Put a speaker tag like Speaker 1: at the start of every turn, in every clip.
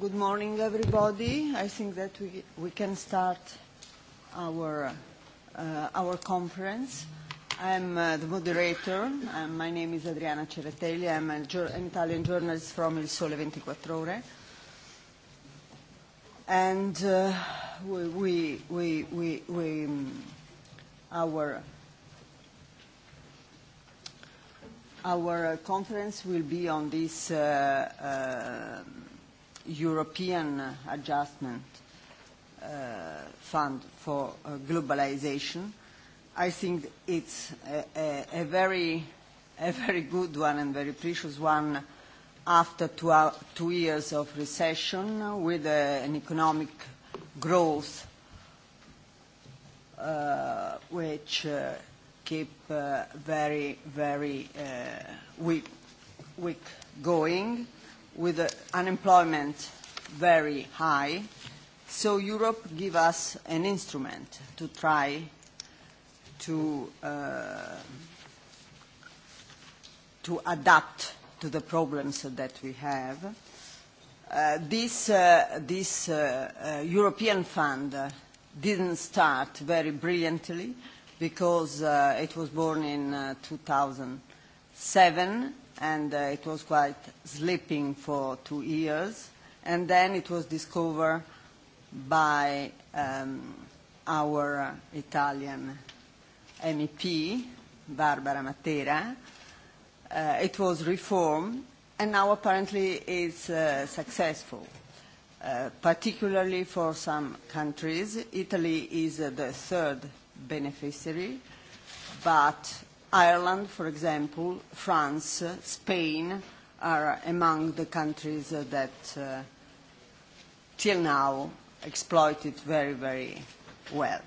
Speaker 1: good morning, everybody. I think that we, we can start our, uh, our conference. I'm uh, the moderator. Um, my name is Adriana Ceratelli. I'm a, an Italian journalist from Il Sole 24 Ore. And uh, we, we, we, we, we, our Our conference will be on this uh, uh, European Adjustment uh, Fund for uh, Globalization. I think it's a, a, a, very, a very good one and very precious one after two, two years of recession with uh, an economic growth uh, which uh, keep uh, very, very uh, weak, weak going with unemployment very high. So Europe gives us an instrument to try to, uh, to adapt to the problems that we have. Uh, this uh, this uh, uh, European fund didn't start very brilliantly because uh, it was born in uh, 2007 and uh, it was quite sleeping for two years. And then it was discovered by um, our Italian MEP, Barbara Matera. Uh, it was reformed, and now apparently it's uh, successful. Uh, particularly for some countries, Italy is uh, the third beneficiary, but Ireland, for example, France, Spain are among the countries that till now exploit it very, very well.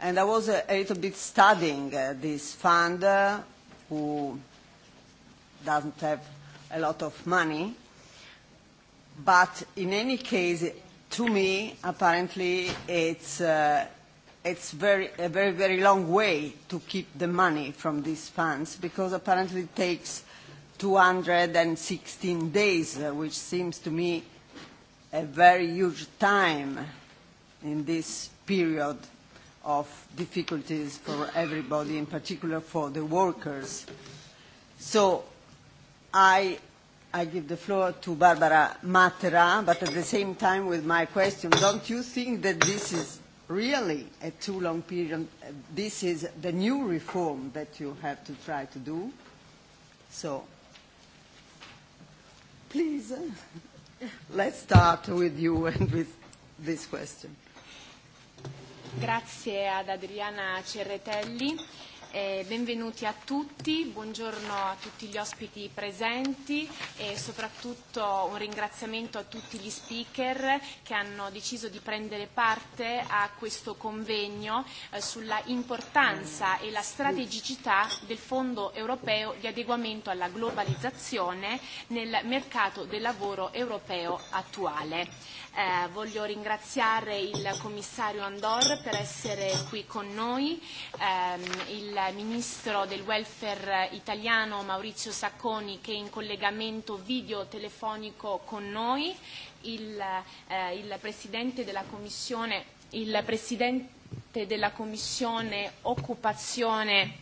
Speaker 1: And I was a, little bit studying this fund who doesn't have a lot of money, but in any case, to me, apparently, it's it's very, a very, very long way to keep the money from these funds because apparently it takes 216 days, which seems to me a very huge time in this period of difficulties for everybody, in particular for the workers. So I, I give the floor to Barbara Matera, but at the same time with my question, don't you think that this is really a too long period. This is the new reform that you have to try to do. So, please, let's start with you and with this question.
Speaker 2: Grazie ad Adriana Cerretelli e benvenuti a tutti, buongiorno a tutti gli ospiti presenti e soprattutto un ringraziamento a tutti gli speaker che hanno deciso di prendere parte a questo convegno sulla importanza e la strategicità del Fondo europeo di adeguamento alla globalizzazione nel mercato del lavoro europeo attuale. Eh, voglio ringraziare il commissario Andor per essere qui con noi, ehm, il ministro del welfare italiano Maurizio Sacconi che è in collegamento video telefonico con noi, il, eh, il presidente della commissione, il presidente della commissione occupazione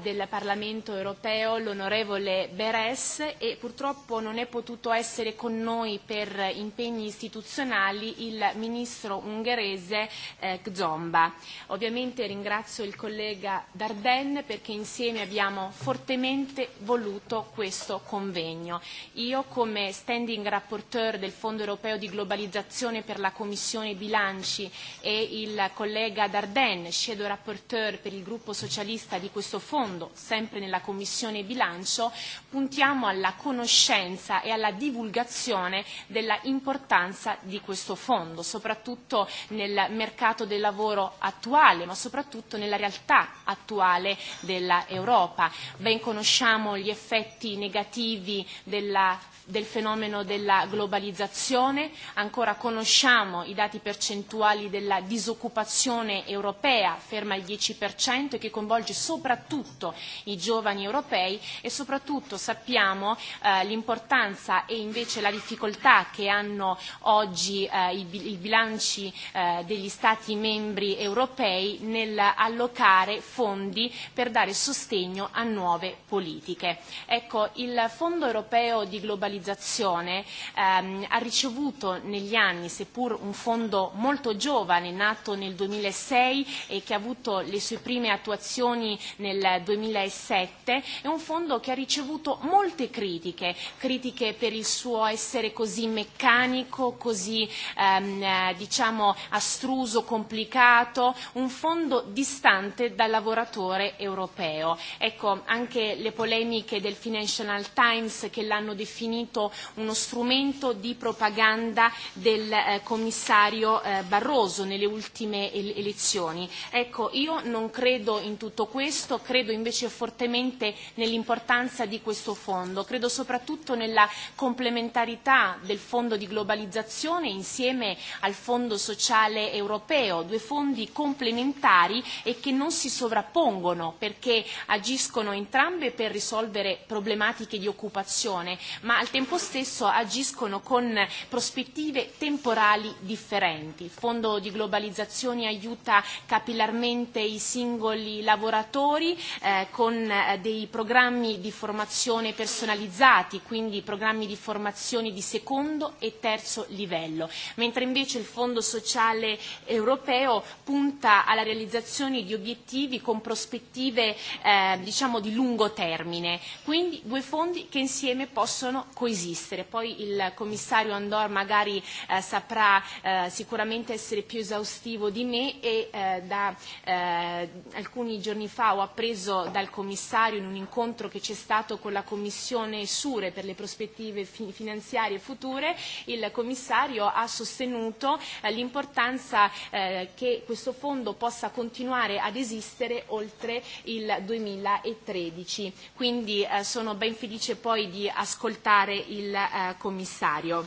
Speaker 2: del Parlamento europeo, l'onorevole Beres, e purtroppo non è potuto essere con noi per impegni istituzionali il ministro ungherese eh, Gzomba. Ovviamente ringrazio il collega Darden perché insieme abbiamo fortemente voluto questo convegno. Io come standing rapporteur del Fondo europeo di globalizzazione per la Commissione bilanci e il collega Darden, shadow rapporteur per il gruppo socialista di questo questo fondo, sempre nella Commissione bilancio, puntiamo alla conoscenza e alla divulgazione della importanza di questo fondo, soprattutto nel mercato del lavoro attuale, ma soprattutto nella realtà attuale dell'Europa. Ben conosciamo gli effetti negativi della del fenomeno della globalizzazione, ancora conosciamo i dati percentuali della disoccupazione europea, ferma al 10%, che coinvolge soprattutto i giovani europei e soprattutto sappiamo eh, l'importanza e invece la difficoltà che hanno oggi eh, i, i bilanci eh, degli Stati membri europei nel allocare fondi per dare sostegno a nuove politiche. Ecco, il Fondo europeo di globalizzazione digitalizzazione ehm, ha ricevuto negli anni, seppur un fondo molto giovane, nato nel 2006 e che ha avuto le sue prime attuazioni nel 2007, è un fondo che ha ricevuto molte critiche, critiche per il suo essere così meccanico, così ehm, diciamo astruso, complicato, un fondo distante dal lavoratore europeo. Ecco, anche le polemiche del Financial Times che l'hanno definito appunto uno strumento di propaganda del eh, commissario eh, Barroso nelle ultime elezioni. Ecco, io non credo in tutto questo, credo invece fortemente nell'importanza di questo fondo, credo soprattutto nella complementarità del fondo di globalizzazione insieme al fondo sociale europeo, due fondi complementari e che non si sovrappongono perché agiscono entrambe per risolvere problematiche di occupazione, ma al tempo tempo stesso agiscono con prospettive temporali differenti. Il Fondo di globalizzazione aiuta capillarmente i singoli lavoratori eh, con dei programmi di formazione personalizzati, quindi programmi di formazione di secondo e terzo livello, mentre invece il Fondo sociale europeo punta alla realizzazione di obiettivi con prospettive eh, diciamo di lungo termine. Quindi due fondi che insieme possono coesistere. Poi il commissario Andor magari eh, saprà eh, sicuramente essere più esaustivo di me e eh, da eh, alcuni giorni fa ho appreso dal commissario in un incontro che c'è stato con la commissione Sure per le prospettive fi- finanziarie future, il commissario ha sostenuto eh, l'importanza eh, che questo fondo possa continuare ad esistere oltre il 2013. Quindi eh, sono ben felice poi di ascoltare fare il eh, commissario.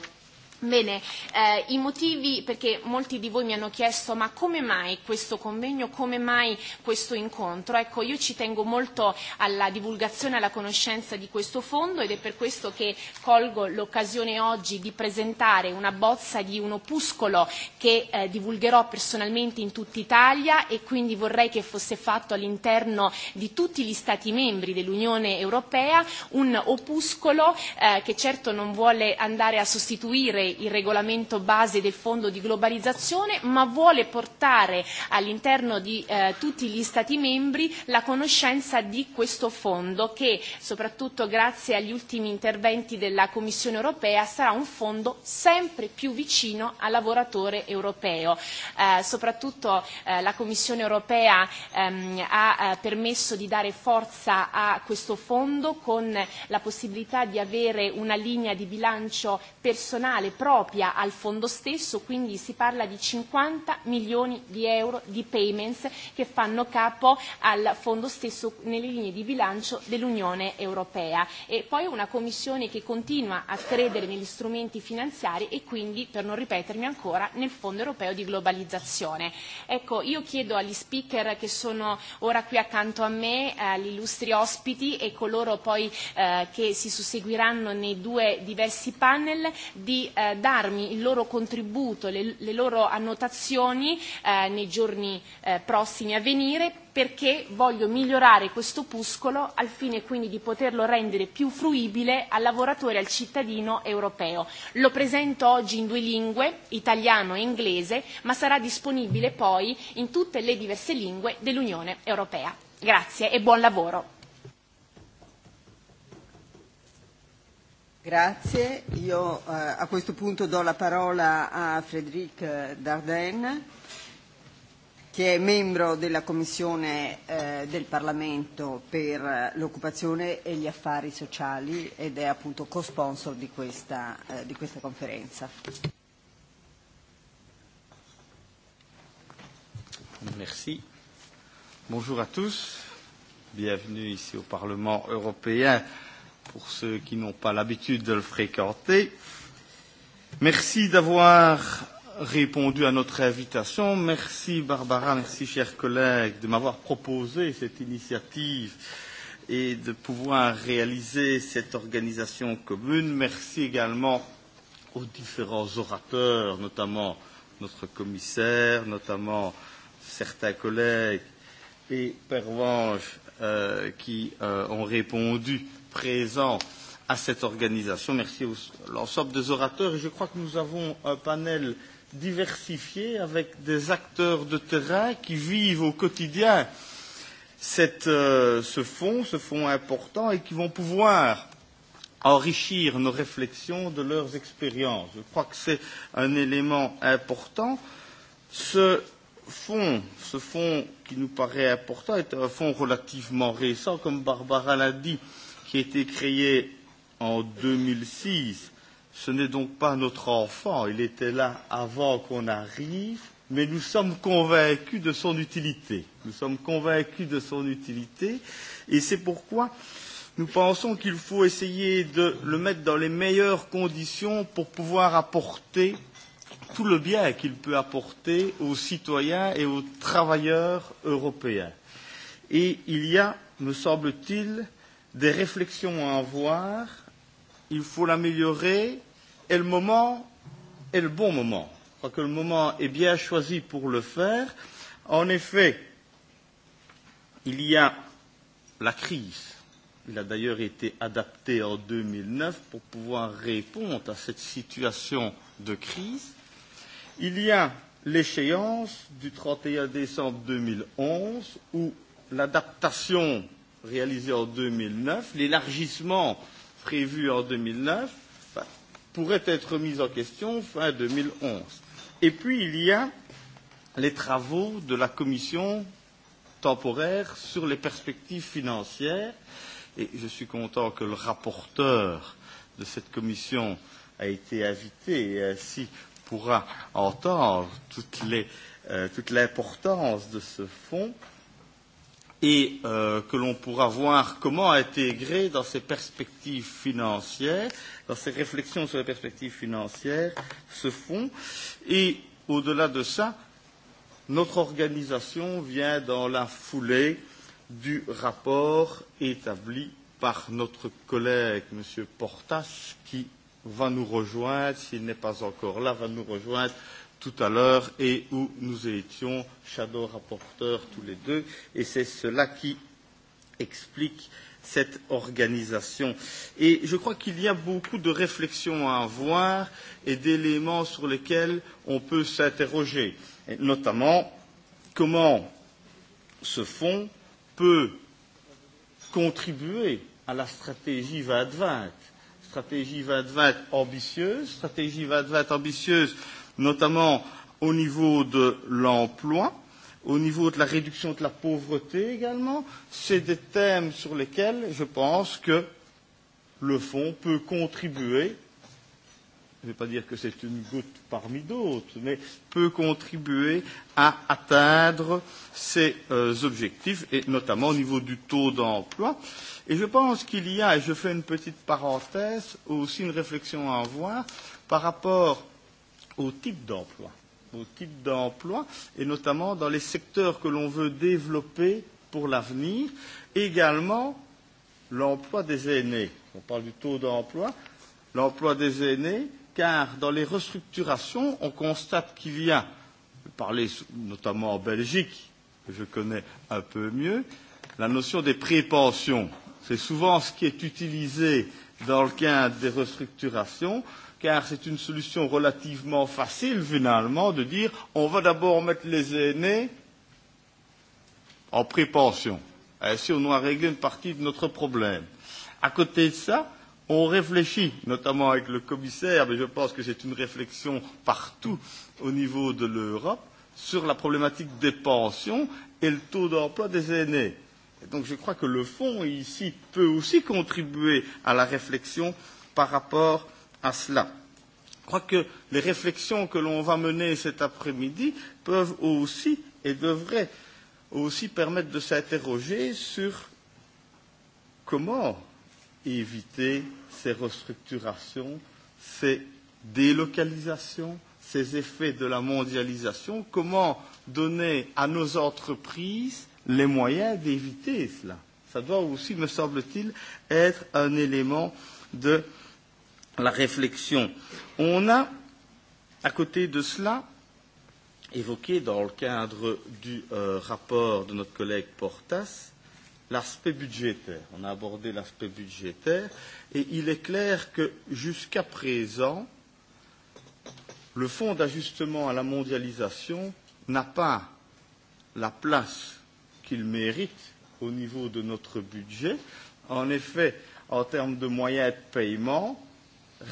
Speaker 2: Bene, eh, i motivi, perché molti di voi mi hanno chiesto ma come mai questo convegno, come mai questo incontro? Ecco, io ci tengo molto alla divulgazione, alla conoscenza di questo fondo ed è per questo che colgo l'occasione oggi di presentare una bozza di un opuscolo che eh, divulgherò personalmente in tutta Italia e quindi vorrei che fosse fatto all'interno di tutti gli Stati membri dell'Unione Europea un opuscolo eh, che certo non vuole andare a sostituire il regolamento base del fondo di globalizzazione, ma vuole portare all'interno di eh, tutti gli Stati membri la conoscenza di questo fondo che, soprattutto grazie agli ultimi interventi della Commissione europea, sarà un fondo sempre più vicino al lavoratore europeo. Eh, soprattutto eh, la Commissione europea ehm, ha eh, permesso di dare forza a questo fondo con la possibilità di avere una linea di bilancio personale propria al fondo stesso, quindi si parla di 50 milioni di euro di payments che fanno capo al fondo stesso nelle linee di bilancio dell'Unione Europea. E poi una Commissione che continua a credere negli strumenti finanziari e quindi, per non ripetermi ancora, nel Fondo Europeo di Globalizzazione. Ecco, io chiedo agli speaker che sono ora qui accanto a me, agli illustri ospiti e coloro poi eh, che si susseguiranno nei due diversi panel di eh, eh, darmi il loro contributo, le, le loro annotazioni eh, nei giorni eh, prossimi a venire perché voglio migliorare questo opuscolo al fine quindi di poterlo rendere più fruibile al lavoratore e al cittadino europeo. Lo presento oggi in due lingue, italiano e inglese, ma sarà disponibile poi in tutte le diverse lingue dell'Unione Europea. Grazie e buon lavoro.
Speaker 1: Grazie. Io eh, a questo punto do la parola a Frédéric Dardenne, che è membro della Commissione eh, del Parlamento per l'occupazione e gli affari sociali ed è appunto co-sponsor di, questa, eh, di questa conferenza.
Speaker 3: Merci. Bonjour à tous. Bienvenue ici au Parlement européen pour ceux qui n'ont pas l'habitude de le fréquenter. Merci d'avoir répondu à notre invitation. Merci Barbara, merci chers collègues de m'avoir proposé cette initiative et de pouvoir réaliser cette organisation commune. Merci également aux différents orateurs, notamment notre commissaire, notamment certains collègues et Pervenche euh, qui euh, ont répondu présents à cette organisation. Merci à l'ensemble des orateurs. Et je crois que nous avons un panel diversifié avec des acteurs de terrain qui vivent au quotidien cette, euh, ce fonds, ce fonds important, et qui vont pouvoir enrichir nos réflexions de leurs expériences. Je crois que c'est un élément important. Ce fonds, ce fonds qui nous paraît important, est un fonds relativement récent, comme Barbara l'a dit. Euh, qui a été créé en 2006, ce n'est donc pas notre enfant, il était là avant qu'on arrive, mais nous sommes convaincus de son utilité. Nous sommes convaincus de son utilité et c'est pourquoi nous pensons qu'il faut essayer de le mettre dans les meilleures conditions pour pouvoir apporter tout le bien qu'il peut apporter aux citoyens et aux travailleurs européens. Et il y a, me semble-t-il, des réflexions à avoir, il faut l'améliorer, et le moment est le bon moment. Je crois que le moment est bien choisi pour le faire. En effet, il y a la crise. Il a d'ailleurs été adapté en 2009 pour pouvoir répondre à cette situation de crise. Il y a l'échéance du 31 décembre 2011 où l'adaptation réalisé en 2009, l'élargissement prévu en 2009 pourrait être mis en question fin 2011. Et puis il y a les travaux de la commission temporaire sur les perspectives financières et je suis content que le rapporteur de cette commission a été invité et ainsi pourra entendre toute l'importance de ce fonds et euh, que l'on pourra voir comment intégrer dans ces perspectives financières, dans ces réflexions sur les perspectives financières, ce fonds. Et au-delà de ça, notre organisation vient dans la foulée du rapport établi par notre collègue M. Portas, qui va nous rejoindre, s'il n'est pas encore là, va nous rejoindre tout à l'heure et où nous étions shadow rapporteurs tous les deux. Et c'est cela qui explique cette organisation. Et je crois qu'il y a beaucoup de réflexions à avoir et d'éléments sur lesquels on peut s'interroger, notamment comment ce fonds peut contribuer à la stratégie 2020. Stratégie 2020 ambitieuse, stratégie 2020 ambitieuse notamment au niveau de l'emploi, au niveau de la réduction de la pauvreté également. C'est des thèmes sur lesquels je pense que le fonds peut contribuer je ne vais pas dire que c'est une goutte parmi d'autres, mais peut contribuer à atteindre ces euh, objectifs, et notamment au niveau du taux d'emploi. Et je pense qu'il y a, et je fais une petite parenthèse, aussi une réflexion à avoir par rapport au type d'emploi, au type d'emploi, et notamment dans les secteurs que l'on veut développer pour l'avenir, également l'emploi des aînés. On parle du taux d'emploi, l'emploi des aînés, car dans les restructurations, on constate qu'il y a, parler notamment en Belgique, que je connais un peu mieux, la notion des prépensions. C'est souvent ce qui est utilisé dans le cadre des restructurations, car c'est une solution relativement facile finalement de dire on va d'abord mettre les aînés en prépension. Ainsi, on aura réglé une partie de notre problème. À côté de ça, on réfléchit, notamment avec le commissaire, mais je pense que c'est une réflexion partout au niveau de l'Europe, sur la problématique des pensions et le taux d'emploi des aînés. Et donc je crois que le fonds ici peut aussi contribuer à la réflexion par rapport à cela. Je crois que les réflexions que l'on va mener cet après-midi peuvent aussi et devraient aussi permettre de s'interroger sur comment éviter ces restructurations, ces délocalisations, ces effets de la mondialisation, comment donner à nos entreprises les moyens d'éviter cela. Ça doit aussi, me semble-t-il, être un élément de euh, la réflexion. On a, à côté de cela, évoqué dans le cadre du euh, rapport de notre collègue Portas l'aspect budgétaire. On a abordé l'aspect budgétaire et il est clair que jusqu'à présent, le fonds d'ajustement à la mondialisation n'a pas la place qu'il mérite au niveau de notre budget. En effet, en termes de moyens de paiement,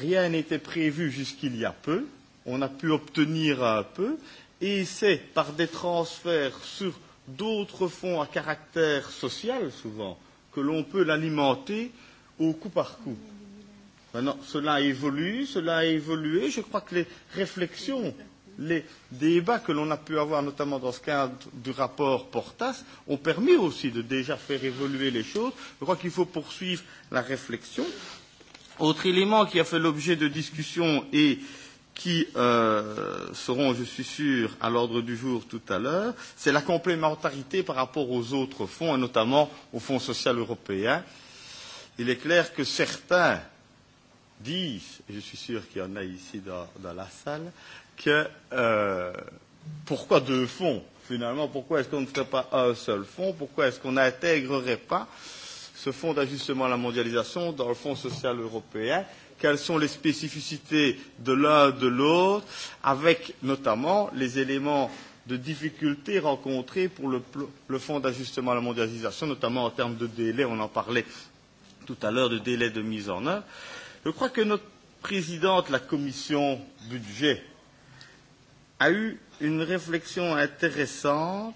Speaker 3: rien n'était prévu jusqu'il y a peu, on a pu obtenir un peu, et c'est par des transferts sur d'autres fonds à caractère social, souvent, que l'on peut l'alimenter au coup par coup. Maintenant, cela évolue, cela a évolué. Je crois que les réflexions, les débats que l'on a pu avoir, notamment dans ce cadre du rapport Portas, ont permis aussi de déjà faire évoluer les choses. Je crois qu'il faut poursuivre la réflexion. Autre élément qui a fait l'objet de discussions et qui euh, seront, je suis sûr, à l'ordre du jour tout à l'heure, c'est la complémentarité par rapport aux autres fonds, et notamment au Fonds social européen. Il est clair que certains disent, et je suis sûr qu'il y en a ici dans, dans la salle, que euh, pourquoi deux fonds finalement Pourquoi est-ce qu'on ne ferait pas un seul fonds Pourquoi est-ce qu'on n'intégrerait pas euh, ce fonds d'ajustement à la mondialisation dans le Fonds social européen, quelles sont les spécificités de l'un de l'autre, avec notamment les éléments de difficultés rencontrées pour le, le fonds d'ajustement à la mondialisation, notamment en termes de délai, on en parlait tout à l'heure, de délai de mise en œuvre. Je crois que notre présidente, la commission budget, a eu une réflexion intéressante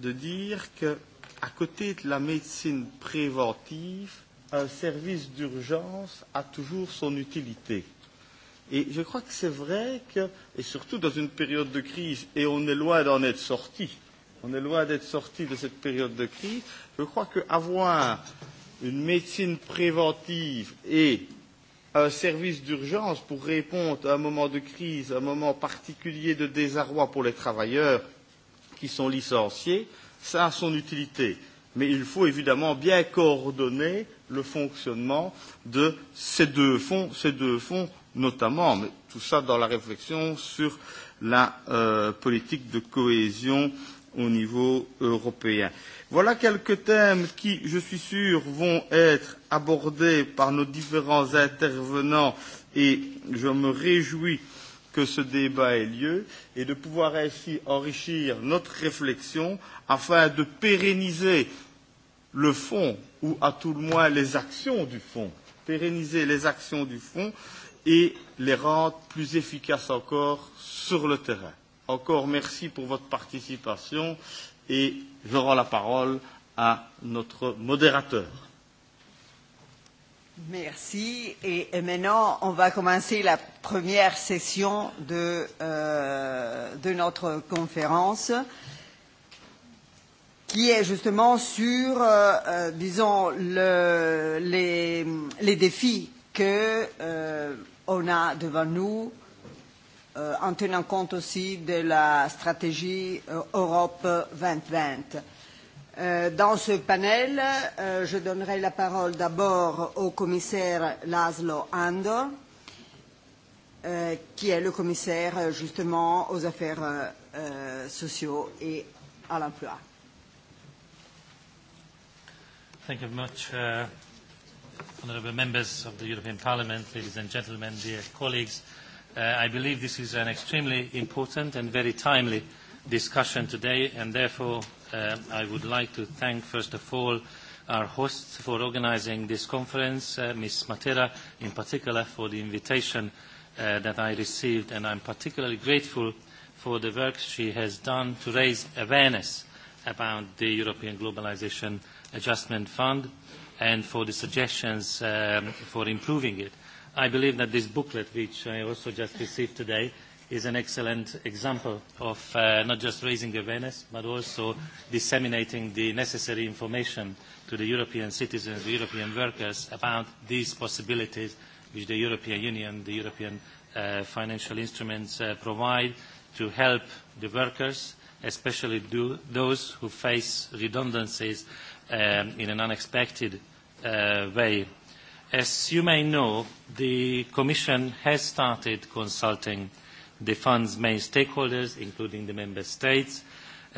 Speaker 3: de dire que à côté de la médecine préventive, un service d'urgence a toujours son utilité. Et je crois que c'est vrai que, et surtout dans une période de crise, et on est loin d'en être sorti, on est loin d'être sorti de cette période de crise, je crois qu'avoir une médecine préventive et un service d'urgence pour répondre à un moment de crise, à un moment particulier de désarroi pour les travailleurs qui sont licenciés, ça a son utilité. Mais il faut évidemment bien coordonner le fonctionnement de ces deux fonds, ces deux fonds notamment, mais tout ça dans la réflexion sur la euh, politique de cohésion au niveau européen. Voilà quelques thèmes qui, je suis sûr, vont être abordés par nos différents intervenants et je me réjouis euh, que ce débat ait lieu et de pouvoir ainsi enrichir notre réflexion afin de pérenniser le fonds ou à tout le moins les actions du fonds, pérenniser les actions du fonds et les rendre plus efficaces encore sur le terrain. Encore merci pour votre participation et je rends la parole à notre modérateur.
Speaker 1: Merci. Et, et maintenant, on va commencer la première session de, euh, de notre conférence qui est justement sur, euh, disons, le, les, les défis que euh, on a devant nous euh, en tenant compte aussi de la stratégie euh, Europe 2020 dans ce panel, je donnerai la parole d'abord au commissaire Laszlo Andor, qui est le commissaire justement aux affaires sociaux et
Speaker 4: à l'emploi.
Speaker 5: Thank you very much, uh, honourable members of the European Parliament, ladies and gentlemen, dear colleagues. Uh, I believe this is an extremely important and very timely discussion today, and therefore I would like to thank, first of all, our hosts for organising this conference, Ms. Matera in particular for the invitation that I received, and I am particularly grateful for the work she has done to raise awareness about the European Globalisation Adjustment Fund and for the suggestions for improving it. I believe that this booklet, which I also just received today, is an excellent example of uh, not just raising awareness, but also disseminating the necessary information to the European citizens, the European workers, about these possibilities which the European Union, the European uh, financial instruments uh, provide to help the workers, especially do, those who face redundancies um, in an unexpected uh, way. As you may know, the Commission has started consulting uh, the fund's main stakeholders, including the member states,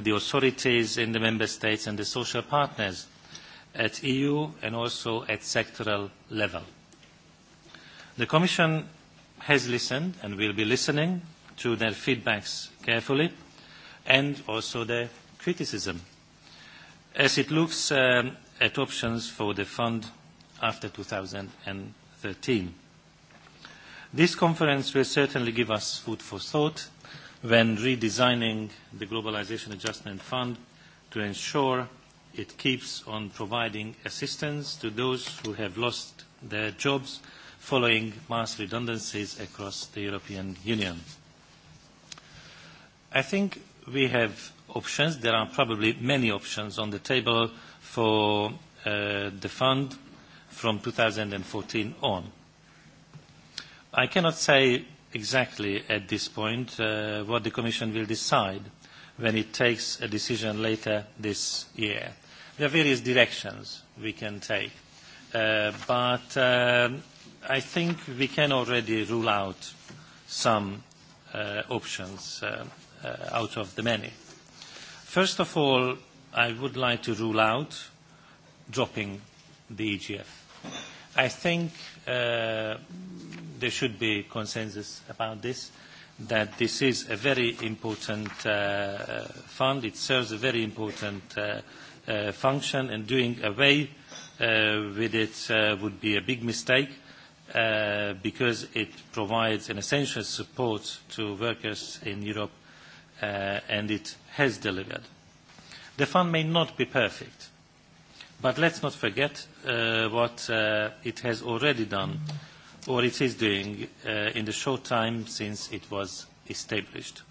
Speaker 5: the authorities in the member states and the social partners at EU and also at sectoral level. The Commission has listened and will be listening to their feedbacks carefully and also their criticism as it looks at options for the fund after 2013. This conference will certainly give us food for thought when redesigning the Globalisation Adjustment Fund to ensure it keeps on providing assistance to those who have lost their jobs following mass redundancies across the European Union. I think we have options. There are probably many options on the table for the fund from 2014 on I cannot say exactly at this point uh, what the Commission will decide when it takes a decision later this year. There are various directions we can take, uh, but uh, I think we can already rule out some uh, options uh, uh, out of the many. First of all, I would like to rule out dropping the EGF. I think uh, there should be consensus about this, that this is a very important uh, fund. It serves a very important uh, uh, function, and doing away uh, with it uh, would be a big mistake uh, because it provides an essential support to workers in Europe uh, and it has delivered. The fund may not be perfect, but let's not forget uh, what uh, it has already done or it is doing uh, in the short time since it was established.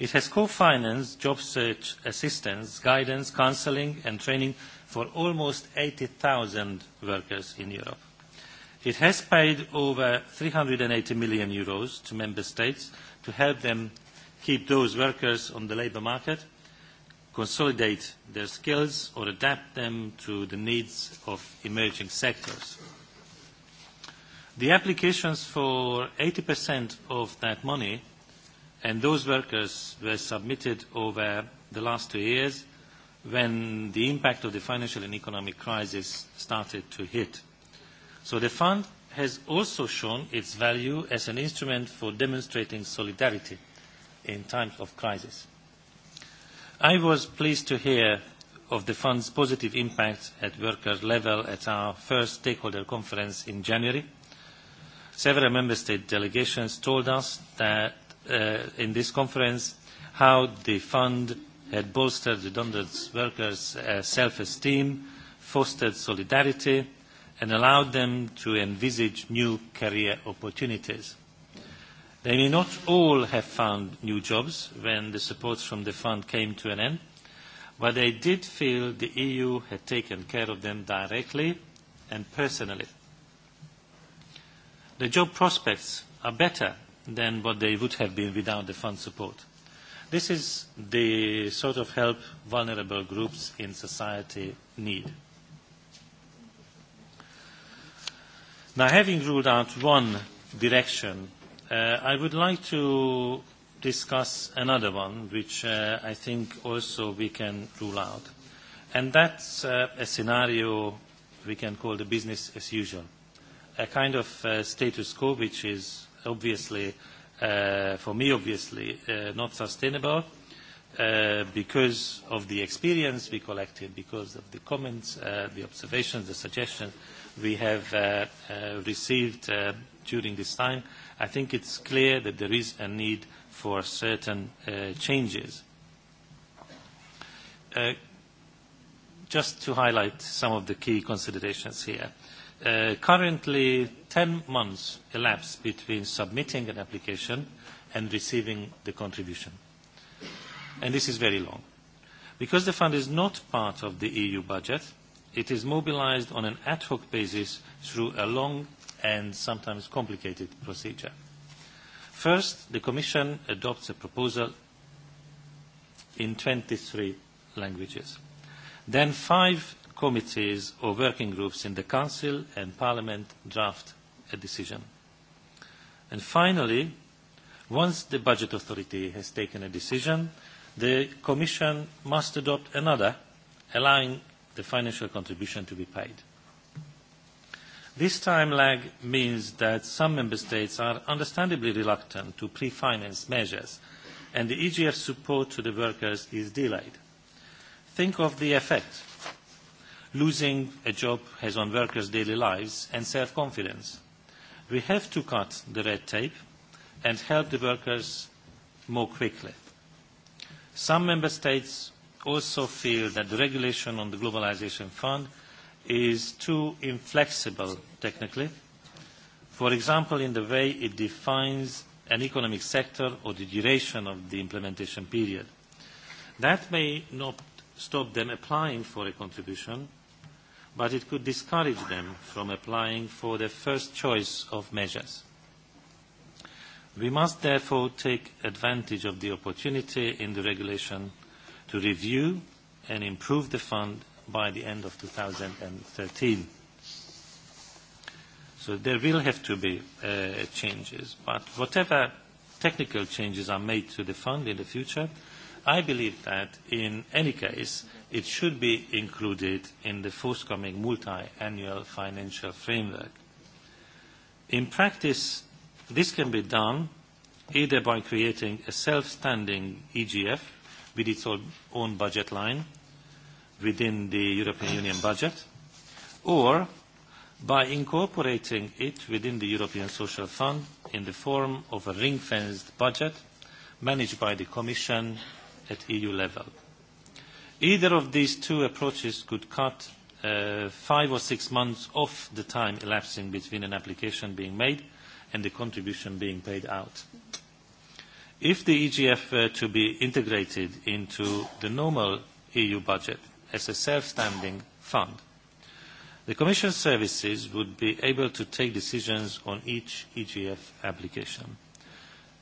Speaker 5: It has co-financed job search assistance, guidance, counselling and training for almost 80,000 workers in Europe. It has paid over 380 million euros to member states to help them keep those workers on the labour market – consolidate their skills or adapt them to the needs of emerging sectors. The applications for 80% of that money and those workers were submitted over the last two years when the impact of the financial and economic crisis started to hit. So the fund has also shown its value as an instrument for demonstrating solidarity in times of crisis. I was pleased to hear of the fund's positive impact at worker level at our first stakeholder conference in January. Several member state delegations told us that in this conference how the fund had bolstered redundant workers' self-esteem, fostered solidarity, and allowed them to envisage new career opportunities. They may not all have found new jobs when the support from the fund came to an end, but they did feel the EU had taken care of them directly and personally. The job prospects are better than what they would have been without the fund support. This is the sort of help vulnerable groups in society need. Now, having ruled out one direction I would like to discuss another one, which I think also we can rule out, and that's a scenario we can call the business as usual, a kind of status quo, which is obviously, for me, obviously, not sustainable because of the experience we collected, because of the comments, uh the observations, the suggestions we have received during this time I think it's clear that there is a need for certain uh, changes. Uh, just to highlight some of the key considerations here. Uh, currently, 10 months elapse between submitting an application and receiving the contribution. And this is very long. Because the fund is not part of the EU budget, it is mobilised on an ad hoc basis through a long and sometimes complicated procedure. First, the Commission adopts a proposal in 23 languages. Then five committees or working groups in the Council and Parliament draft a decision. And finally, once the Budget Authority has taken a decision, the Commission must adopt another, allowing the financial contribution to be paid. This time lag means that some member states are understandably reluctant to pre-finance measures, and the EGF support to the workers is delayed. Think of the effect losing a job has on workers' daily lives and self-confidence. We have to cut the red tape and help the workers more quickly. Some member states also feel that the regulation on the Globalisation Fund is too inflexible technically, for example, in the way it defines an economic sector or the duration of the implementation period. That may not stop them applying for a contribution, but it could discourage them from applying for their first choice of measures. We must therefore take advantage of the opportunity in the regulation to review and improve the fund by the end of 2013. So there will have to be uh, changes, but whatever technical changes are made to the fund in the future, I believe that in any case it should be included in the forthcoming multi-annual financial framework. In practice, this can be done either by creating a self-standing EGF with its own budget line within the European Union budget, or by incorporating it within the European Social Fund in the form of a ring-fenced budget managed by the Commission at EU level. Either of these two approaches could cut five or six months off the time elapsing between an application being made and the contribution being paid out. If the EGF were to be integrated into the normal EU budget, as a self-standing fund. The Commission services would be able to take decisions on each EGF application.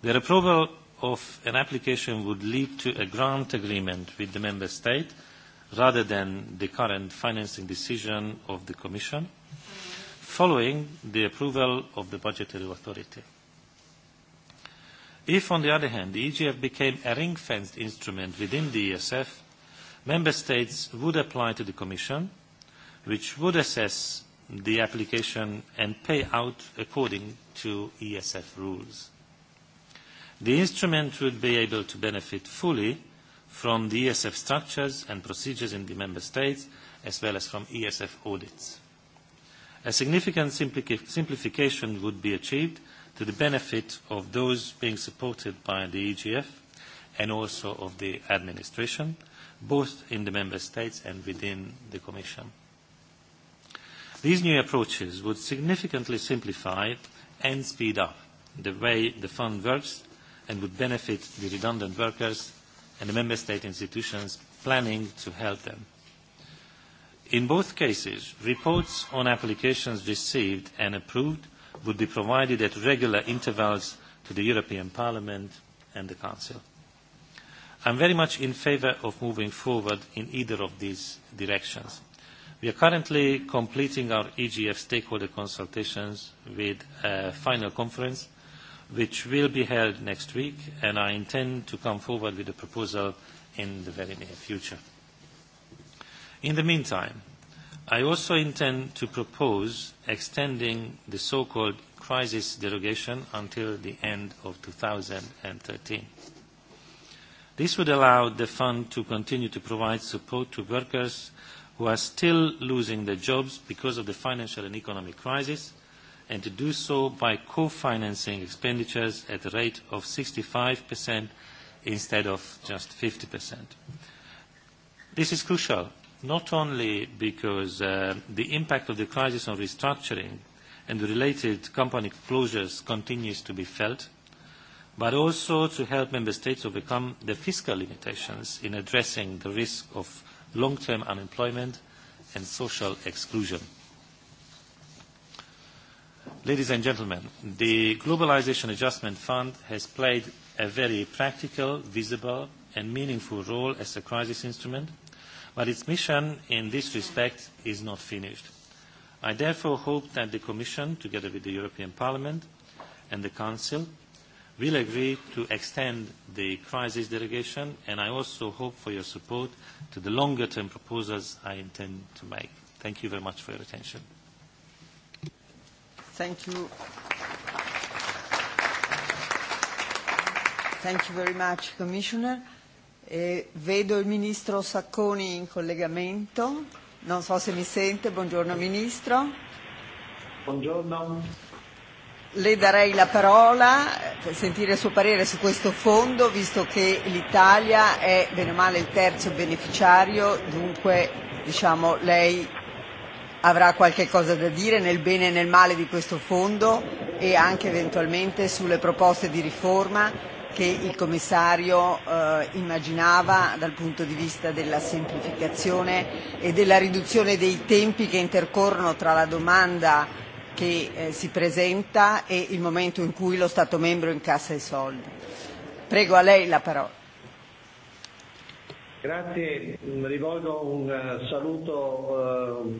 Speaker 5: Their approval of an application would lead to a grant agreement with the Member State rather than the current financing decision of the Commission following the approval of the budgetary authority. If, on the other hand, the EGF became a ring-fenced instrument within the ESF, member states would apply to the Commission, which would assess the application and pay out according to ESF rules. The instrument would be able to benefit fully from the ESF structures and procedures in the member states, as well as from ESF audits. A significant simplification would be achieved to the benefit of those being supported by the EGF and also of the administration, both in the Member States and within the Commission. These new approaches would significantly simplify and speed up the way the fund works and would benefit the redundant workers and the member state institutions planning to help them. In both cases, reports on applications received and approved would be provided at regular intervals to the European Parliament and the Council. I am very much in favour of moving forward in either of these directions. We are currently completing our EGF stakeholder consultations with a final conference, which will be held next week, and I intend to come forward with a proposal in the very near future. In the meantime, I also intend to propose extending the so-called crisis derogation until the end of 2013. This would allow the fund to continue to provide support to workers who are still losing their jobs because of the financial and economic crisis, and to do so by co-financing expenditures at a rate of 65% instead of just 50%. This is crucial, not only because uh, the impact of the crisis on restructuring and the related company closures continues to be felt, but also to help member states overcome the fiscal limitations in addressing the risk of long-term unemployment and social exclusion. Ladies and gentlemen, the Globalisation Adjustment Fund has played a very practical, visible and meaningful role as a crisis instrument, but its mission in this respect is not finished. I therefore hope that the Commission, together with the European Parliament and the Council, will agree to extend the crisis derogation, and I also hope for your support to the longer-term proposals I intend to make. Thank you very much for your attention.
Speaker 1: Thank you. Thank you very much, Commissioner. Eh, vedo il Ministro Sacconi in collegamento. Non so se mi sente. Buongiorno, Ministro.
Speaker 6: Buongiorno
Speaker 1: le darei la parola per sentire il suo parere su questo fondo, visto che l'Italia è bene o male il terzo beneficiario, dunque diciamo, lei avrà qualche cosa da dire nel bene e nel male di questo fondo e anche eventualmente sulle proposte di riforma che il commissario eh, immaginava dal punto di vista della semplificazione e della riduzione dei tempi che intercorrono tra la domanda che eh, si presenta e il momento in cui lo Stato membro incassa i soldi. Prego a lei la parola.
Speaker 6: Grazie, rivolgo un saluto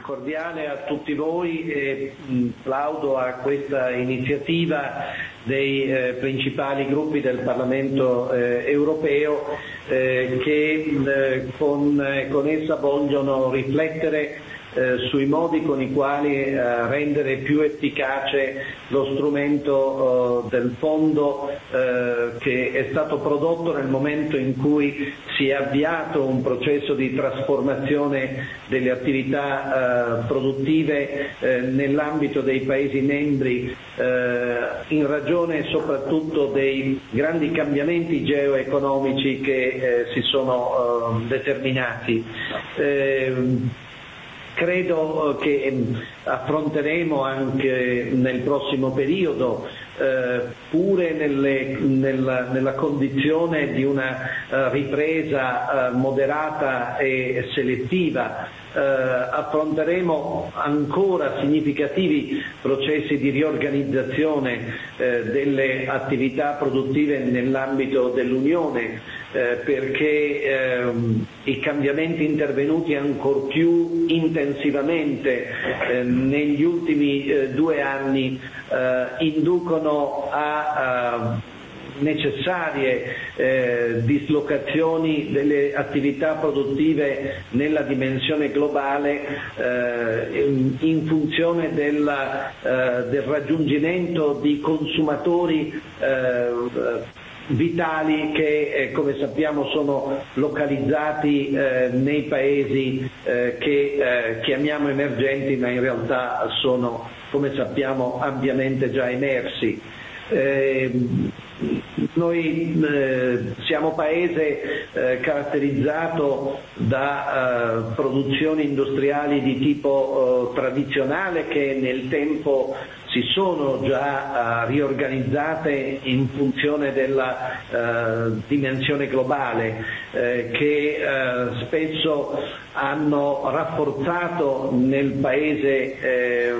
Speaker 6: cordiale a tutti voi e applaudo a questa iniziativa dei principali gruppi del Parlamento europeo che con essa vogliono riflettere sui modi con i quali rendere più efficace lo strumento del fondo che è stato prodotto nel momento in cui si è avviato un processo di trasformazione delle attività produttive nell'ambito dei Paesi membri in ragione soprattutto dei grandi cambiamenti geoeconomici che si sono determinati Credo che affronteremo anche nel prossimo periodo eh, pure nelle, nella, nella condizione di una uh, ripresa uh, moderata e selettiva uh, affronteremo ancora significativi processi di riorganizzazione uh, delle attività produttive nell'ambito dell'Unione eh, perché ehm, i cambiamenti intervenuti ancor più intensivamente eh, negli ultimi eh, due anni eh, inducono a a necessarie eh, dislocazioni delle attività produttive nella dimensione globale eh, in funzione della, eh, del raggiungimento di consumatori eh, vitali che eh, come sappiamo sono localizzati eh, nei paesi eh, che eh, chiamiamo emergenti ma in realtà sono come sappiamo ampiamente già emersi. Eh, noi eh, siamo paese eh, caratterizzato da eh, produzioni industriali di tipo eh, tradizionale che nel tempo si sono già uh, riorganizzate in funzione della uh, dimensione globale eh, che uh, spesso hanno rafforzato nel paese eh,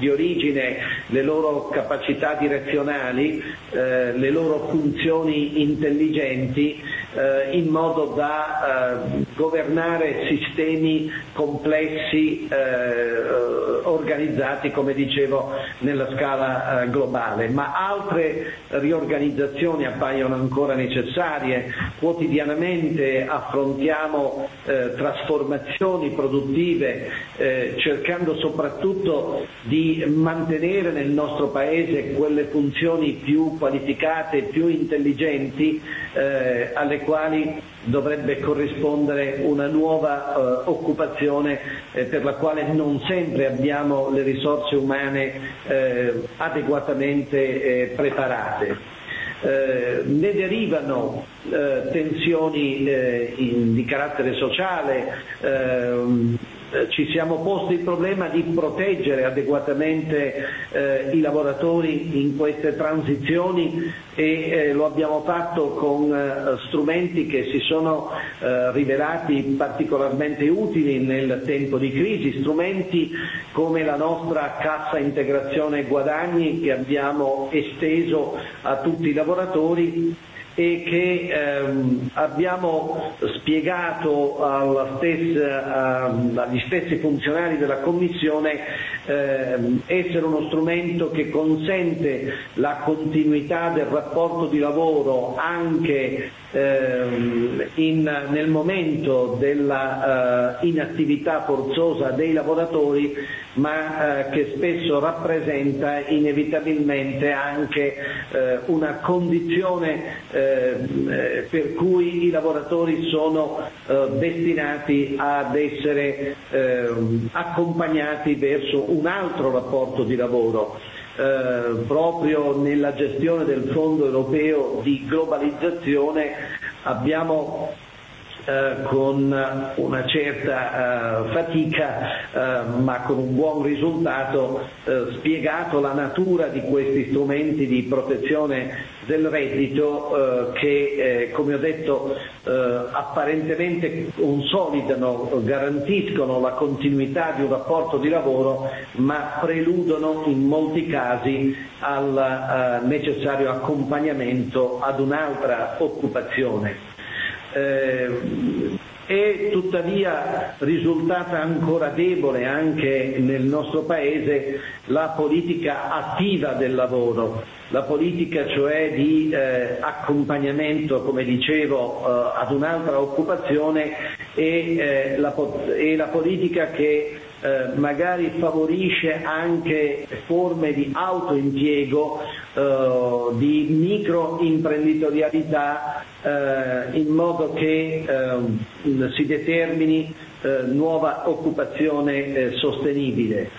Speaker 6: di origine le loro capacità direzionali, eh, le loro funzioni intelligenti eh, in modo da eh, governare sistemi complessi eh, organizzati, come dicevo, nella scala eh, globale. Ma altre riorganizzazioni appaiono ancora necessarie. Quotidianamente affrontiamo eh, trasformazioni produttive eh, cercando soprattutto di mantenere nel nostro Paese quelle funzioni più qualificate, più intelligenti eh, alle quali dovrebbe corrispondere una nuova eh, occupazione eh, per la quale non sempre abbiamo le risorse umane eh, adeguatamente eh, preparate. Eh, ne derivano eh, tensioni eh, in, di carattere sociale, eh, ci siamo posti il problema di proteggere adeguatamente eh, i lavoratori in queste transizioni e eh, lo abbiamo fatto con eh, strumenti che si sono eh, rivelati particolarmente utili nel tempo di crisi, strumenti come la nostra cassa integrazione guadagni che abbiamo esteso a tutti i lavoratori e che ehm, abbiamo spiegato alla stessa, agli stessi funzionari della Commissione ehm, essere uno strumento che consente la continuità del rapporto di lavoro anche eh, in, nel momento dell'inattività eh, forzosa dei lavoratori ma eh, che spesso rappresenta inevitabilmente anche eh, una condizione eh, per cui i lavoratori sono eh, destinati ad essere eh, accompagnati verso un altro rapporto di lavoro proprio nella gestione del Fondo europeo di globalizzazione abbiamo con una certa fatica ma con un buon risultato spiegato la natura di questi strumenti di protezione del reddito che, come ho detto, apparentemente consolidano, garantiscono la continuità di un rapporto di lavoro ma preludono in molti casi al necessario accompagnamento ad un'altra occupazione eh, è tuttavia risultata ancora debole anche nel nostro Paese la politica attiva del lavoro, la politica cioè di eh, accompagnamento, come dicevo, eh, ad un'altra occupazione e, eh, la, e la politica che eh, magari favorisce anche forme di autoimpiego, eh, di microimprenditorialità eh, in modo che eh, si determini eh, nuova occupazione eh, sostenibile.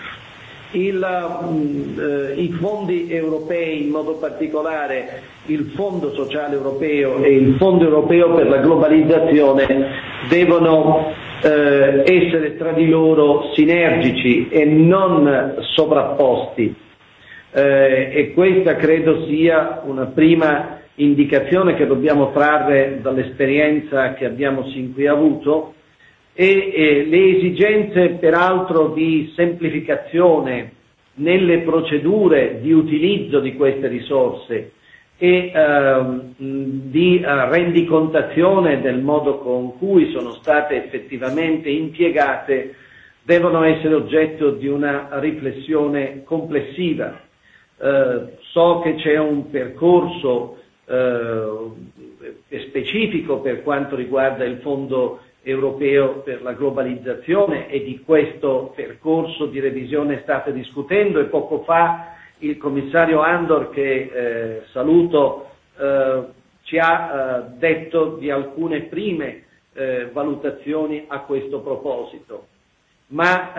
Speaker 6: Il, eh, I fondi europei, in modo particolare il Fondo sociale europeo e il Fondo europeo per la globalizzazione, devono eh, essere tra di loro sinergici e non sovrapposti. Eh, e questa credo sia una prima indicazione che dobbiamo trarre dall'esperienza che abbiamo sin qui avuto e eh, le esigenze peraltro di semplificazione nelle procedure di utilizzo di queste risorse e ehm, di eh, rendicontazione del modo con cui sono state effettivamente impiegate devono essere oggetto di una riflessione complessiva. Eh, so che c'è un percorso eh, specifico per quanto riguarda il Fondo europeo per la globalizzazione e di questo percorso di revisione state discutendo e poco fa il commissario Andor che eh, saluto eh, ci ha eh, detto di alcune prime eh, valutazioni a questo proposito. Ma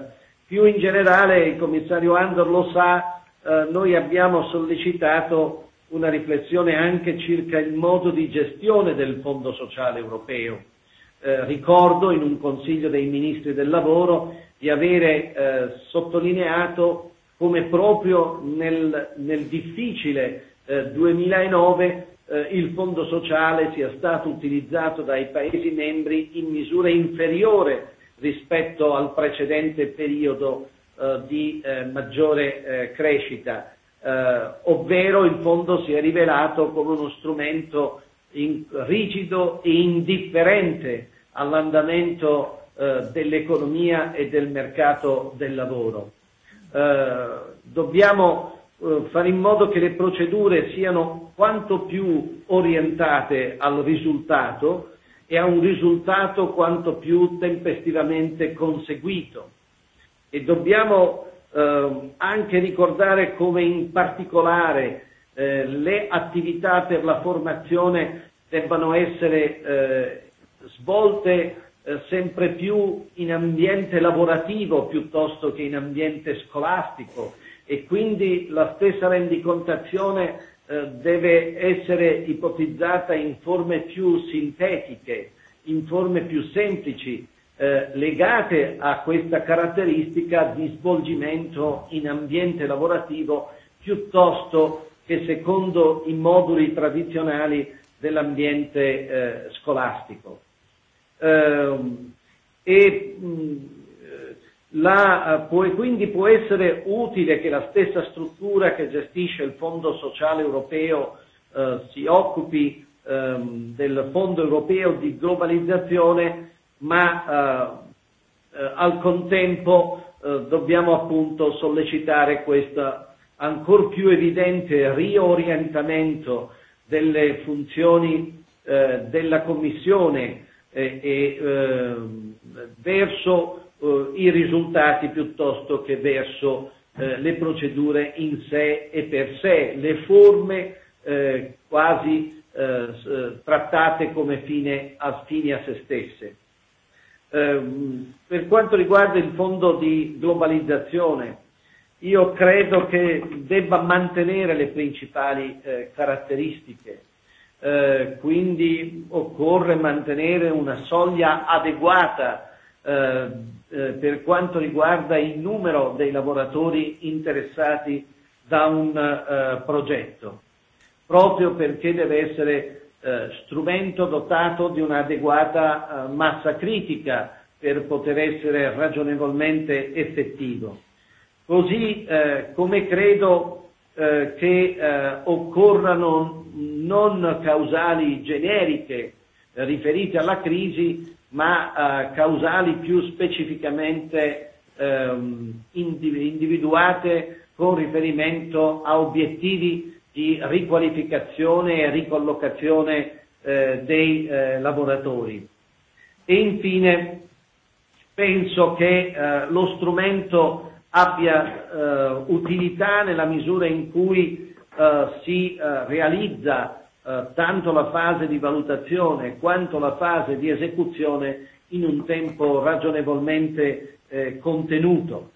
Speaker 6: eh, più in generale il commissario Andor lo sa, eh, noi abbiamo sollecitato una riflessione anche circa il modo di gestione del Fondo sociale europeo. Eh, ricordo in un Consiglio dei Ministri del Lavoro di avere eh, sottolineato come proprio nel, nel difficile eh, 2009 eh, il fondo sociale sia stato utilizzato dai Paesi membri in misura inferiore rispetto al precedente periodo eh, di eh, maggiore eh, crescita, eh, ovvero il fondo si è rivelato come uno strumento in, rigido e indifferente all'andamento eh, dell'economia e del mercato del lavoro dobbiamo eh, fare in modo che le procedure siano quanto più orientate al risultato e a un risultato quanto più tempestivamente conseguito. E dobbiamo eh, anche ricordare come in particolare eh, le attività per la formazione debbano essere eh, svolte sempre più in ambiente lavorativo piuttosto che in ambiente scolastico e quindi la stessa rendicontazione eh, deve essere ipotizzata in forme più sintetiche, in forme più semplici, eh, legate a questa caratteristica di svolgimento in ambiente lavorativo piuttosto che secondo i moduli tradizionali dell'ambiente eh, scolastico eh, e mh, la, può, quindi può essere utile che la stessa struttura che gestisce il Fondo Sociale Europeo eh, si occupi ehm, del Fondo Europeo di globalizzazione, ma eh, eh, al contempo eh, dobbiamo appunto sollecitare questo ancor più evidente riorientamento delle funzioni eh, della Commissione eh, e eh, verso eh, i risultati piuttosto che verso eh, le procedure in sé e per sé, le forme eh, quasi eh, trattate come fine a, fine a se stesse. per quanto riguarda il fondo di globalizzazione, io credo che debba mantenere le principali eh, caratteristiche eh, quindi occorre mantenere una soglia adeguata eh, eh, per quanto riguarda il numero dei lavoratori interessati da un eh, progetto, proprio perché deve essere eh, strumento dotato di un'adeguata eh, massa critica per poter essere ragionevolmente effettivo. Così eh, come credo che eh, occorrano non causali generiche riferite alla crisi, ma eh, causali più specificamente ehm, individuate con riferimento a obiettivi di riqualificazione e ricollocazione eh, dei eh, lavoratori. E infine penso che eh, lo strumento abbia eh, utilità nella misura in cui eh, si eh, realizza eh, tanto la fase di valutazione quanto la fase di esecuzione in un tempo ragionevolmente eh, contenuto.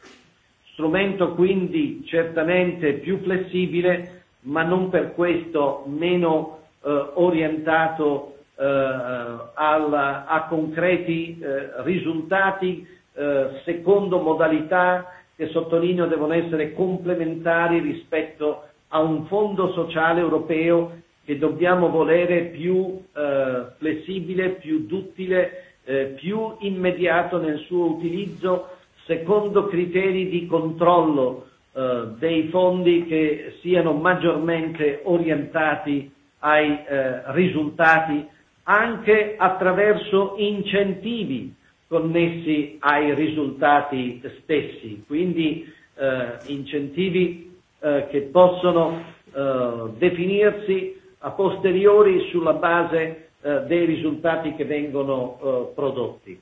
Speaker 6: Strumento quindi certamente più flessibile, ma non per questo meno eh, orientato eh, al, a concreti eh, risultati eh, secondo modalità che sottolineo devono essere complementari rispetto a un fondo sociale europeo che dobbiamo volere più eh, flessibile, più duttile, eh, più immediato nel suo utilizzo secondo criteri di controllo eh, dei fondi che siano maggiormente orientati ai eh, risultati anche attraverso incentivi connessi ai risultati stessi, quindi eh, incentivi eh, che possono eh, definirsi a posteriori sulla base eh, dei risultati che vengono eh, prodotti.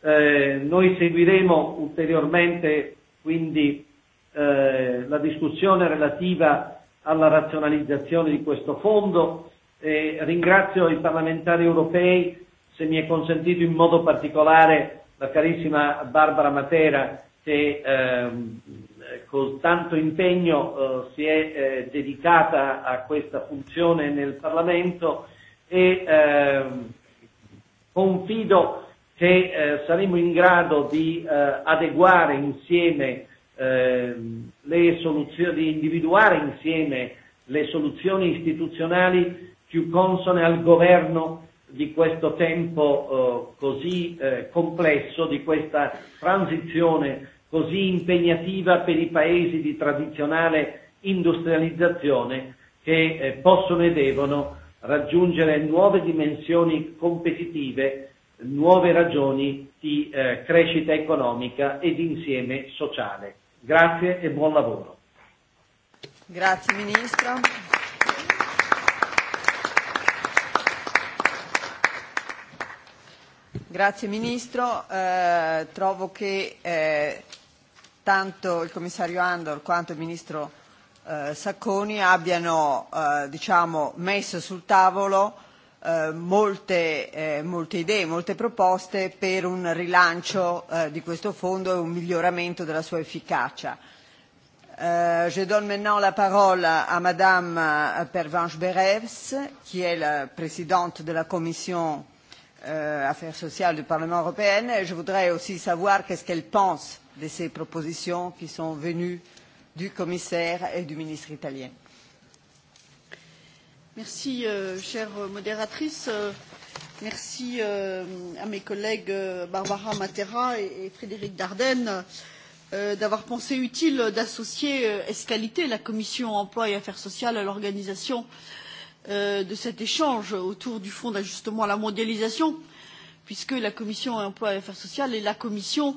Speaker 6: Eh, noi seguiremo ulteriormente quindi eh, la discussione relativa alla razionalizzazione di questo fondo e ringrazio i parlamentari europei se mi è consentito in modo particolare la carissima Barbara Matera che ehm, con tanto impegno eh, si è eh, dedicata a questa funzione nel Parlamento e ehm, confido che eh, saremo in grado di eh, adeguare insieme eh, le soluzioni, di individuare insieme le soluzioni istituzionali più consone al governo di questo tempo eh, così eh, complesso, di questa transizione così impegnativa per i paesi di tradizionale industrializzazione che eh, possono e devono raggiungere nuove dimensioni competitive, nuove ragioni di eh, crescita economica ed insieme sociale. Grazie e buon lavoro.
Speaker 1: Grazie Ministro. Grazie Ministro, eh, trovo che eh, tanto il Commissario Andor quanto il Ministro eh, Sacconi abbiano eh, diciamo, messo sul tavolo eh, molte, eh, molte idee, molte proposte per un rilancio eh, di questo fondo e un miglioramento della sua efficacia. Euh, je donne maintenant la parole à Madame Pervenche Berevs, qui est la présidente de la Commission euh, Affaires sociales du Parlement européen. Je voudrais aussi savoir qu'est-ce qu'elle pense de ces propositions qui sont venues du commissaire et du ministre italien.
Speaker 4: Merci, euh, chère modératrice. Merci euh, à mes collègues Barbara Matera et, et Frédéric Dardenne euh, d'avoir pensé utile d'associer euh, Escalité, la commission emploi et affaires sociales, à l'organisation euh, de cet échange autour du fonds d'ajustement à la mondialisation puisque la commission de l'emploi et des affaires sociales est la commission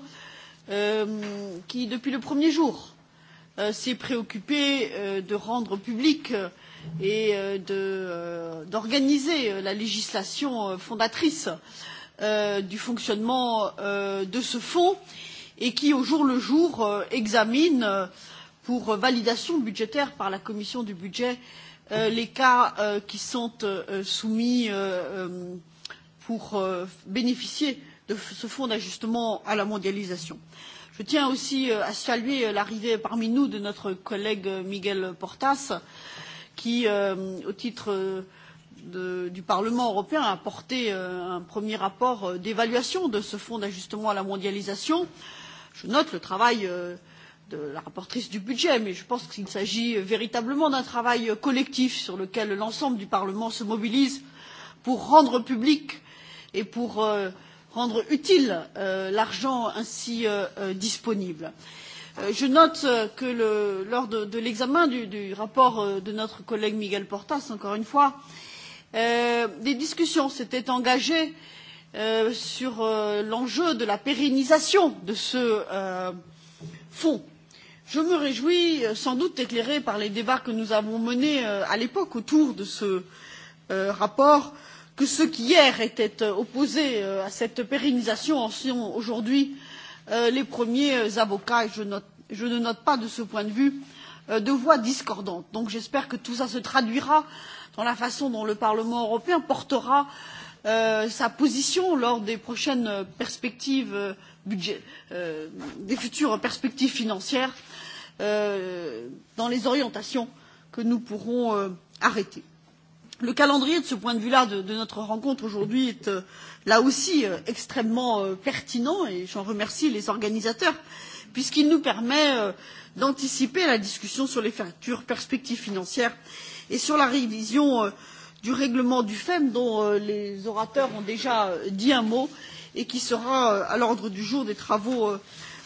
Speaker 4: qui depuis le premier jour s'est préoccupée de rendre publique et d'organiser la législation fondatrice du fonctionnement de ce fonds et qui au jour le jour examine pour validation budgétaire par la commission des budgets les cas qui sont soumis pour bénéficier de ce fonds d'ajustement à la mondialisation. Je tiens aussi à saluer l'arrivée parmi nous de notre collègue Miguel Portas, qui, au titre du Parlement européen, a porté un premier rapport d'évaluation de ce fonds d'ajustement à la mondialisation. Je note le travail euh, de la rapporteure du budget, mais je pense qu'il s'agit véritablement d'un travail collectif sur lequel l'ensemble du Parlement se mobilise pour rendre public et pour rendre utile l'argent ainsi disponible. Je note que lors de, l'examen du, rapport de notre collègue Miguel Portas, encore une fois, des discussions s'étaient engagées sur l'enjeu de la pérennisation de ce fonds je me réjouis sans doute éclairée par les débats que nous avons menés à l'époque autour de ce rapport que ceux qui hier étaient opposés à cette pérennisation en sont aujourd'hui les premiers avocats et je ne note pas de ce point de vue de voix discordantes. donc j'espère que tout cela se traduira dans la façon dont le parlement européen portera sa position lors des prochaines perspectives budgétaires, des futures perspectives financières dans les orientations que nous pourrons arrêter. Le calendrier, de ce point de vue-là, de, notre rencontre aujourd'hui est là aussi extrêmement pertinent et j'en remercie les organisateurs puisqu'il nous permet d'anticiper la discussion sur les factures, perspectives financières et sur la révision du règlement du fem dont les orateurs ont déjà dit un mot et qui sera à l'ordre du jour des travaux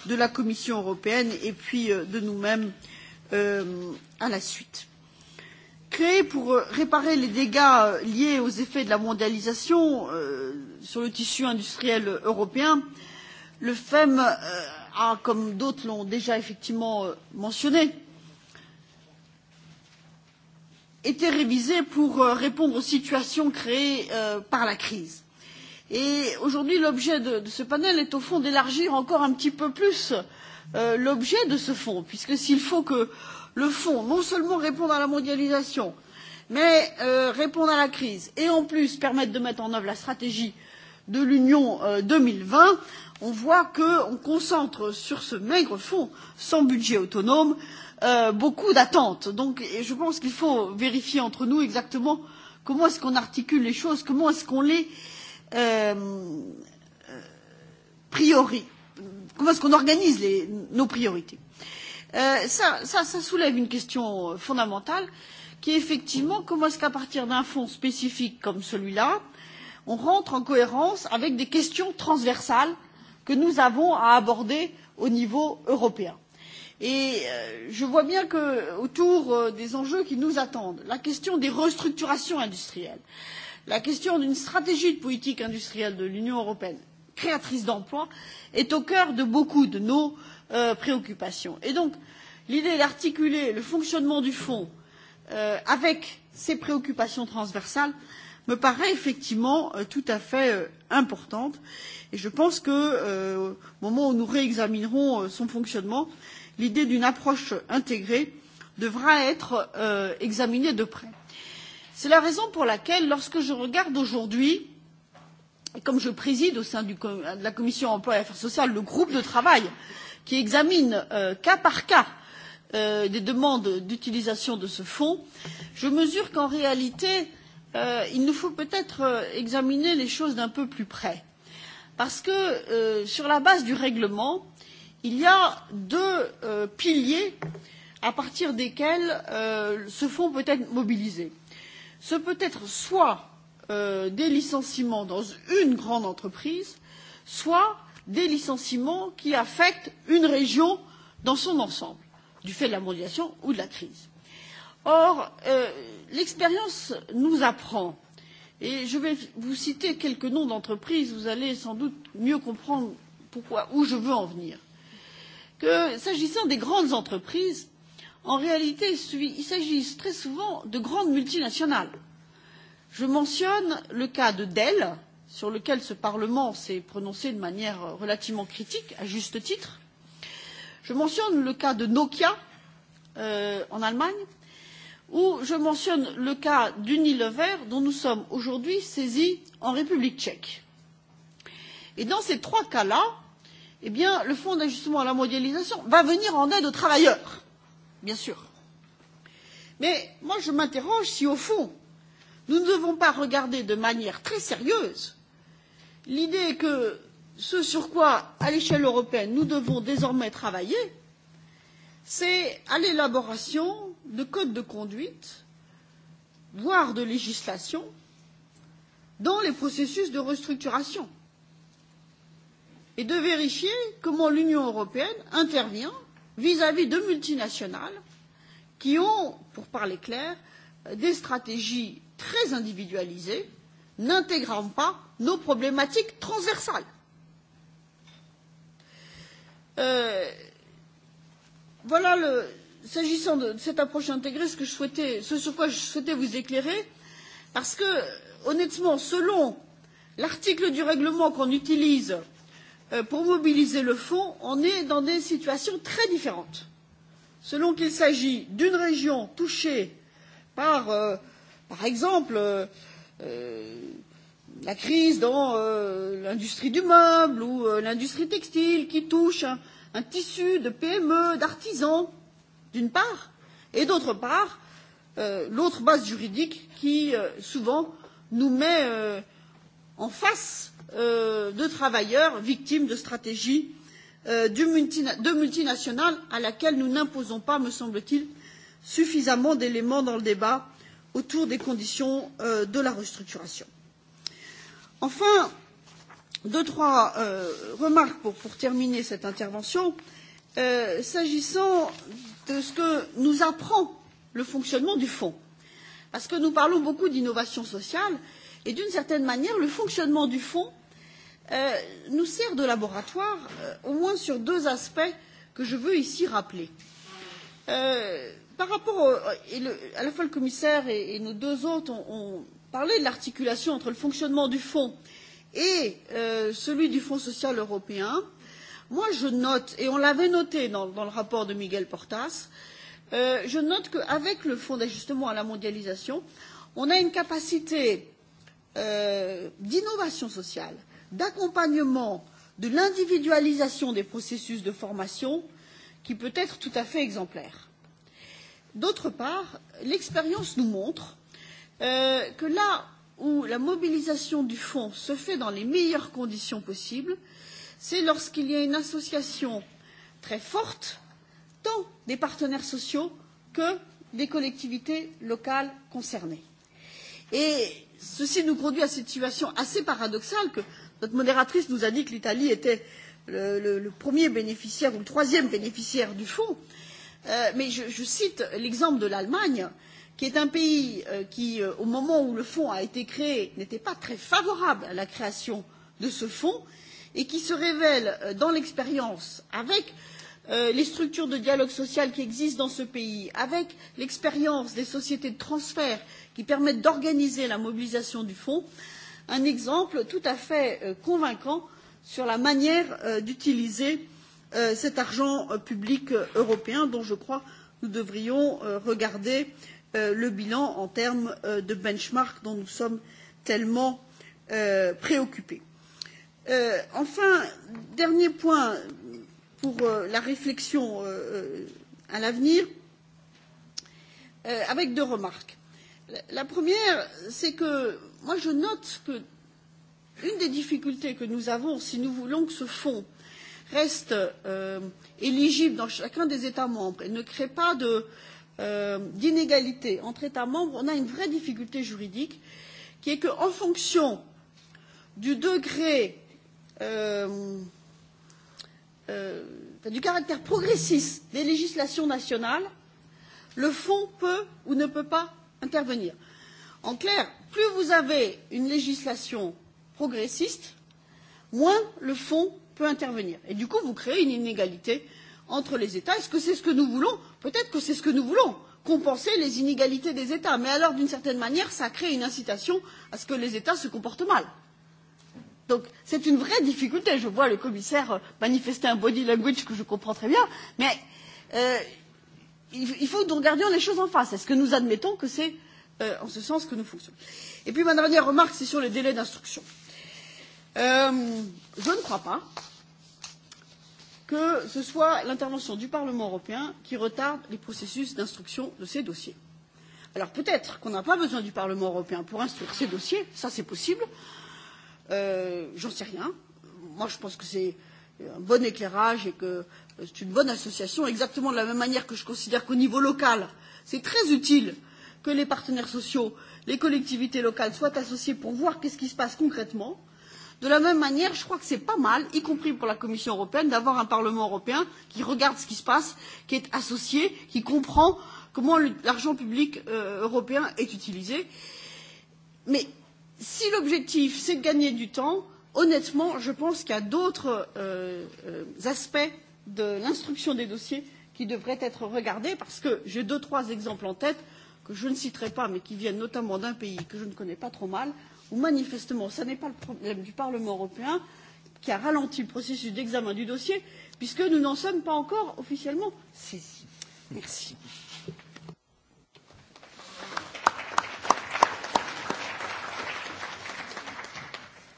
Speaker 4: de la Commission européenne et puis de nous-mêmes à la suite. Créé pour réparer les dégâts liés aux effets de la mondialisation sur le tissu industriel européen, le fem a comme d'autres l'ont déjà effectivement mentionné été révisé pour répondre aux situations créées par la crise. Et aujourd'hui, l'objet de, de ce panel est au fond d'élargir encore un petit peu plus euh, l'objet de ce fonds, puisque s'il faut que le fonds non seulement réponde à la mondialisation, mais euh, réponde à la crise et en plus permette de mettre en œuvre la stratégie de l'Union deux mille vingt, on voit qu'on concentre sur ce maigre fonds sans budget autonome beaucoup d'attentes. Donc je pense qu'il faut vérifier entre nous exactement comment est-ce qu'on articule les choses, comment est-ce qu'on les priori, comment est-ce qu'on organise les, nos priorités euh, ça, ça, ça soulève une question fondamentale qui est effectivement comment est-ce qu'à partir d'un fonds spécifique comme celui-là, on rentre en cohérence avec des questions transversales que nous avons à aborder au niveau européen. Et je vois bien que autour des enjeux qui nous attendent, la question des restructurations industrielles, euh, la question d'une stratégie de politique industrielle de l'union européenne créatrice d'emplois est au cœur de beaucoup de nos préoccupations. donc l'idée d'articuler le fonctionnement du fonds avec ces préoccupations transversales me paraît effectivement tout à fait importante et je pense qu'au moment où nous réexaminerons son fonctionnement l'idée d'une approche intégrée devra être examinée de près. C'est la raison pour laquelle, lorsque je regarde aujourd'hui, et comme je préside au sein de la commission de l'emploi et des affaires sociales le groupe de travail qui examine cas par cas des demandes d'utilisation de ce fonds je mesure qu'en réalité il nous faut peut être examiner les choses d'un peu plus près parce que sur la base du règlement il y a deux piliers à partir desquels ce fonds peut être mobilisé ce peut être soit des licenciements dans une grande entreprise, soit des licenciements qui affectent une région dans son ensemble, du fait de la mondialisation ou de la crise. Or, l'expérience nous apprend et je vais vous citer quelques noms d'entreprises vous allez sans doute mieux comprendre pourquoi où je veux en venir que s'agissant des grandes entreprises en réalité il s'agit très souvent de grandes multinationales. je mentionne le cas de dell sur lequel ce parlement s'est prononcé de manière relativement critique à juste titre. je mentionne le cas de nokia en allemagne ou je mentionne le cas d'unilever dont nous sommes aujourd'hui saisis en république tchèque. dans ces trois cas là le fonds d'ajustement à la mondialisation va venir en aide aux travailleurs bien sûr. Mais moi, je m'interroge si, au fond, nous ne devons pas regarder de manière très sérieuse l'idée que ce sur quoi, à l'échelle européenne, nous devons désormais travailler, c'est à l'élaboration de codes de conduite, voire de législation, dans les processus de restructuration et de vérifier comment l'Union européenne intervient vis à vis de multinationales qui ont, pour parler clair, des stratégies très individualisées, n'intégrant pas nos problématiques transversales. Euh, voilà le, s'agissant de cette approche intégrée, ce, que je souhaitais, ce sur quoi je souhaitais vous éclairer, parce que, honnêtement, selon l'article du règlement qu'on utilise pour mobiliser le fonds, on est dans des situations très différentes. Selon qu'il s'agit d'une région touchée par, par exemple, la crise dans l'industrie du meuble ou l'industrie textile qui touche un, un tissu de PME, d'artisans, d'une part, et d'autre part, l'autre base juridique qui, souvent, nous met en face de travailleurs victimes de stratégies de multinationales à laquelle nous n'imposons pas me semble t il suffisamment d'éléments dans le débat autour des conditions de la restructuration. enfin deux trois remarques pour terminer cette intervention s'agissant de ce que nous apprend le fonctionnement du fonds parce que nous parlons beaucoup d'innovation sociale et d'une certaine manière le fonctionnement du fonds nous sert de laboratoire au moins sur deux aspects que je veux ici rappeler. par rapport à la fois le commissaire et nos deux hôtes ont parlé de l'articulation entre le fonctionnement du fonds et celui du fonds social européen moi je note et on l'avait noté dans le rapport de miguel portas je note qu'avec le fonds d'ajustement à la mondialisation on a une capacité d'innovation sociale euh, d'accompagnement de l'individualisation des processus de formation qui peut être tout à fait exemplaire. D'autre part, l'expérience nous montre que là où la mobilisation du fonds se fait dans les meilleures conditions possibles, c'est lorsqu'il y a une association très forte tant des partenaires sociaux que des collectivités locales concernées. Et ceci nous conduit à cette situation assez paradoxale que Notre modératrice nous a dit que l'Italie était le, le, le premier bénéficiaire ou le troisième bénéficiaire du fonds. Euh, mais je, je cite l'exemple de l'Allemagne, qui est un pays euh, qui, euh, au moment où le fonds a été créé, n'était pas très favorable à la création de ce fonds et qui se révèle euh, dans l'expérience avec euh, les structures de dialogue social qui existent dans ce pays, avec l'expérience des sociétés de transfert qui permettent d'organiser la mobilisation du fonds, un exemple tout à fait convaincant sur la manière d'utiliser cet argent public européen dont je crois nous devrions regarder le bilan en termes de benchmark dont nous sommes tellement préoccupés. enfin dernier point pour la réflexion à l'avenir avec deux remarques. la première c'est que moi je note que une des difficultés que nous avons si nous voulons que ce fonds reste euh, éligible dans chacun des États membres et ne crée pas d'inégalité euh, d'inégalité entre États membres, on a une vraie difficulté juridique qui est qu'en fonction du degré euh, euh, du caractère progressiste des législations nationales, le fonds peut ou ne peut pas intervenir. En clair, plus vous avez une législation progressiste, moins le fonds peut intervenir. Et du coup, vous créez une inégalité entre les États. Est-ce que c'est ce que nous voulons Peut-être que c'est ce que nous voulons, compenser les inégalités des États. Mais alors, d'une certaine manière, ça crée une incitation à ce que les États se comportent mal. Donc, c'est une vraie difficulté. Je vois le commissaire manifester un body language que je comprends très bien, mais euh, il faut que nous regardions les choses en face. Est-ce que nous admettons que c'est euh, en ce sens que nous fonctionnons. Et puis ma dernière remarque, c'est sur les délais d'instruction. Euh, je ne crois pas que ce soit l'intervention du Parlement européen qui retarde les processus d'instruction de ces dossiers. Alors peut-être qu'on n'a pas besoin du Parlement européen pour instruire ces dossiers, ça c'est possible, euh, j'en sais rien. Moi je pense que c'est un bon éclairage et que c'est une bonne association, exactement de la même manière que je considère qu'au niveau local, c'est très utile euh, que les partenaires sociaux, les collectivités locales soient associés pour voir ce qui se passe concrètement. De la même manière, je crois que c'est pas mal, y compris pour la Commission européenne, d'avoir un Parlement européen qui regarde ce qui se passe, qui est associé, qui comprend comment l'argent public européen est utilisé. Mais si l'objectif c'est de gagner du temps, honnêtement, je pense qu'il y a d'autres aspects de l'instruction des dossiers qui devraient être regardés parce que j'ai deux trois exemples en tête que je ne citerai pas mais qui viennent notamment d'un pays que je ne connais pas trop mal où manifestement ce n'est pas le problème du parlement européen qui a ralenti le processus d'examen du dossier puisque nous n'en sommes pas encore officiellement
Speaker 3: saisis. merci.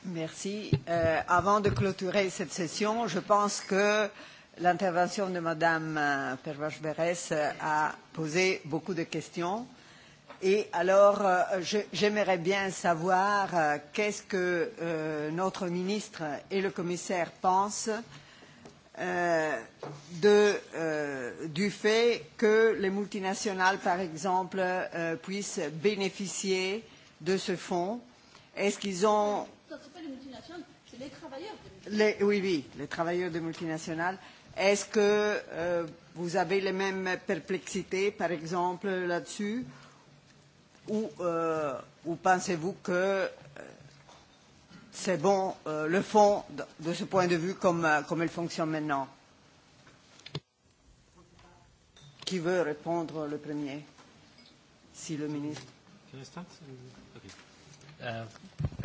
Speaker 1: Merci. Euh, avant de clôturer cette session, je pense que l'intervention de Madame Pervache-Berès a posé beaucoup de questions Et alors, j'aimerais bien savoir qu'est-ce que notre ministre et le commissaire pensent du fait que les multinationales, par exemple, puissent bénéficier de ce fonds. Est-ce qu'ils ont...
Speaker 4: Non, ce pas les multinationales, c'est les travailleurs des
Speaker 1: multinationales. Oui, oui, les travailleurs des multinationales. Est-ce que vous avez les mêmes perplexités, par exemple, là-dessus ou, euh, ou pensez-vous que c'est bon euh, le fond de ce point de vue comme, comme elle fonctionne maintenant Qui veut répondre le premier Si le ministre.
Speaker 5: Uh,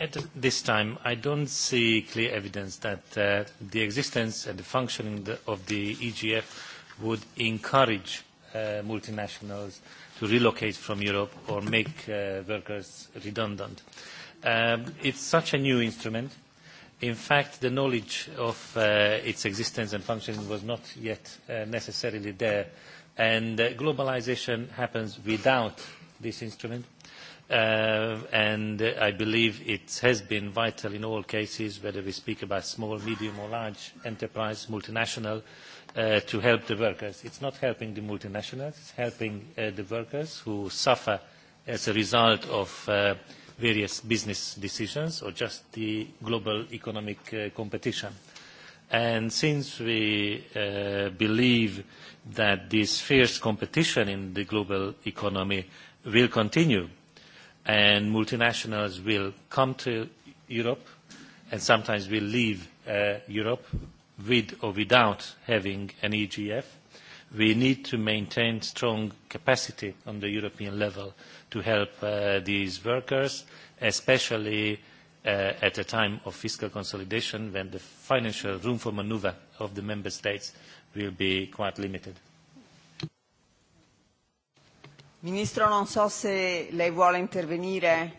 Speaker 5: at this time, I don't see clear evidence that uh, the existence and the functioning of the EGF would encourage uh, multinationals uh, to relocate from Europe or make uh, workers redundant. Um, it's such a new instrument. In fact, the knowledge of uh, its existence and functioning was not yet uh, necessarily there. And uh, globalization happens without this instrument. Uh, and I believe it has been vital in all cases, whether we speak about small, medium or large enterprise, multinational, uh, to help the workers. It's not helping the multinationals, it's helping the workers who suffer as a result of various business decisions or just the global economic competition. And since we believe that this fierce competition in the global economy will continue and multinationals will come to Europe and sometimes will leave Europe with or without having an EGF. We need to maintain strong capacity on the European level to help these workers, especially at a time of fiscal consolidation when the financial room for manoeuvre of the member states will be quite limited.
Speaker 1: Ministro, non so se lei vuole intervenire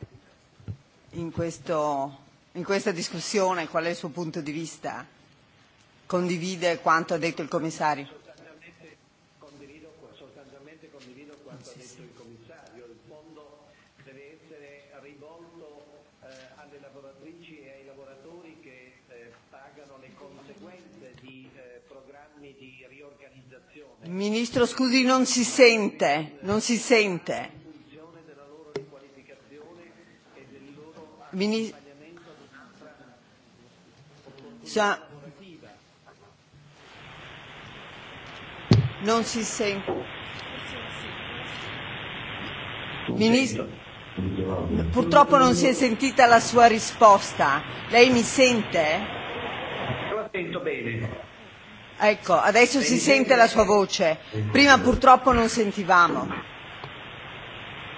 Speaker 1: in, questo, in questa discussione, qual è il suo punto di vista? Condivide quanto ha detto il commissario?
Speaker 6: condivido quanto ha detto il commissario. Il fondo deve essere rivolto alle lavoratrici e ai lavoratori che pagano
Speaker 1: le conseguenze di programmi di riorganizzazione. Ministro, scusi, non si sente, non si sente. Ministro, non si sente. Ministro, purtroppo non si è sentita la sua risposta. Lei mi sente?
Speaker 6: La sento bene.
Speaker 1: Ecco, adesso si sente la sua voce. Prima purtroppo non sentivamo.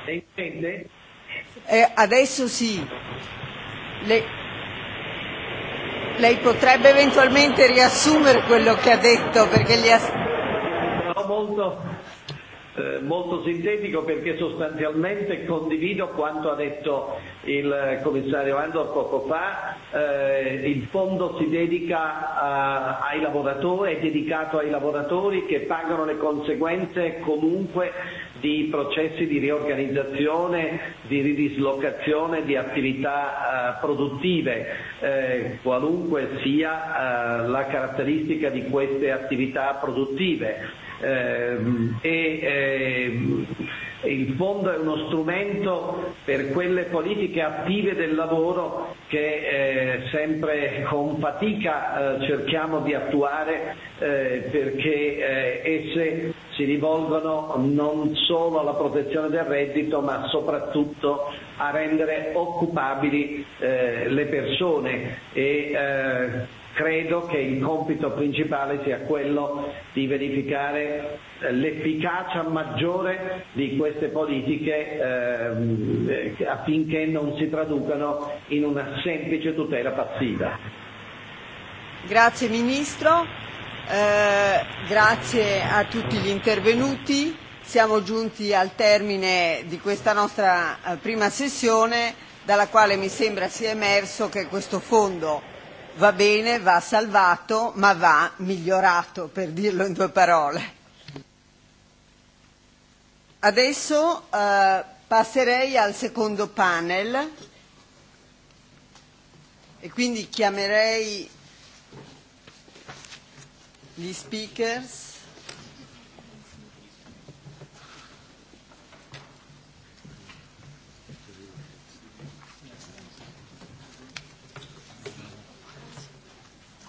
Speaker 6: Lei sente?
Speaker 1: Eh, adesso sì. Le... Lei potrebbe eventualmente riassumere quello che ha detto perché gli ha
Speaker 6: molto, eh, molto sintetico perché sostanzialmente condivido quanto ha detto il commissario Andor poco fa, eh, il fondo si dedica a, ai lavoratori, è dedicato ai lavoratori che pagano le conseguenze comunque di processi di riorganizzazione, di ridislocazione di attività eh, produttive, eh, qualunque sia eh, la caratteristica di queste attività produttive e in fondo è uno strumento per quelle politiche attive del lavoro che eh, sempre con fatica eh, cerchiamo di attuare eh, perché eh, esse si rivolgono non solo alla protezione del reddito ma soprattutto a rendere occupabili eh, le persone e eh, credo che il compito principale sia quello di verificare l'efficacia maggiore di queste politiche eh, affinché non si traducano in una semplice tutela passiva.
Speaker 1: Grazie Ministro, eh, grazie a tutti gli intervenuti. Siamo giunti al termine di questa nostra prima sessione dalla quale mi sembra sia emerso che questo fondo va bene, va salvato, ma va migliorato, per dirlo in due parole. Adesso eh, passerei al secondo panel e quindi chiamerei gli speakers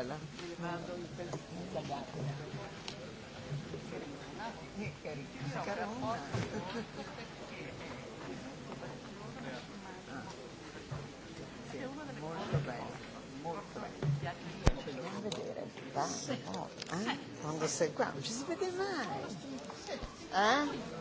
Speaker 1: quella. Molto bello, molto Quando sei qua non ci si vede mai. Eh?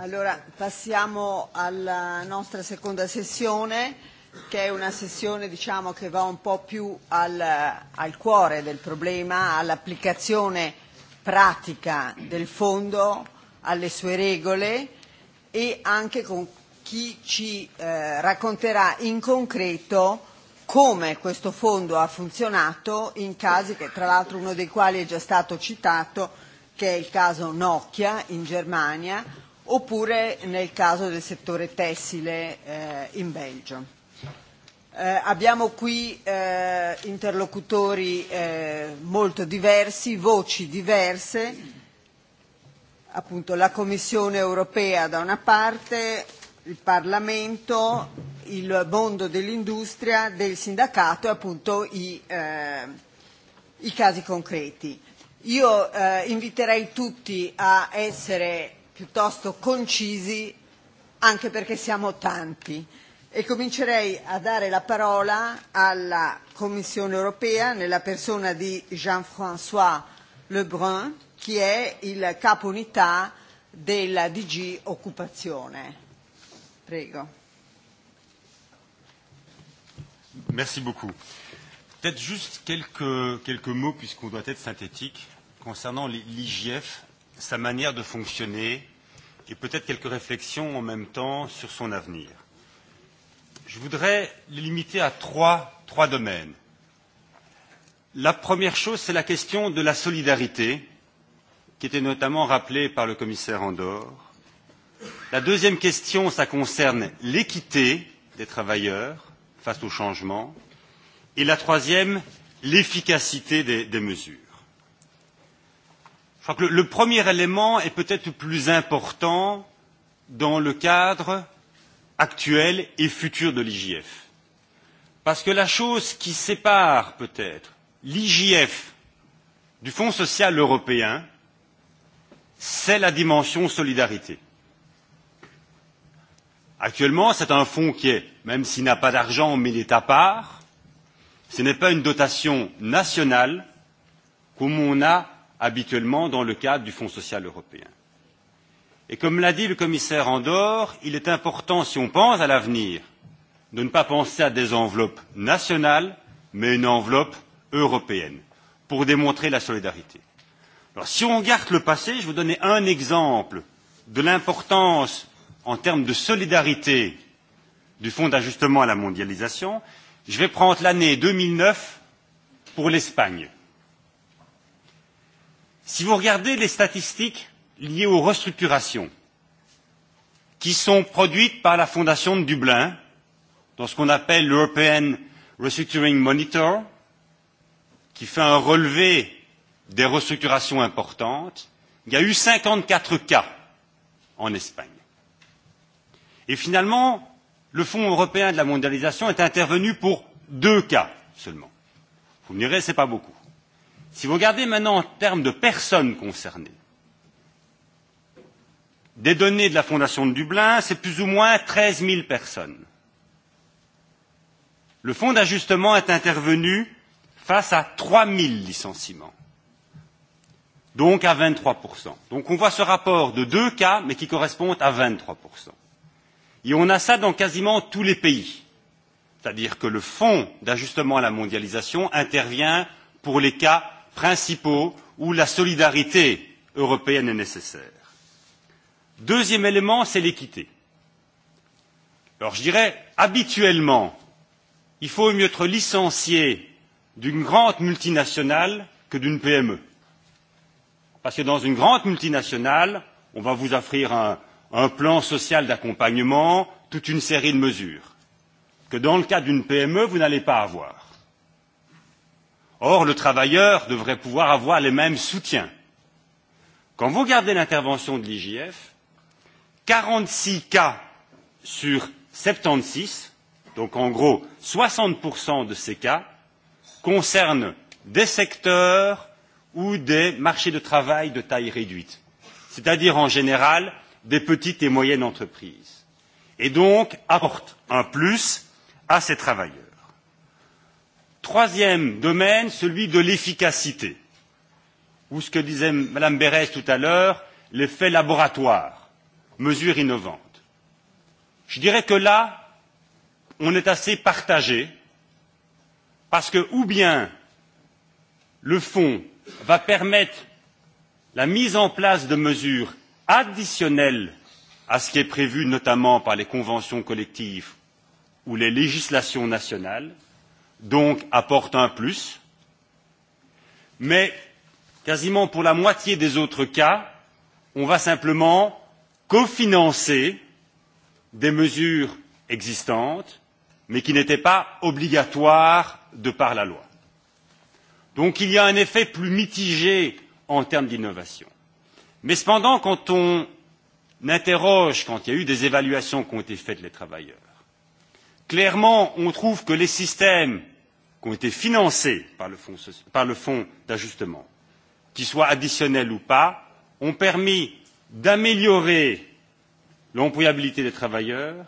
Speaker 1: Allora passiamo alla nostra seconda sessione che è una sessione diciamo, che va un po' più al, al cuore del problema, all'applicazione pratica del fondo, alle sue regole e anche con chi ci eh, racconterà in concreto come questo fondo ha funzionato in casi che tra l'altro uno dei quali è già stato citato, che è il caso Nokia in Germania, oppure nel caso del settore tessile eh, in Belgio. Eh, abbiamo qui eh, interlocutori eh, molto diversi, voci diverse, appunto la Commissione europea da una parte, il Parlamento, il mondo dell'industria, del sindacato e appunto i, eh, i casi concreti. Io eh, inviterei tutti a essere piuttosto concisi, anche perché siamo tanti. E comincerei a dare la parola alla Commissione europea nella persona di Jean-François Lebrun, che è il capo unità della DG Occupazione. Prego.
Speaker 7: Merci beaucoup. Peut-être juste quelques, quelques mots, puisqu'on doit être synthétique, concernant l'IGF sa manière de fonctionner et peut-être quelques réflexions en même temps sur son avenir. Je voudrais les limiter à trois, trois domaines. La première chose, c'est la question de la solidarité, qui était notamment rappelée par le commissaire Andor. La deuxième question, ça concerne l'équité des travailleurs face au changement. Et la troisième, l'efficacité des, des mesures crois que le, le premier élément est peut-être le plus important dans le cadre actuel et futur de l'IGF. Parce que la chose qui sépare peut-être l'IGF du Fonds social européen, c'est la dimension solidarité. Actuellement, c'est un fonds qui est, même s'il n'a pas d'argent, mais il est à part. Ce n'est pas une dotation nationale comme on a habituellement dans le cadre du Fonds social européen. Et comme l'a dit le commissaire Andor, il est important, si on pense à l'avenir, de ne pas penser à des enveloppes nationales, mais une enveloppe européenne, pour démontrer la solidarité. Alors, si on regarde le passé, je vais vous donner un exemple de l'importance en termes de solidarité du Fonds d'ajustement à la mondialisation. Je vais prendre l'année 2009 pour l'Espagne Si vous regardez les statistiques liées aux restructurations qui sont produites par la Fondation de Dublin, dans ce qu'on appelle l'European Restructuring Monitor, qui fait un relevé des restructurations importantes, il y a eu 54 cas en Espagne. Et finalement, le Fonds européen de la mondialisation est intervenu pour deux cas seulement. Vous me direz, ce n'est pas beaucoup. Si vous regardez maintenant en termes de personnes concernées, des données de la Fondation de Dublin, c'est plus ou moins 13 000 personnes. Le fonds d'ajustement est intervenu face à 3 000 licenciements, donc à 23 Donc on voit ce rapport de deux cas, mais qui correspond à 23 Et on a ça dans quasiment tous les pays. C'est-à-dire que le fonds d'ajustement à la mondialisation intervient pour les cas principaux où la solidarité européenne est nécessaire. Deuxième élément, c'est l'équité. Alors je dirais, habituellement, il faut mieux être licencié d'une grande multinationale que d'une PME. Parce que dans une grande multinationale, on va vous offrir un, un plan social d'accompagnement, toute une série de mesures que dans le cas d'une PME, vous n'allez pas avoir. Or, le travailleur devrait pouvoir avoir les mêmes soutiens. Quand vous regardez l'intervention de l'IGF, 46 cas sur 76, donc en gros 60% de ces cas, concernent des secteurs ou des marchés de travail de taille réduite, c'est-à-dire en général des petites et moyennes entreprises, et donc apportent un plus à ces travailleurs. Troisième domaine, celui de l'efficacité, ou ce que disait Mme Berès tout à l'heure, l'effet laboratoire, mesure innovante. Je dirais que là, on est assez partagé, parce que ou bien le fonds va permettre la mise en place de mesures additionnelles à ce qui est prévu notamment par les conventions collectives ou les législations nationales, donc apporte un plus, mais quasiment pour la moitié des autres cas, on va simplement cofinancer des mesures existantes, mais qui n'étaient pas obligatoires de par la loi. Donc il y a un effet plus mitigé en termes d'innovation. Mais cependant, quand on interroge, quand il y a eu des évaluations qui ont été faites les travailleurs, Clairement, on trouve que les systèmes qui ont été financés par le fonds d'ajustement, qu'ils soient additionnels ou pas, ont permis d'améliorer l'employabilité des travailleurs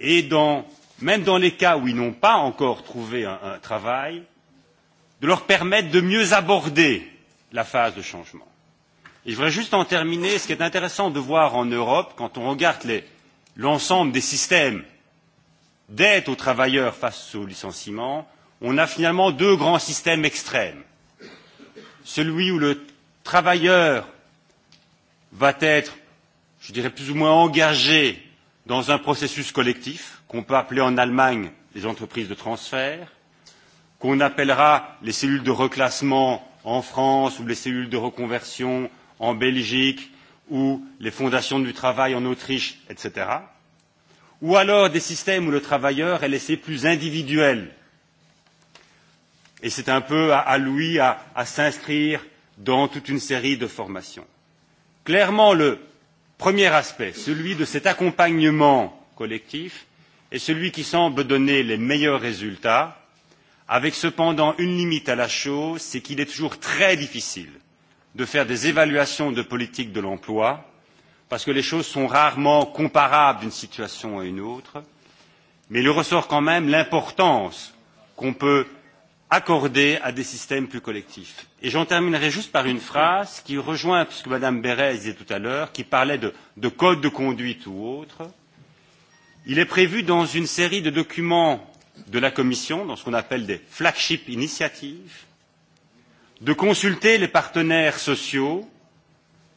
Speaker 7: et dans, même dans les cas où ils n'ont pas encore trouvé un, un travail, de leur permettre de mieux aborder la phase de changement. Et je voudrais juste en terminer. Ce qui est intéressant de voir en Europe, quand on regarde l'ensemble des systèmes d'aide aux travailleurs face au licenciement, on a finalement deux grands systèmes extrêmes. Celui où le travailleur va être, je dirais, plus ou moins engagé dans un processus collectif qu'on peut appeler en Allemagne les entreprises de transfert, qu'on appellera les cellules de reclassement en France ou les cellules de reconversion en Belgique ou les fondations du travail en Autriche, etc ou alors des systèmes où le travailleur est laissé plus individuel. Et c'est un peu à, à lui à, à s'inscrire dans toute une série de formations. Clairement, le premier aspect, celui de cet accompagnement collectif, est celui qui semble donner les meilleurs résultats, avec cependant une limite à la chose, c'est qu'il est toujours très difficile de faire des évaluations de politique de l'emploi parce que les choses sont rarement comparables d'une situation à une autre, mais il ressort quand même l'importance qu'on peut accorder à des systèmes plus collectifs. Et j'en terminerai juste par une phrase qui rejoint ce que Mme Bérez disait tout à l'heure, qui parlait de, de code de conduite ou autre. Il est prévu dans une série de documents de la Commission, dans ce qu'on appelle des flagship initiatives, de consulter les partenaires sociaux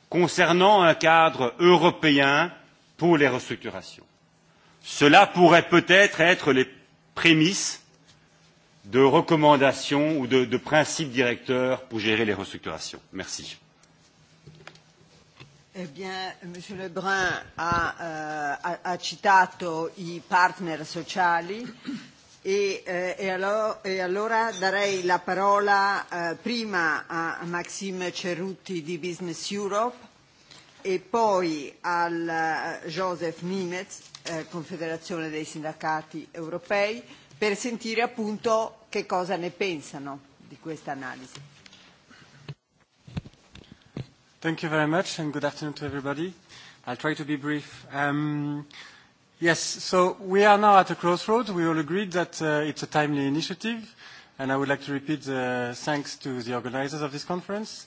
Speaker 7: concernant un cadre européen pour les restructurations. Cela pourrait peut-être être les prémices de recommandations ou de, de principes directeurs pour gérer les restructurations. Merci.
Speaker 1: Eh bien, Monsieur Lebrun ha, eh, a citato i partner sociali E, eh, e, allo- e allora darei la parola eh, prima a Maxime Cerruti di Business Europe e poi al Joseph Nimetz, eh, Confederazione dei Sindacati Europei, per sentire appunto che cosa ne pensano di questa analisi.
Speaker 8: Thank you very much and good afternoon to everybody. I'll try to be brief. Um, Yes, so we are now at a crossroads. We all agreed that uh, it's a timely initiative, and I would like to repeat the thanks to the organizers of this conference.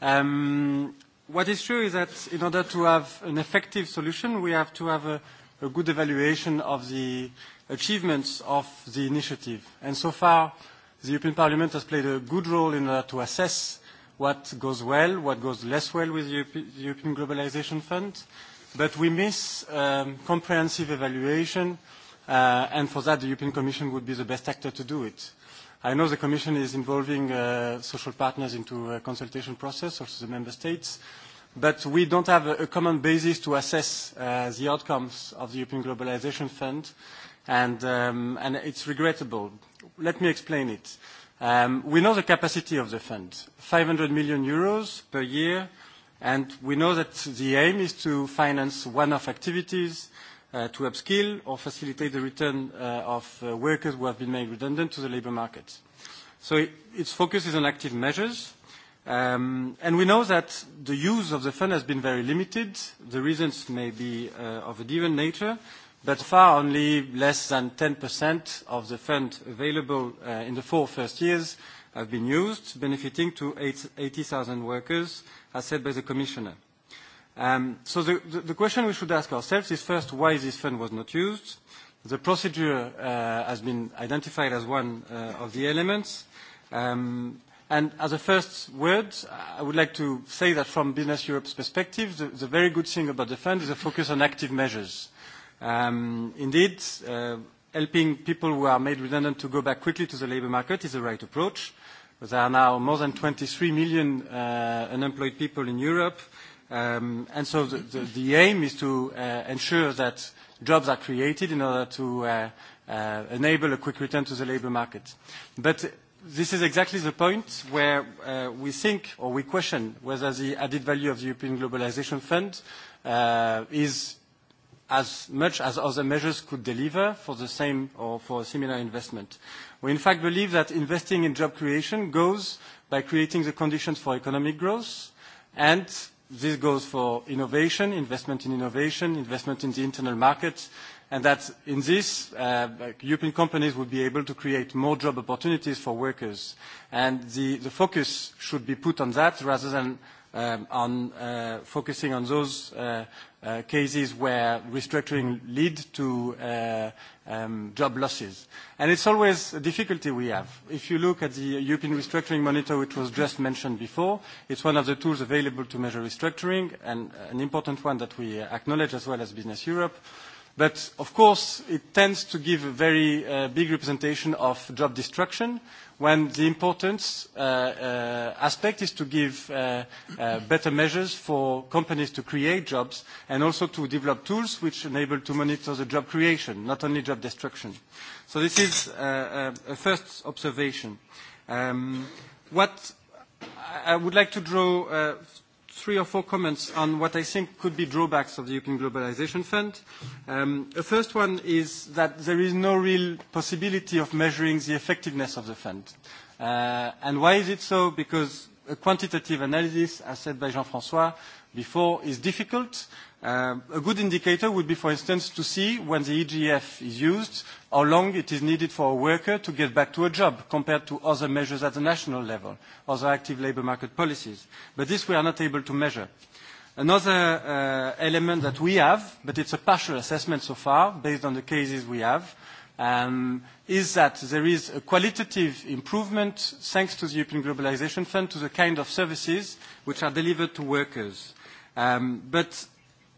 Speaker 8: Um, what is true is that in order to have an effective solution, we have to have a, a good evaluation of the achievements of the initiative. And so far, the European Parliament has played a good role in order to assess what goes well, what goes less well with the European Globalization Fund, But we miss um, comprehensive evaluation, uh, and for that the European Commission would be the best actor to do it. I know the Commission is involving uh, social partners into a consultation process, also the Member States, but we don't have a, a common basis to assess uh, the outcomes of the European Globalization Fund, and, um, and it's regrettable. Let me explain it. Um, we know the capacity of the fund, 500 million euros per year, And we know that the aim is to finance one-off activities, uh, to upskill or facilitate the return uh, of uh, workers who have been made redundant to the labor market. So it, its focus is on active measures. Um, and we know that the use of the fund has been very limited. The reasons may be uh, of a different nature, but far only less than 10% of the fund available uh, in the four first years have been used, benefiting to 80,000 workers as said by the Commissioner. Um, so the, the, the question we should ask ourselves is first, why this fund was not used? The procedure uh, has been identified as one uh, of the elements. Um, and as a first word, I would like to say that from Business Europe's perspective, the, the very good thing about the fund is a focus on active measures. Um, indeed, uh, helping people who are made redundant to go back quickly to the labour market is the right approach. There are now more than 23 million uh, unemployed people in Europe. Um, and so the, the, the aim is to uh, ensure that jobs are created in order to uh, uh, enable a quick return to the labor market. But this is exactly the point where uh, we think or we question whether the added value of the European Globalization Fund uh, is as much as other measures could deliver for the same or for a similar investment. We in fact believe that investing in job creation goes by creating the conditions for economic growth, and this goes for innovation, investment in innovation, investment in the internal market, and that in this, uh, European companies would be able to create more job opportunities for workers. And the, the focus should be put on that rather than um, on uh, focusing on those uh, cases where restructuring lead to uh, um, job losses. And it's always a difficulty we have. If you look at the European Restructuring Monitor, which was just mentioned before, it's one of the tools available to measure restructuring and an important one that we acknowledge as well as Business Europe. But of course, it tends to give a very uh, big representation of job destruction, when the important uh, uh, aspect is to give uh, uh, better measures for companies to create jobs and also to develop tools which enable to monitor the job creation, not only job destruction. So this is uh, a first observation. Um, what I would like to draw uh, three or four comments on what I think could be drawbacks of the European Globalisation Fund. The first one is that there is no real possibility of measuring the effectiveness of the fund. And why is it so? Because a quantitative analysis, as said by Jean-François before, is difficult. A good indicator would be, for instance, to see when the EGF is used, how long it is needed for a worker to get back to a job compared to other measures at the national level, other active labour market policies. But this we are not able to measure. Another element that we have, but it's a partial assessment so far, based on the cases we have, is that there is a qualitative improvement, thanks to the European Globalisation Fund, to the kind of services which are delivered to workers. But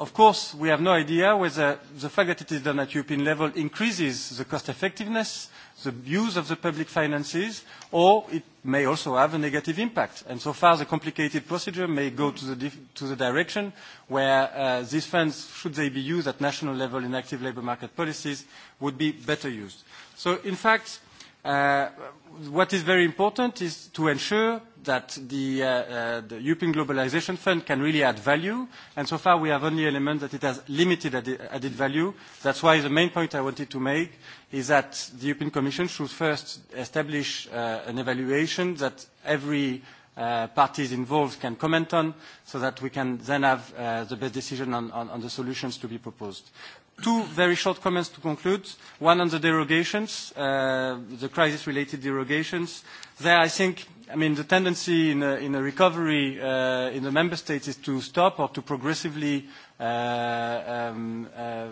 Speaker 8: Of course, we have no idea whether the fact that it is done at European level increases the cost effectiveness, the use of the public finances, or it may also have a negative impact. And so far, the complicated procedure may go to the, to the direction where uh, these funds, should they be used at national level in active labour market policies, would be better used. So, in fact, What is very important is to ensure that the European Globalization Fund can really add value, and so far we have only element that it has limited added value. That's why the main point I wanted to make is that the European Commission should first establish an evaluation that every parties involved can comment on so that we can then have the best decision on the solutions to be proposed. Two very short comments to conclude. One on the derogations, uh, the crisis-related derogations. There, I think, I mean, the tendency in a, in a recovery uh, in the member states is to stop or to progressively uh, um, uh,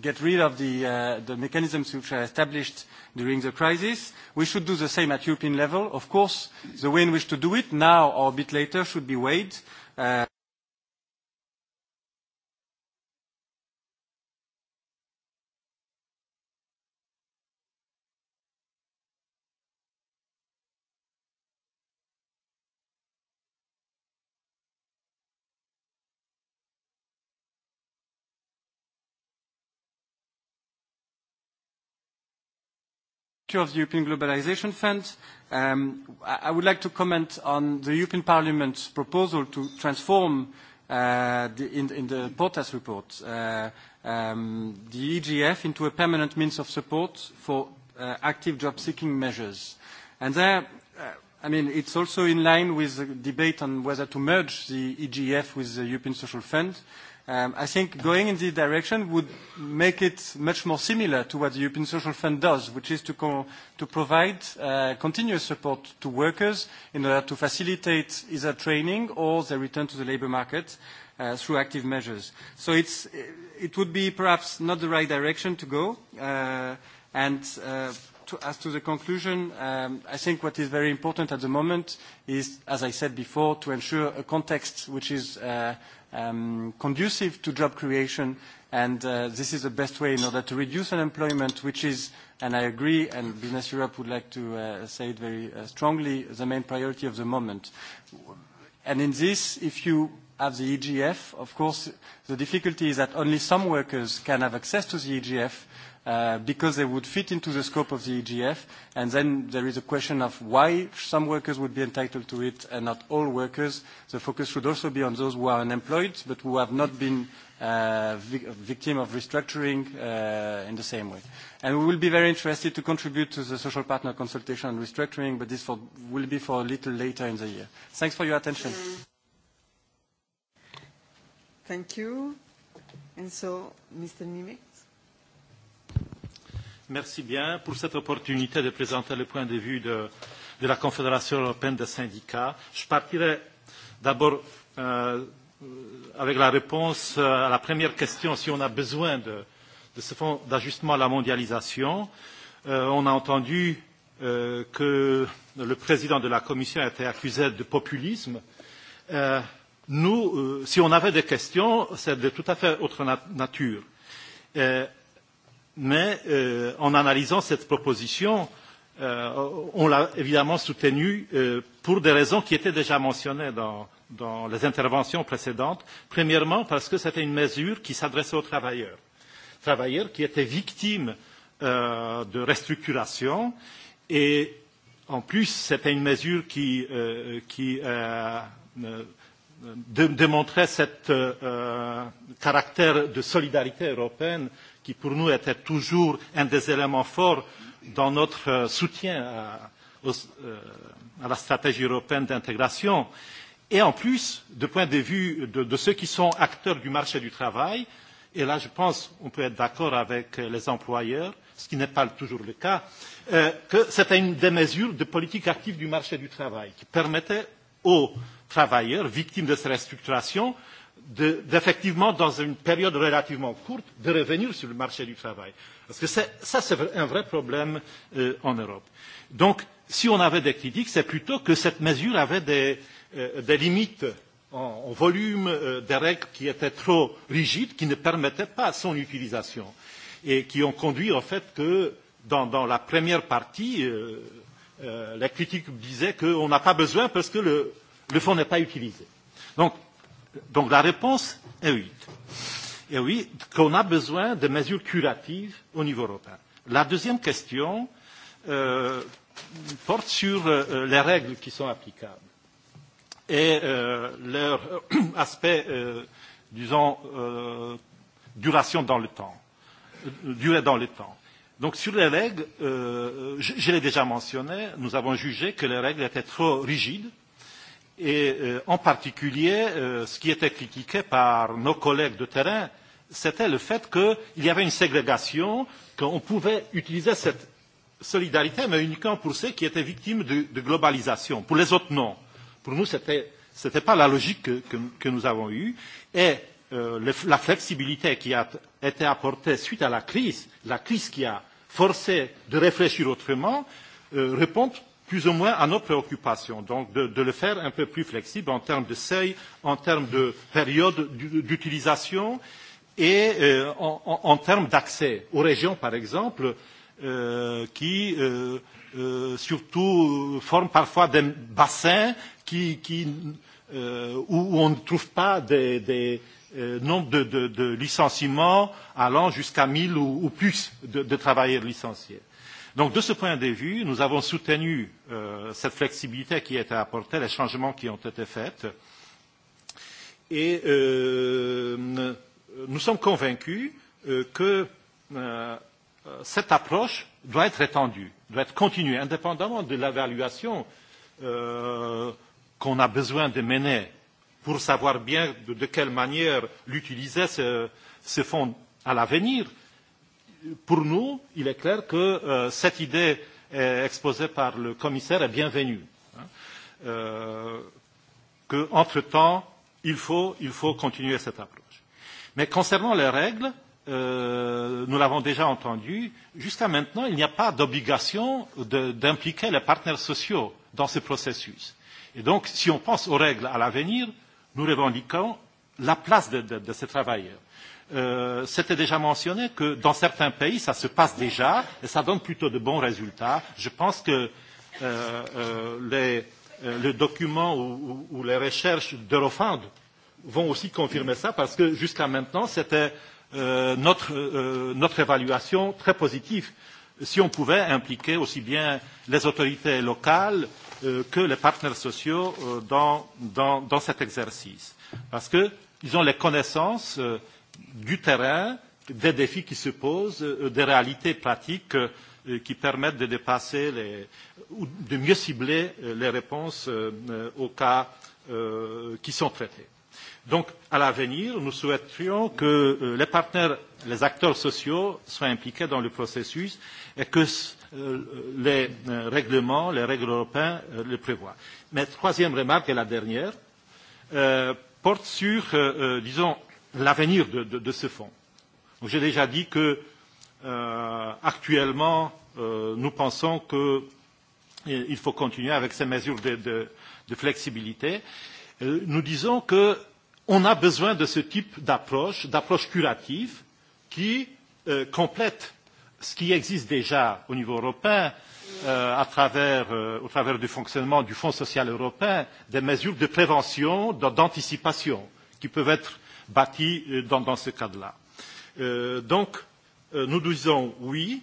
Speaker 8: get rid of the, uh, the mechanisms which are established during the crisis. We should do the same at European level. Of course, the way in which to do it, now or a bit later, should be weighed. Uh, Chair of the European Globalization Fund. Um, I would like to comment on the European Parliament's proposal to transform uh, the, in, in the Portas report uh, um, the EGF into a permanent means of support for uh, active job-seeking measures. And there, uh, I mean, it's also in line with the debate on whether to merge the EGF with the European Social Fund. Uh, Um, I think going in this direction would make it much more similar to what the European Social Fund does, which is to, co to provide uh, continuous support to workers in order to facilitate either training or their return to the labour market uh, through active measures. So it's, it would be perhaps not the right direction to go. Uh, and uh, as to the conclusion, um I think what is very important at the moment is, as I said before, to ensure a context which is uh um, conducive to job creation, and uh, this is the best way in order to reduce unemployment, which is, and I agree, and Business Europe would like to uh, say it very uh, strongly, the main priority of the moment. And in this, if you have the EGF, of course, the difficulty is that only some workers can have access to the EGF, because they would fit into the scope of the EGF. And then there is a question of why some workers would be entitled to it and not all workers. The focus should also be on those who are unemployed but who have not been uh, victim of restructuring uh, in the same way. And we will be very interested to contribute to the social partner consultation on restructuring, but this for, will be for a little later in the year. Thanks for your attention. Thank you.
Speaker 1: And so, Mr. Nimek.
Speaker 9: Merci bien pour cette opportunité de présenter le point de vue de, de la Confédération européenne des syndicats. Je partirai d'abord euh, avec la réponse à la première question, si on a besoin de, de ce fonds d'ajustement à la mondialisation. Euh, on a entendu euh, que le président de la Commission a été accusé de populisme. Euh, nous, euh, si on avait des questions, c'est de tout à fait autre nat nature. Euh, mais en analysant cette proposition, on l'a évidemment soutenue pour des raisons qui étaient déjà mentionnées dans, les interventions précédentes. Premièrement, parce que c'était une mesure qui s'adressait aux travailleurs, travailleurs qui étaient victimes de restructuration et en plus, c'était une mesure qui, démontrait ce caractère de solidarité européenne qui pour nous était toujours un des éléments forts dans notre soutien à, aux, euh, à la stratégie européenne d'intégration. Et en plus, du point de vue de, de ceux qui sont acteurs du marché du travail, et là je pense qu'on peut être d'accord avec les employeurs, ce qui n'est pas toujours le cas, euh, que c'était une des mesures de politique active du marché du travail qui permettait aux travailleurs victimes de ces restructurations d'effectivement, dans une période relativement courte, de revenir sur le marché du travail. Parce que ça, c'est un vrai problème euh, en Europe. Donc, si on avait des critiques, c'est plutôt que cette mesure avait des, euh, des limites en, en volume, euh, des règles qui étaient trop rigides, qui ne permettaient pas son utilisation et qui ont conduit au fait que dans, dans la première partie, euh, euh, les critiques disaient qu'on n'a pas besoin parce que le, le fonds n'est pas utilisé. Donc, Donc la réponse est oui. Et oui, qu'on a besoin de mesures curatives au niveau européen. La deuxième question euh, porte sur euh, les règles qui sont applicables et euh, leur aspect, euh, disons, euh, duration dans le temps, durée dans le temps. Donc sur les règles, euh, je, je l'ai déjà mentionné, nous avons jugé que les règles étaient trop rigides Et euh, en particulier, euh, ce qui était critiqué par nos collègues de terrain, c'était le fait qu'il y avait une ségrégation, qu'on pouvait utiliser cette solidarité, mais uniquement pour ceux qui étaient victimes de, de globalisation. Pour les autres, non. Pour nous, ce n'était pas la logique que, que, que nous avons eue. Et euh, le, la flexibilité qui a été apportée suite à la crise, la crise qui a forcé de réfléchir autrement, euh, répond plus ou moins à nos préoccupations, donc de, de le faire un peu plus flexible en termes de seuil, en termes de période d'utilisation et euh, en, en, en termes d'accès aux régions, par exemple, euh, qui euh, euh, surtout forment parfois des bassins qui, qui, euh, où on ne trouve pas des, des, nombre de, de, de licenciements allant jusqu'à 1000 ou, ou plus de, de travailleurs licenciés. Donc, de ce point de vue, nous avons soutenu euh, cette flexibilité qui a été apportée, les changements qui ont été faits. Et euh, nous sommes convaincus euh, que euh, cette approche doit être étendue, doit être continuée, indépendamment de l'évaluation euh, qu'on a besoin de mener pour savoir bien de, de quelle manière l'utiliser ce, ce fonds à l'avenir pour nous, il est clair que cette idée exposée par le commissaire est bienvenue. que, entre temps, il faut, continuer cette approche. Mais concernant les règles, nous l'avons déjà entendu, jusqu'à maintenant, il n'y a pas d'obligation d'impliquer les partenaires sociaux dans ce processus. Et donc, si on pense aux règles à l'avenir, nous revendiquons la place de, de, de ces travailleurs euh, c'était déjà mentionné que dans certains pays, ça se passe déjà et ça donne plutôt de bons résultats. Je pense que euh, euh, les, euh, le document ou, ou, ou les recherches d'Eurofound vont aussi confirmer ça parce que jusqu'à maintenant, c'était euh, notre, euh, notre évaluation très positive si on pouvait impliquer aussi bien les autorités locales euh, que les partenaires sociaux euh, dans, dans, dans cet exercice. Parce qu'ils ont les connaissances, euh, du terrain, des défis qui se posent, des réalités pratiques qui permettent de dépasser les, ou de mieux cibler les réponses aux cas qui sont traités. Donc, à l'avenir, nous souhaiterions que les partenaires, les acteurs sociaux soient impliqués dans le processus et que les règlements, les règles européennes le prévoient. Ma troisième remarque et la dernière porte sur, disons, l'avenir de, de, de ce fonds. J'ai déjà dit que euh, actuellement, euh, nous pensons qu'il faut continuer avec ces mesures de, de, de flexibilité. Nous disons qu'on a besoin de ce type d'approche, d'approche curative, qui euh, complète ce qui existe déjà au niveau européen euh, à travers, euh, au travers du fonctionnement du Fonds social européen, des mesures de prévention, d'anticipation, qui peuvent être bâti dans, dans ce cadre-là. Euh, donc, euh, nous disons oui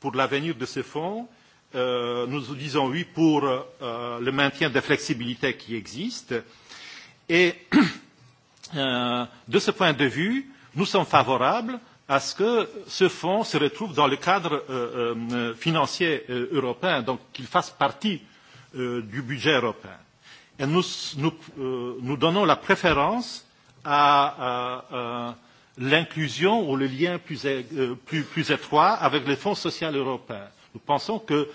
Speaker 9: pour l'avenir de ce fonds, euh, nous disons oui pour euh, le maintien des flexibilités qui existent, et euh, de ce point de vue, nous sommes favorables à ce que ce fonds se retrouve dans le cadre euh, euh, financier euh, européen, donc qu'il fasse partie euh, du budget européen. Et nous, nous, euh, nous donnons la préférence à, à, à l'inclusion ou le lien plus, plus, plus étroit avec le Fonds social européen. Nous pensons que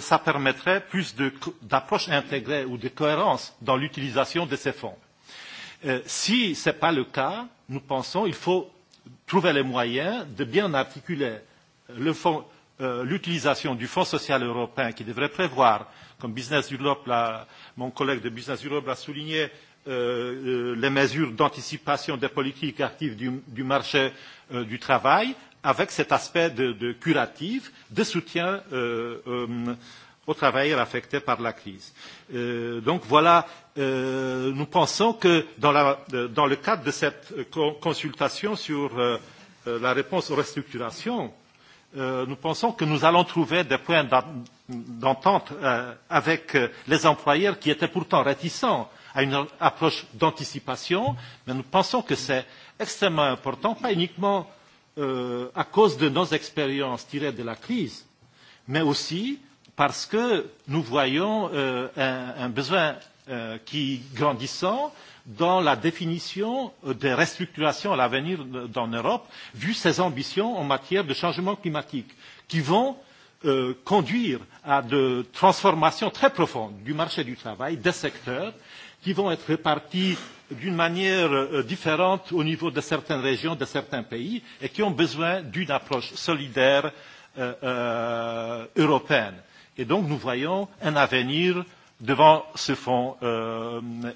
Speaker 9: ça permettrait plus d'approche intégrée ou de cohérence dans l'utilisation de ces fonds. Si ce n'est pas le cas, nous pensons qu'il faut trouver les moyens de bien articuler l'utilisation du Fonds social européen qui devrait prévoir, comme Business Europe, l'a mon collègue de Business Europe l'a souligné, les mesures d'anticipation des politiques actives du, marché du travail avec cet aspect de, curatif, de soutien aux travailleurs affectés par la crise. donc voilà, nous pensons que dans, le cadre de cette consultation sur la réponse aux restructurations, nous pensons que nous allons trouver des points d'entente avec les employeurs qui étaient pourtant réticents à une approche d'anticipation, mais nous pensons que c'est extrêmement important, pas uniquement à cause de nos expériences tirées de la crise, mais aussi parce que nous voyons un, besoin qui grandissant dans la définition des restructurations à l'avenir en Europe, vu ses ambitions en matière de changement climatique, qui vont conduire à des transformations très profondes du marché du travail, des secteurs, qui vont être répartis d'une manière différente au niveau de certaines régions, de certains pays, et qui ont besoin d'une approche solidaire européenne. Et donc nous voyons un avenir devant ce fonds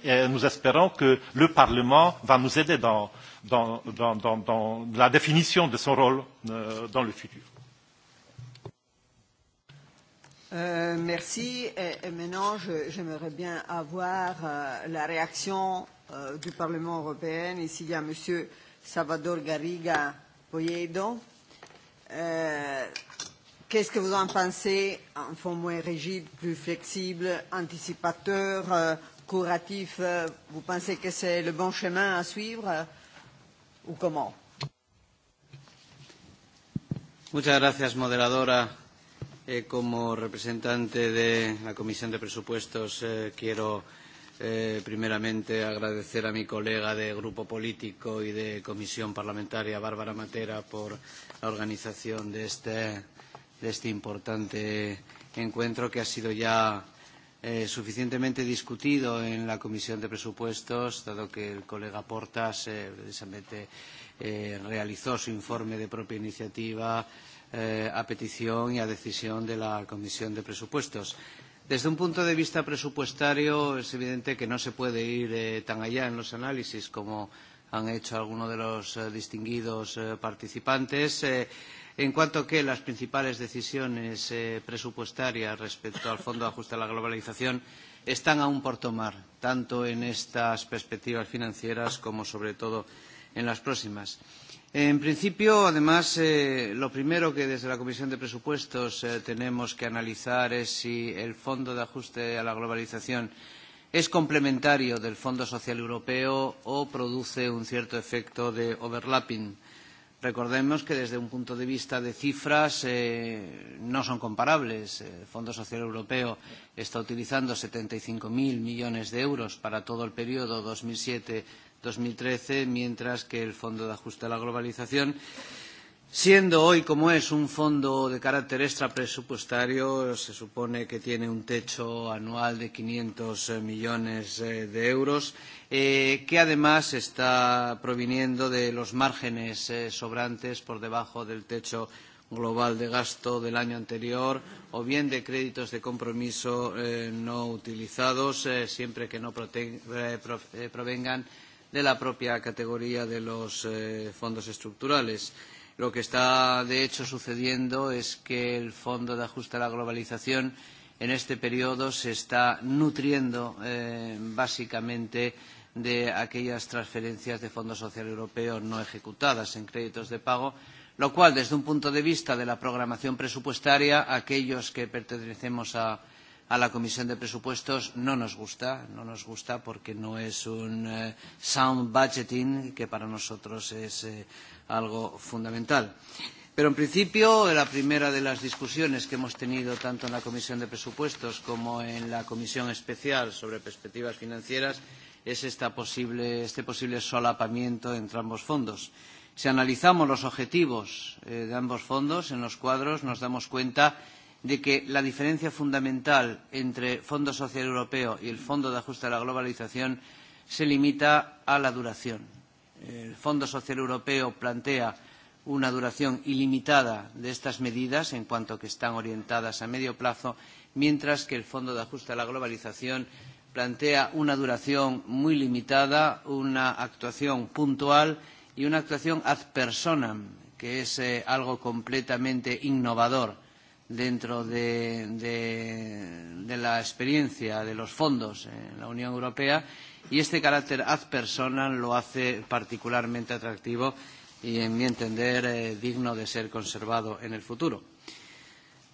Speaker 9: et nous espérons que le Parlement va nous aider dans, la définition de son rôle dans le futur.
Speaker 6: Euh,
Speaker 1: merci. Et, et maintenant, j'aimerais bien avoir euh, la réaction euh, du Parlement européen. Ici, il y a M. Salvador Garriga Poyedo. Euh, Qu'est-ce que vous en pensez Un fonds moins rigide, plus flexible, anticipateur, euh, curatif, euh, vous pensez que c'est le bon chemin à suivre euh, ou comment
Speaker 10: Muchas gracias, moderadora eh, como representante de la Comisión de Presupuestos, eh, quiero eh, primeramente agradecer a mi colega de Grupo Político y de Comisión Parlamentaria, Bárbara Matera, por la organización de este, de este importante encuentro que ha sido ya suficientemente discutido en la Comisión de Presupuestos, dado que el colega Portas precisamente realizó su informe de propia iniciativa a petición y a decisión de la Comisión de Presupuestos. Desde un punto de vista presupuestario es evidente que no se puede ir tan allá en los análisis como han hecho algunos de los distinguidos participantes. Eh, en cuanto a que las principales decisiones eh, presupuestarias respecto al Fondo de Ajuste a la Globalización están aún por tomar, tanto en estas perspectivas financieras como sobre todo en las próximas. En principio, además, eh, lo primero que desde la Comisión de Presupuestos eh, tenemos que analizar es si el Fondo de Ajuste a la Globalización es complementario del Fondo Social Europeo o produce un cierto efecto de overlapping. Recordemos que desde un punto de vista de cifras eh, no son comparables. El Fondo Social Europeo está utilizando 75.000 millones de euros para todo el periodo 2007-2013, mientras que el Fondo de Ajuste a la Globalización eh, Siendo hoy como es un fondo de carácter extrapresupuestario, se supone que tiene un techo anual de 500 millones de euros, eh, que además está proviniendo de los márgenes eh, sobrantes por debajo del techo global de gasto del año anterior o bien de créditos de compromiso eh, no utilizados, eh, siempre que no eh, pro eh, provengan de la propia categoría de los eh, fondos estructurales. Lo que está, de hecho, sucediendo es que el Fondo de Ajuste a la Globalización en este periodo se está nutriendo eh, básicamente de aquellas transferencias de Fondo Social Europeo no ejecutadas en créditos de pago, lo cual, desde un punto de vista de la programación presupuestaria, aquellos que pertenecemos a, a la Comisión de Presupuestos no nos gusta, no nos gusta porque no es un eh, sound budgeting que para nosotros es eh, algo fundamental. Pero, en principio, la primera de las discusiones que hemos tenido tanto en la Comisión de Presupuestos como en la Comisión Especial sobre Perspectivas Financieras es esta posible, este posible solapamiento entre ambos fondos. Si analizamos los objetivos eh, de ambos fondos en los cuadros, nos damos cuenta de que la diferencia fundamental entre el Fondo Social Europeo y el Fondo de Ajuste a la Globalización se limita a la duración el Fondo Social Europeo plantea una duración ilimitada de estas medidas en cuanto que están orientadas a medio plazo, mientras que el Fondo de Ajuste a la Globalización plantea una duración muy limitada, una actuación puntual y una actuación ad personam, que es eh, algo completamente innovador dentro de, de, de la experiencia de los fondos en la Unión Europea y este carácter ad personal lo hace particularmente atractivo y, en mi entender, eh, digno de ser conservado en el futuro.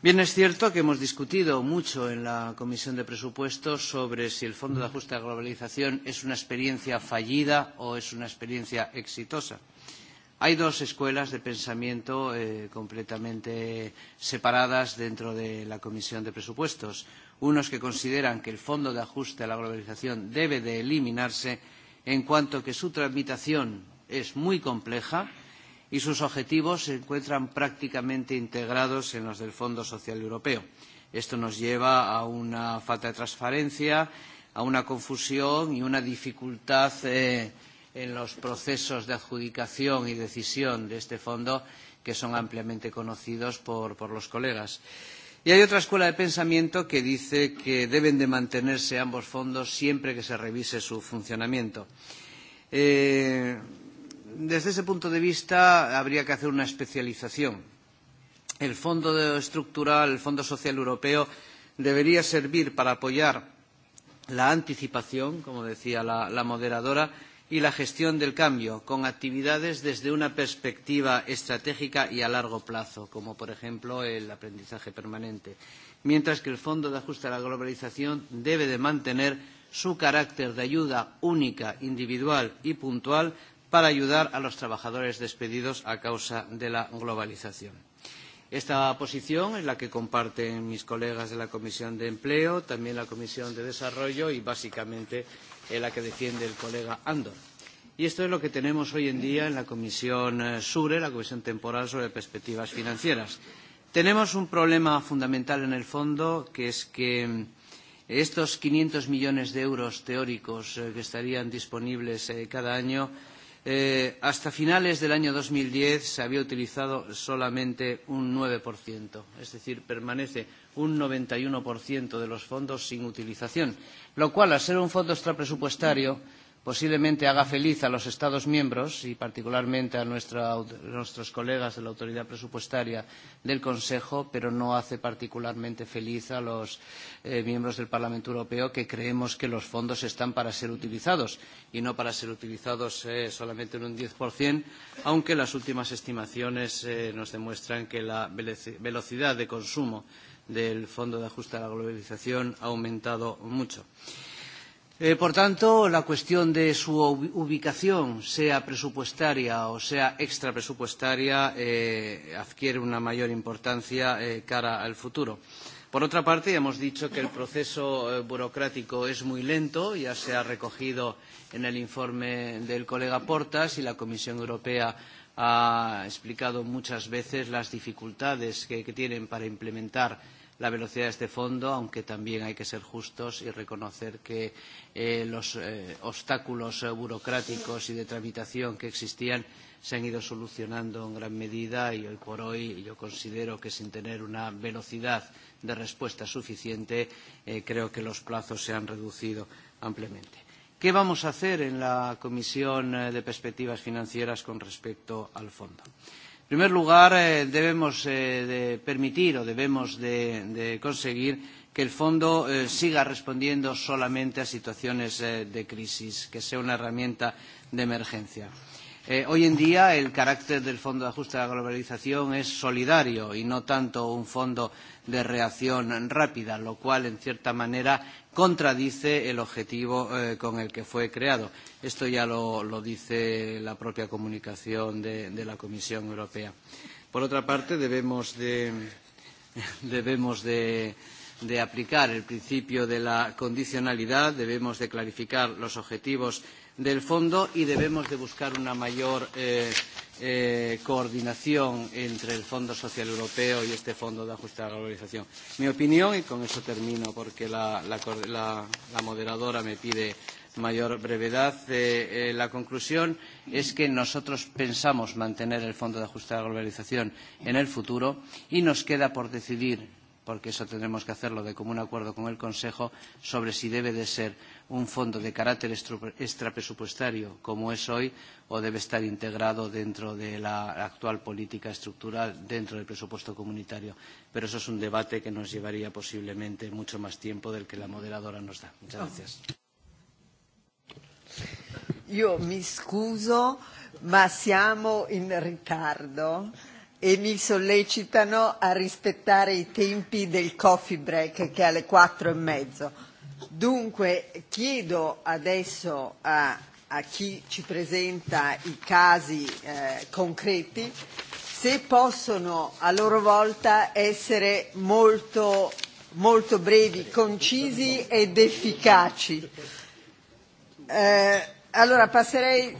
Speaker 10: Bien, es cierto que hemos discutido mucho en la Comisión de Presupuestos sobre si el Fondo de Ajuste a la Globalización es una experiencia fallida o es una experiencia exitosa. Hay dos escuelas de pensamiento eh, completamente separadas dentro de la Comisión de Presupuestos unos que consideran que el Fondo de Ajuste a la Globalización debe de eliminarse en cuanto que su tramitación es muy compleja y sus objetivos se encuentran prácticamente integrados en los del Fondo Social Europeo. Esto nos lleva a una falta de transparencia, a una confusión y una dificultad eh, en los procesos de adjudicación y decisión de este fondo que son ampliamente conocidos por, por los colegas. Eh, Y hay otra escuela de pensamiento que dice que deben de mantenerse ambos fondos siempre que se revise su funcionamiento. Eh, desde ese punto de vista habría que hacer una especialización. El Fondo Estructural, el Fondo Social Europeo, debería servir para apoyar la anticipación, como decía la, la moderadora, y la gestión del cambio, con actividades desde una perspectiva estratégica y a largo plazo, como por ejemplo el aprendizaje permanente, mientras que el Fondo de Ajuste a la Globalización debe de mantener su carácter de ayuda única, individual y puntual para ayudar a los trabajadores despedidos a causa de la globalización. Esta posición es la que comparten mis colegas de la Comisión de Empleo, también la Comisión de Desarrollo y básicamente la que defiende el colega Andor. Y esto es lo que tenemos hoy en día en la Comisión SURE, la Comisión Temporal sobre Perspectivas Financieras. Tenemos un problema fundamental en el fondo, que es que estos 500 millones de euros teóricos que estarían disponibles cada año hasta finales del año dos mil diez se había utilizado solamente un nueve, es decir, permanece un noventa y uno de los fondos sin utilización, lo cual, al ser un fondo extrapresupuestario, posiblemente haga feliz a los Estados miembros y particularmente a nuestros colegas de la autoridad presupuestaria del Consejo, pero no hace particularmente feliz a los miembros del Parlamento Europeo que creemos que los fondos están para ser utilizados y no para ser utilizados solamente en un diez, aunque las últimas estimaciones nos demuestran que la velocidad de consumo del Fondo de Ajuste a la Globalización ha aumentado mucho por tanto, la cuestión de su ubicación, sea presupuestaria o sea extrapresupuestaria, adquiere una mayor importancia cara al futuro. Por otra parte, hemos dicho que el proceso burocrático es muy lento, ya se ha recogido en el informe del colega Portas y la Comisión Europea ha explicado muchas veces las dificultades que tienen para implementar la velocidad de este fondo, aunque también hay que ser justos y reconocer que eh, los eh, obstáculos eh, burocráticos y de tramitación que existían se han ido solucionando en gran medida y hoy por hoy yo considero que sin tener una velocidad de respuesta suficiente eh, creo que los plazos se han reducido ampliamente. ¿Qué vamos a hacer en la Comisión de Perspectivas Financieras con respecto al fondo? En primer lugar, eh, debemos eh, de permitir o debemos de, de conseguir que el fondo eh, siga respondiendo solamente a situaciones eh, de crisis, que sea una herramienta de emergencia. Eh, hoy en día el carácter del Fondo de Ajuste a la Globalización es solidario y no tanto un fondo de reacción rápida, lo cual en cierta manera contradice el objetivo con el que fue creado. Esto ya lo, dice la propia comunicación de, la Comisión Europea. Por otra parte, debemos de aplicar el principio de la condicionalidad, debemos de clarificar los objetivos del fondo y debemos de buscar una mayor eh, eh, coordinación entre el Fondo Social Europeo y este Fondo de Ajuste a la Globalización. Mi opinión, y con eso termino porque la, la, la, la moderadora me pide mayor brevedad, eh, eh, la conclusión es que nosotros pensamos mantener el Fondo de Ajuste a la Globalización en el futuro y nos queda por decidir porque eso tendremos que hacerlo de común acuerdo con el Consejo, sobre si debe de ser un fondo de carácter extrapresupuestario como es hoy o debe estar integrado dentro de la actual política estructural dentro del presupuesto comunitario. Pero eso es un debate que nos llevaría posiblemente mucho más tiempo del que la moderadora nos da. Muchas gracias.
Speaker 1: Io mi scuso, ma siamo in ritardo e mi sollecitano a rispettare i tempi del coffee break che è alle quattro e mezzo Dunque chiedo adesso a, a chi ci presenta i casi eh, concreti se possono a loro volta essere molto, molto brevi, concisi ed efficaci. Eh, allora passerei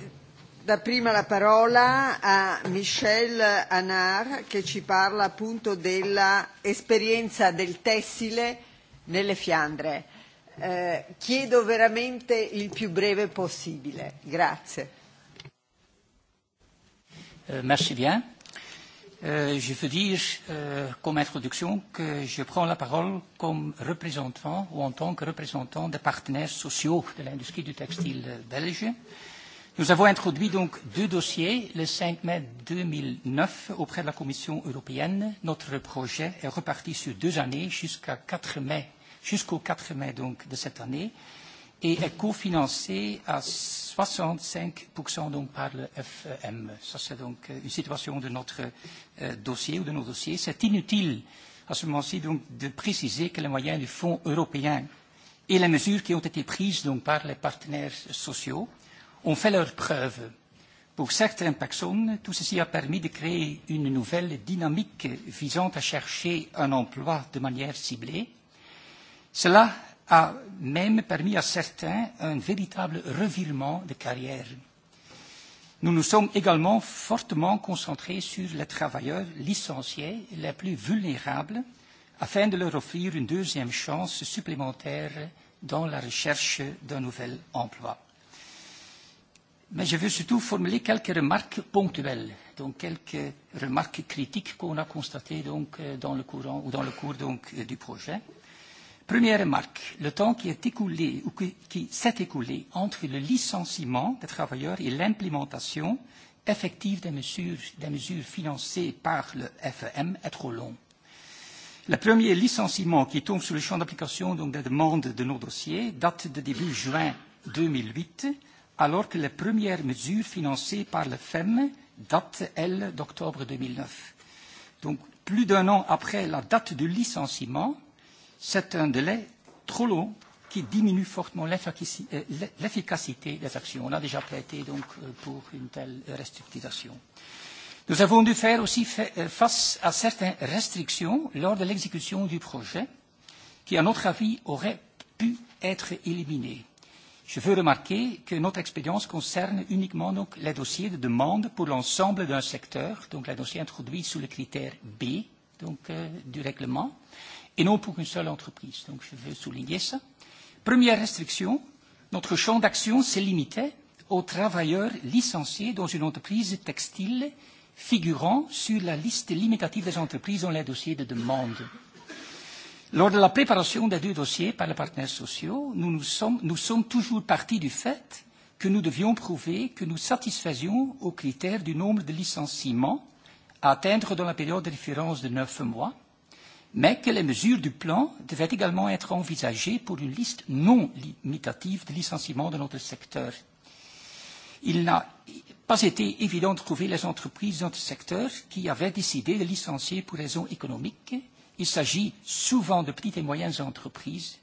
Speaker 1: dapprima la parola a Michel Anar che ci parla appunto dell'esperienza del tessile nelle Fiandre eh, chiedo veramente il più breve possibile. Grazie.
Speaker 11: merci bien. je veux dire, comme introduction, que je prends la parole comme représentant ou en tant que représentant des partenaires sociaux de l'industrie du textile belge. Nous avons introduit donc deux dossiers le 5 mai 2009 auprès de la Commission européenne. Notre projet est reparti sur deux années jusqu'à 4 mai jusqu'au 4 mai donc, de cette année et est cofinancé à 65% donc par le FEM. Ça, c'est donc une situation de notre euh, dossier ou de nos dossiers. C'est inutile à ce moment-ci de préciser que les moyens du Fonds européen et les mesures qui ont été prises donc par les partenaires sociaux ont fait leur preuve. Pour certains personnes, tout ceci a permis de créer une nouvelle dynamique visant à chercher un emploi de manière ciblée Cela a même permis à certains un véritable revirement de carrière. Nous nous sommes également fortement concentrés sur les travailleurs licenciés les plus vulnérables afin de leur offrir une deuxième chance supplémentaire dans la recherche d'un nouvel emploi. Mais je veux surtout formuler quelques remarques ponctuelles, donc quelques remarques critiques qu'on a constatées donc dans le courant ou dans le cours donc du projet. Euh, Première remarque, le temps qui est écoulé ou qui s'est écoulé entre le licenciement des travailleurs et l'implémentation effective des mesures, des mesures financées par le FEM est trop long. Le premier licenciement qui tombe sur le champ d'application donc des demandes de nos dossiers date de début juin 2008, alors que les premières mesures financées par le FEM datent, elles, d'octobre 2009. Donc, plus d'un an après la date du licenciement, C'est un délai trop long qui diminue fortement l'efficacité des actions. On a déjà plaidé donc pour une telle restructuration. Nous avons dû faire aussi face à certaines restrictions lors de l'exécution du projet qui, à notre avis, auraient pu être éliminées. Je veux remarquer que notre expérience concerne uniquement donc les dossiers de demande pour l'ensemble d'un secteur, donc les dossiers introduits sous le critère B donc, euh, du règlement, et non pour une seule entreprise. Donc je veux souligner ça. Première restriction, notre champ d'action se limitait aux travailleurs licenciés dans une entreprise textile figurant sur la liste limitative des entreprises dans les dossiers de demande. Lors de la préparation des deux dossiers par les partenaires sociaux, nous, nous, sommes, nous sommes toujours partis du fait que nous devions prouver que nous satisfaisions aux critères du nombre de licenciements à atteindre dans la période de référence de neuf mois, mais que les mesures du plan devaient également être envisagées pour une liste non limitative de licenciements de notre secteur. Il n'a pas été évident de trouver les entreprises dans notre secteur qui avaient décidé de licencier pour raisons économiques. Il s'agit souvent de petites et moyennes entreprises.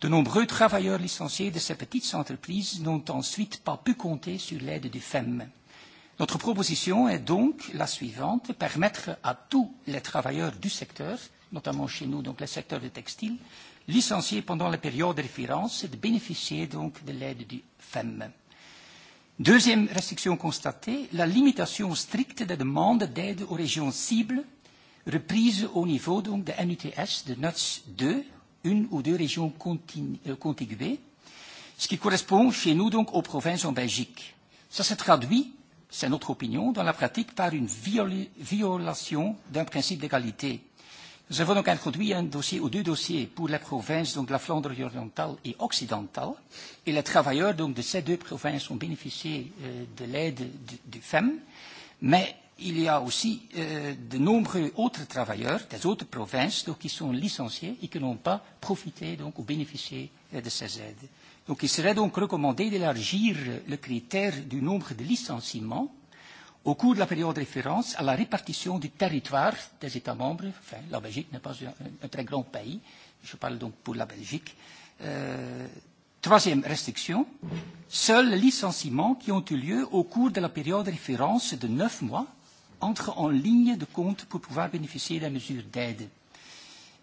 Speaker 11: De nombreux travailleurs licenciés de ces petites entreprises n'ont ensuite pas pu compter sur l'aide du FEM. Notre proposition est donc la suivante, permettre à tous les travailleurs du secteur notamment chez nous, donc le secteur du textile, licencié pendant la période de référence et de bénéficier donc de l'aide du FEM. Deuxième restriction constatée, la limitation stricte des demandes d'aide aux régions cibles, reprise au niveau donc de NUTS, de NUTS 2, une ou deux régions contiguës, ce qui correspond chez nous donc aux provinces en Belgique. Ça se traduit, c'est notre opinion, dans la pratique par une violation d'un principe d'égalité Nous avons donc introduit un dossier ou deux dossiers pour la province, donc la Flandre orientale et occidentale. Et les travailleurs donc, de ces deux provinces ont bénéficié euh, de l'aide du FEM. Mais il y a aussi euh, de nombreux autres travailleurs des autres provinces donc, qui sont licenciés et qui n'ont pas profité donc, ou bénéficié euh, de ces aides. Donc il serait donc recommandé d'élargir le critère du nombre de licenciements au cours de la période référence à la répartition du territoire des États membres. Enfin, la Belgique n'est pas un, un très grand pays, je parle donc pour la Belgique. Euh, troisième restriction, seuls les licenciements qui ont eu lieu au cours de la période référence de neuf mois entrent en ligne de compte pour pouvoir bénéficier des mesures d'aide.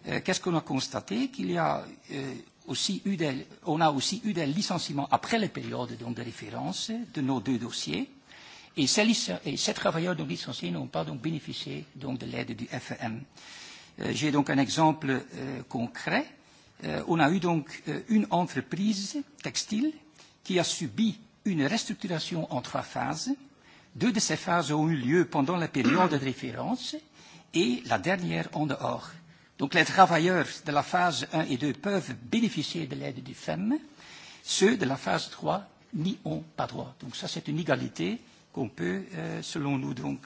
Speaker 11: Euh, Qu'est-ce qu'on a constaté Qu'il y a euh, aussi eu des, on a aussi eu des licenciements après les périodes donc, de référence de nos deux dossiers Et, et ces travailleurs donc, licenciés n'ont pas donc bénéficié donc, de l'aide du FEM. Euh, J'ai donc un exemple euh, concret. Euh, on a eu donc euh, une entreprise textile qui a subi une restructuration en trois phases. Deux de ces phases ont eu lieu pendant la période de référence et la dernière en dehors. Donc les travailleurs de la phase 1 et 2 peuvent bénéficier de l'aide du FEM. Ceux de la phase 3 n'y ont pas droit. Donc ça, c'est une égalité qu'on peut, selon nous, donc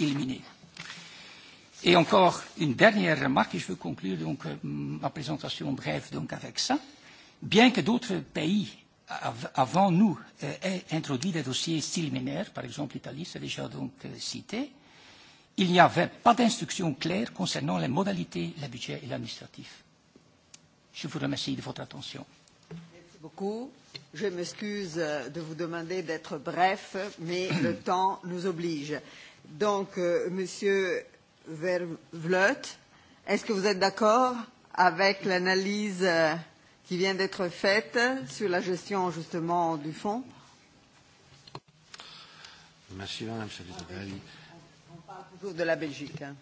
Speaker 11: éliminer. Et encore une dernière remarque, et je veux conclure donc ma présentation brève donc avec ça. Bien que d'autres pays avant nous aient introduit des dossiers style par exemple l'Italie, c'est déjà donc cité, il n'y avait pas d'instruction claire concernant les modalités, le budget et l'administratif. Je vous remercie de votre attention.
Speaker 1: Merci beaucoup. Je m'excuse de vous demander d'être bref, mais le temps nous oblige. Donc, euh, Monsieur Vervleut, est-ce que vous êtes d'accord avec l'analyse qui vient d'être faite sur la gestion justement du fonds
Speaker 12: Merci Madame la Présidente.
Speaker 1: On parle toujours de la Belgique. Hein.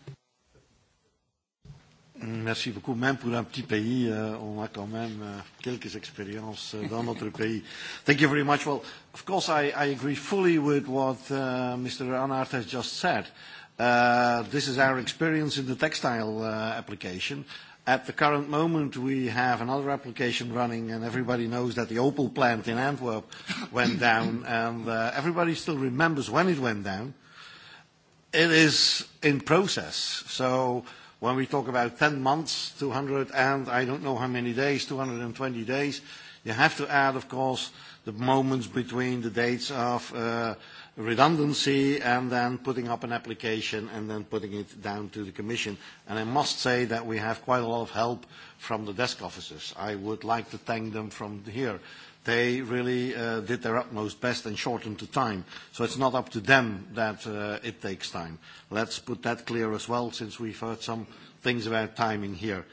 Speaker 12: Merci beaucoup. Même pour un petit pays, uh, on a quand même uh, quelques expériences dans notre pays. Thank you very much. Well, of course, I, I agree fully with what uh, Mr. Anart has just said. Uh, this is our experience in the textile uh, application. At the current moment, we have another application running, and everybody knows that the Opel plant in Antwerp went down, and uh, everybody still remembers when it went down. It is in process, so When we talk about 10 months, 200 and I don't know how many days, 220 days, you have to add, of course, the moments between the dates of uh, redundancy and then putting up an application and then putting it down to the Commission. And I must say that we have quite a lot of help from the desk officers. I would like to thank them from here they really uh, did their utmost best and shortened the time. So it's not up to them that uh, it takes time. Let's put that clear as well, since we've heard some things about timing here.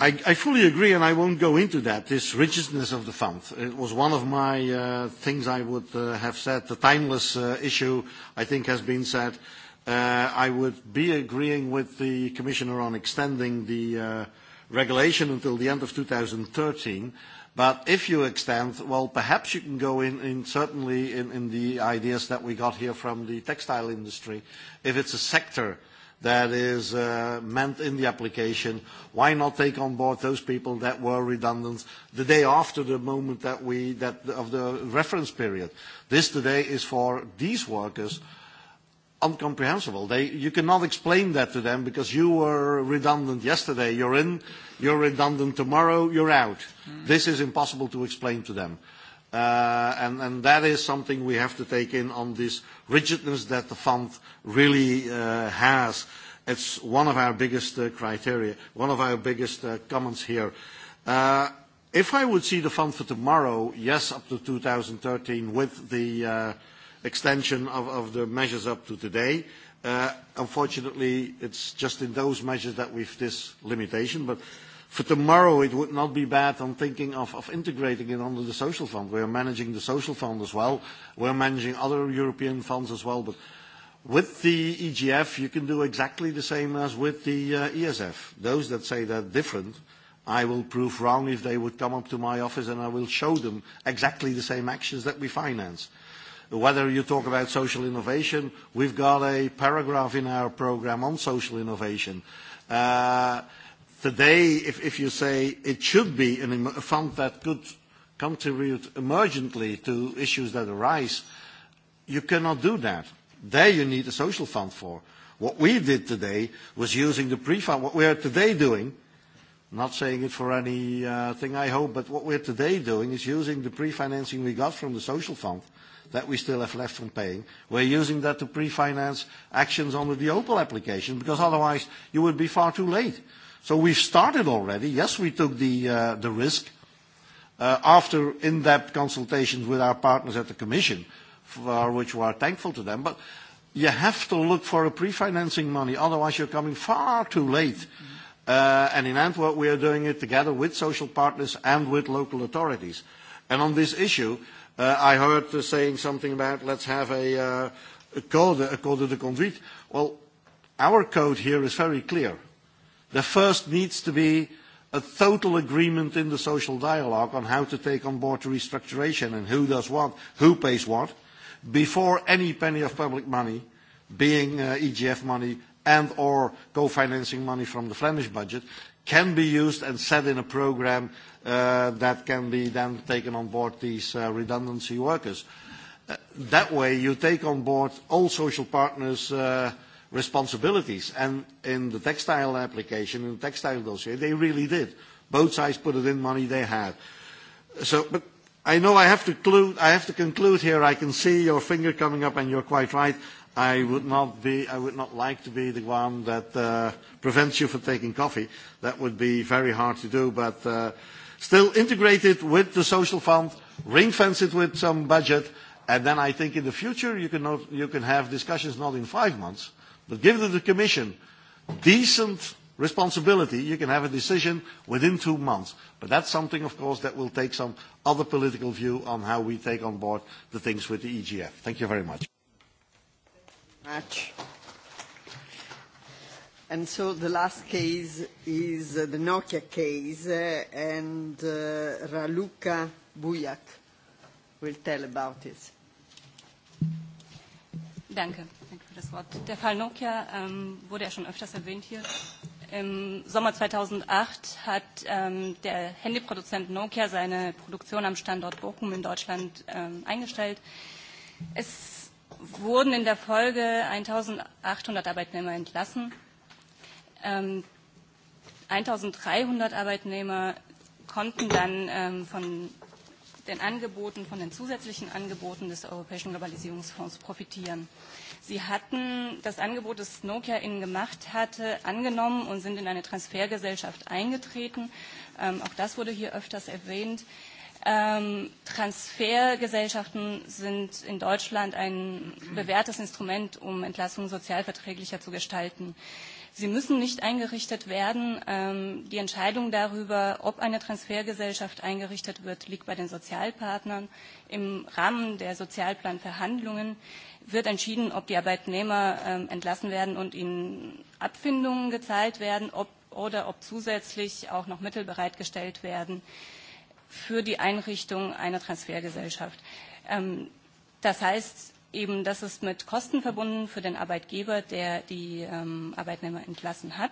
Speaker 12: I, I fully agree, and I won't go into that, this rigidness of the fund. It was one of my uh, things I would uh, have said. The timeless uh, issue, I think, has been said. Uh, I would be agreeing with the Commissioner on extending the uh, regulation until the end of 2013, But if you extend, well, perhaps you can go in, in certainly in, in the ideas that we got here from the textile industry. If it's a sector that is uh, meant in the application, why not take on board those people that were redundant the day after the moment that we, that of the reference period? This today is for these workers uncomprehensible. They, you cannot explain that to them because you were redundant yesterday. You're in, you're redundant tomorrow, you're out. This is impossible to explain to them. Uh, and, and that is something we have to take in on this rigidness that the fund really uh, has. It's one of our biggest uh, criteria, one of our biggest uh, comments here. Uh, if I would see the fund for tomorrow, yes, up to 2013 with the uh, extension of, of the measures up to today, uh, unfortunately, it's just in those measures that we've this limitation. But for tomorrow, it would not be bad on thinking of, of integrating it under the social fund. We are managing the social fund as well. We are managing other European funds as well. But with the EGF, you can do exactly the same as with the uh, ESF. Those that say they're different, I will prove wrong if they would come up to my office and I will show them exactly the same actions that we finance. Whether you talk about social innovation, we've got a paragraph in our program on social innovation. Uh, today, if, if you say it should be an, a fund that could contribute emergently to issues that arise, you cannot do that. There you need a social fund for. What we did today was using the pre-fund. What we are today doing, not saying it for any uh, thing I hope, but what we're today doing is using the pre-financing we got from the social fund that we still have left from paying. We're using that to pre-finance actions under the Opel application because otherwise you would be far too late. So started already. Yes, we took the, uh, the risk uh, after in-depth consultations with our partners at the Commission, for which we are thankful to them. But you have to look for a pre-financing money, otherwise you're coming far too late. Uh, and in Antwerp, we are doing it together with social partners and with local authorities. And on this issue, uh, I heard saying something about let's have a, uh, a code, a code de conduite. Well, our code here is very clear. There first needs to be a total agreement in the social dialogue on how to take on board the restructuration and who does what, who pays what, before any penny of public money, being uh, EGF money and or co-financing money from the Flemish budget, can be used and set in a program uh, that can be then taken on board these uh, redundancy workers. Uh, that way you take on board all social partners uh, responsibilities. And in the textile application, in the textile dossier, they really did. Both sides put it in money they had. So, but I know I have to conclude, I have to conclude here. I can see your finger coming up, and you're quite right. I would not be, I would not like to be the one that uh, prevents you from taking coffee. That would be very hard to do, but uh, still integrate it with the social fund, ring fence it with some budget, and then I think in the future you can, not, you can have discussions not in five months, But give the Commission decent responsibility, you can have a decision within two months. But that's something, of course, that will take some other political view on how we take on board the things with the EGF. Thank you very much.
Speaker 1: Much. And so the last case is the Nokia case, uh, and uh, Raluca Bujak will tell about it.
Speaker 13: Danke für das Wort. Der Fall Nokia ähm, wurde ja schon öfters erwähnt hier. Im Sommer 2008 hat ähm, der Handyproduzent Nokia seine Produktion am Standort Bochum in Deutschland ähm, eingestellt. Es wurden in der Folge 1800 Arbeitnehmer entlassen. Ähm, 1300 Arbeitnehmer konnten dann ähm, von den Angeboten, von den zusätzlichen Angeboten des Europäischen Globalisierungsfonds profitieren. Sie hatten das Angebot, das Nokia Ihnen gemacht hatte, angenommen und sind in eine Transfergesellschaft eingetreten. Ähm, auch das wurde hier öfters erwähnt. Ähm, Transfergesellschaften sind in Deutschland ein bewährtes Instrument, um Entlassungen sozialverträglicher zu gestalten. Sie müssen nicht eingerichtet werden. Ähm, die Entscheidung darüber, ob eine Transfergesellschaft eingerichtet wird, liegt bei den Sozialpartnern im Rahmen der Sozialplanverhandlungen wird entschieden, ob die Arbeitnehmer ähm, entlassen werden und ihnen Abfindungen gezahlt werden ob, oder ob zusätzlich auch noch Mittel bereitgestellt werden für die Einrichtung einer Transfergesellschaft. Ähm, das heißt eben, das ist mit Kosten verbunden für den Arbeitgeber, der die ähm, Arbeitnehmer entlassen hat.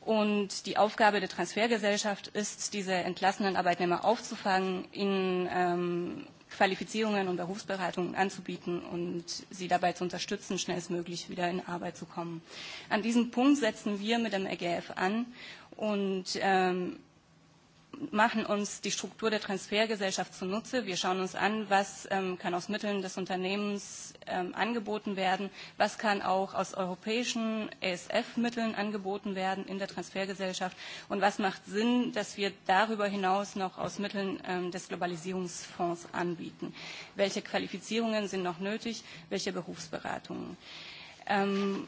Speaker 13: Und die Aufgabe der Transfergesellschaft ist, diese entlassenen Arbeitnehmer aufzufangen, ihnen ähm, Qualifizierungen und Berufsberatungen anzubieten und sie dabei zu unterstützen, schnellstmöglich wieder in Arbeit zu kommen. An diesem Punkt setzen wir mit dem EGF an und ähm, machen uns die Struktur der Transfergesellschaft zunutze. Wir schauen uns an, was ähm, kann aus Mitteln des Unternehmens ähm, angeboten werden, was kann auch aus europäischen ESF-Mitteln angeboten werden in der Transfergesellschaft und was macht Sinn, dass wir darüber hinaus noch aus Mitteln ähm, des Globalisierungsfonds anbieten. Welche Qualifizierungen sind noch nötig, welche Berufsberatungen. Ähm,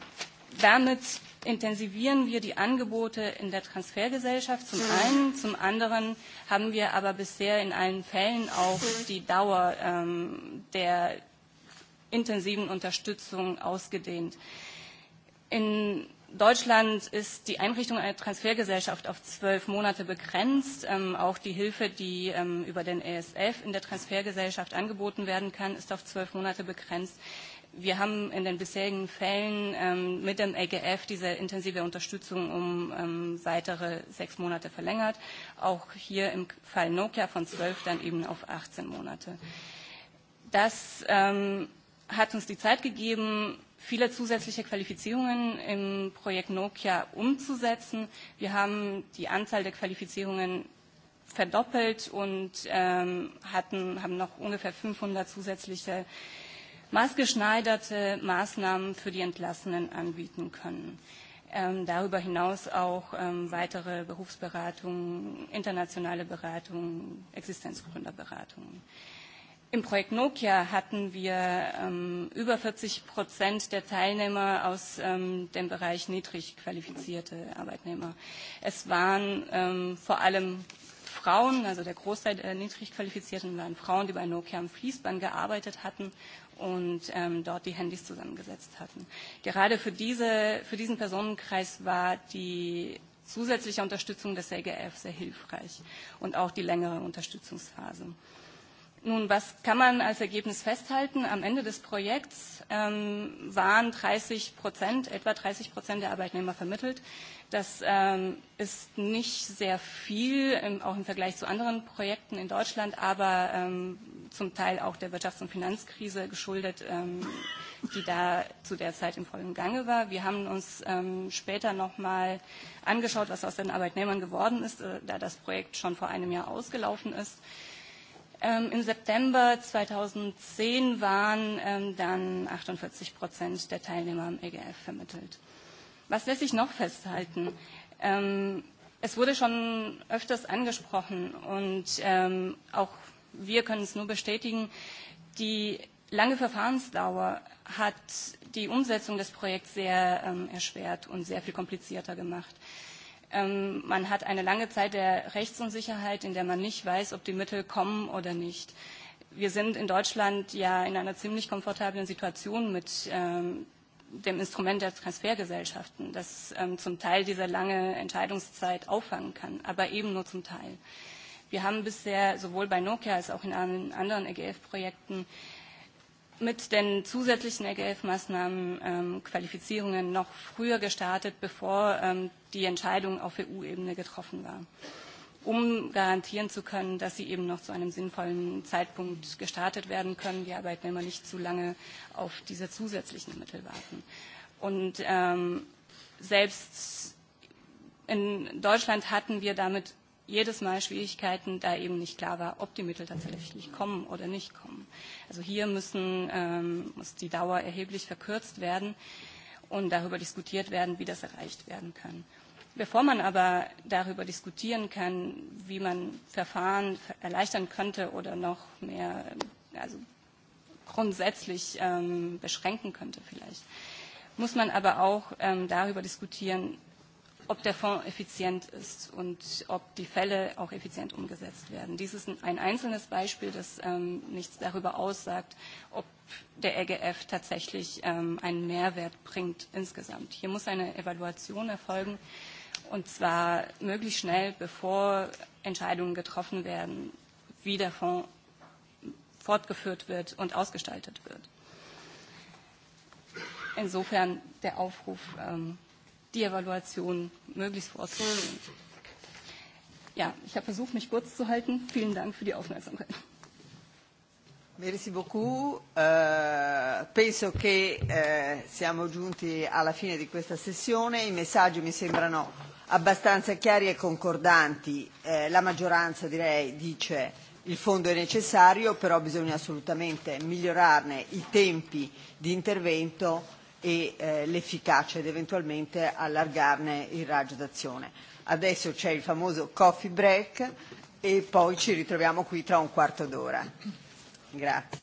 Speaker 13: damit intensivieren wir die Angebote in der Transfergesellschaft zum einen, zum anderen haben wir aber bisher in allen Fällen auch die Dauer ähm, der intensiven Unterstützung ausgedehnt. In Deutschland ist die Einrichtung einer Transfergesellschaft auf zwölf Monate begrenzt. Ähm, auch die Hilfe, die ähm, über den ESF in der Transfergesellschaft angeboten werden kann, ist auf zwölf Monate begrenzt wir haben in den bisherigen Fällen ähm, mit dem EGF diese intensive Unterstützung um ähm, weitere sechs Monate verlängert. Auch hier im Fall Nokia von zwölf dann eben auf 18 Monate. Das ähm, hat uns die Zeit gegeben, viele zusätzliche Qualifizierungen im Projekt Nokia umzusetzen. Wir haben die Anzahl der Qualifizierungen verdoppelt und ähm, hatten, haben noch ungefähr 500 zusätzliche maßgeschneiderte Maßnahmen für die Entlassenen anbieten können. Ähm, darüber hinaus auch ähm, weitere Berufsberatungen, internationale Beratungen, Existenzgründerberatungen. Im Projekt Nokia hatten wir ähm, über 40 Prozent der Teilnehmer aus ähm, dem Bereich niedrig qualifizierte Arbeitnehmer. Es waren ähm, vor allem Frauen, also der Großteil der niedrig qualifizierten waren Frauen, die bei Nokia am Fließband gearbeitet hatten und ähm, dort die Handys zusammengesetzt hatten. Gerade für, diese, für diesen Personenkreis war die zusätzliche Unterstützung des LGF sehr hilfreich und auch die längere Unterstützungsphase. Nun, was kann man als Ergebnis festhalten? Am Ende des Projekts ähm, waren 30 Prozent, etwa 30 Prozent der Arbeitnehmer vermittelt. Das ähm, ist nicht sehr viel, ähm, auch im Vergleich zu anderen Projekten in Deutschland, aber ähm, zum Teil auch der Wirtschafts- und Finanzkrise geschuldet, ähm, die da zu der Zeit im vollen Gange war. Wir haben uns ähm, später nochmal angeschaut, was aus den Arbeitnehmern geworden ist, äh, da das Projekt schon vor einem Jahr ausgelaufen ist. Ähm, Im September 2010 waren ähm, dann 48 Prozent der Teilnehmer am EGF vermittelt. Was lässt sich noch festhalten? Ähm, es wurde schon öfters angesprochen und ähm, auch wir können es nur bestätigen, die lange Verfahrensdauer hat die Umsetzung des Projekts sehr ähm, erschwert und sehr viel komplizierter gemacht. Ähm, man hat eine lange Zeit der Rechtsunsicherheit, in der man nicht weiß, ob die Mittel kommen oder nicht. Wir sind in Deutschland ja in einer ziemlich komfortablen Situation mit ähm, dem Instrument der Transfergesellschaften, das ähm, zum Teil diese lange Entscheidungszeit auffangen kann, aber eben nur zum Teil. Wir haben bisher sowohl bei Nokia als auch in anderen EGF-Projekten mit den zusätzlichen EGF-Maßnahmen ähm, Qualifizierungen noch früher gestartet, bevor ähm, die Entscheidung auf EU-Ebene getroffen war, um garantieren zu können, dass sie eben noch zu einem sinnvollen Zeitpunkt gestartet werden können, die Arbeitnehmer nicht zu lange auf diese zusätzlichen Mittel warten. Und ähm, selbst in Deutschland hatten wir damit jedes Mal Schwierigkeiten, da eben nicht klar war, ob die Mittel tatsächlich kommen oder nicht kommen. Also hier müssen, ähm, muss die Dauer erheblich verkürzt werden und darüber diskutiert werden, wie das erreicht werden kann. Bevor man aber darüber diskutieren kann, wie man Verfahren erleichtern könnte oder noch mehr also grundsätzlich ähm, beschränken könnte vielleicht, muss man aber auch ähm, darüber diskutieren, ob der Fonds effizient ist und ob die Fälle auch effizient umgesetzt werden. Dies ist ein einzelnes Beispiel, das ähm, nichts darüber aussagt, ob der EGF tatsächlich ähm, einen Mehrwert bringt insgesamt. Hier muss eine Evaluation erfolgen und zwar möglichst schnell, bevor Entscheidungen getroffen werden, wie der Fonds fortgeführt wird und ausgestaltet wird. Insofern der Aufruf ähm, die Evaluation möglichst vorzunehmen. Ja, ich habe versucht, mich kurz zu halten. Vielen Dank für die Aufmerksamkeit. Merci beaucoup.
Speaker 1: Uh, penso che uh, siamo giunti alla fine di questa sessione. I messaggi mi sembrano abbastanza chiari e concordanti. Uh, la maggioranza direi dice il fondo è necessario, però bisogna assolutamente migliorarne i tempi di intervento e eh, l'efficacia ed eventualmente allargarne il raggio d'azione. Adesso c'è il famoso coffee break e poi ci ritroviamo qui tra un quarto d'ora. Grazie.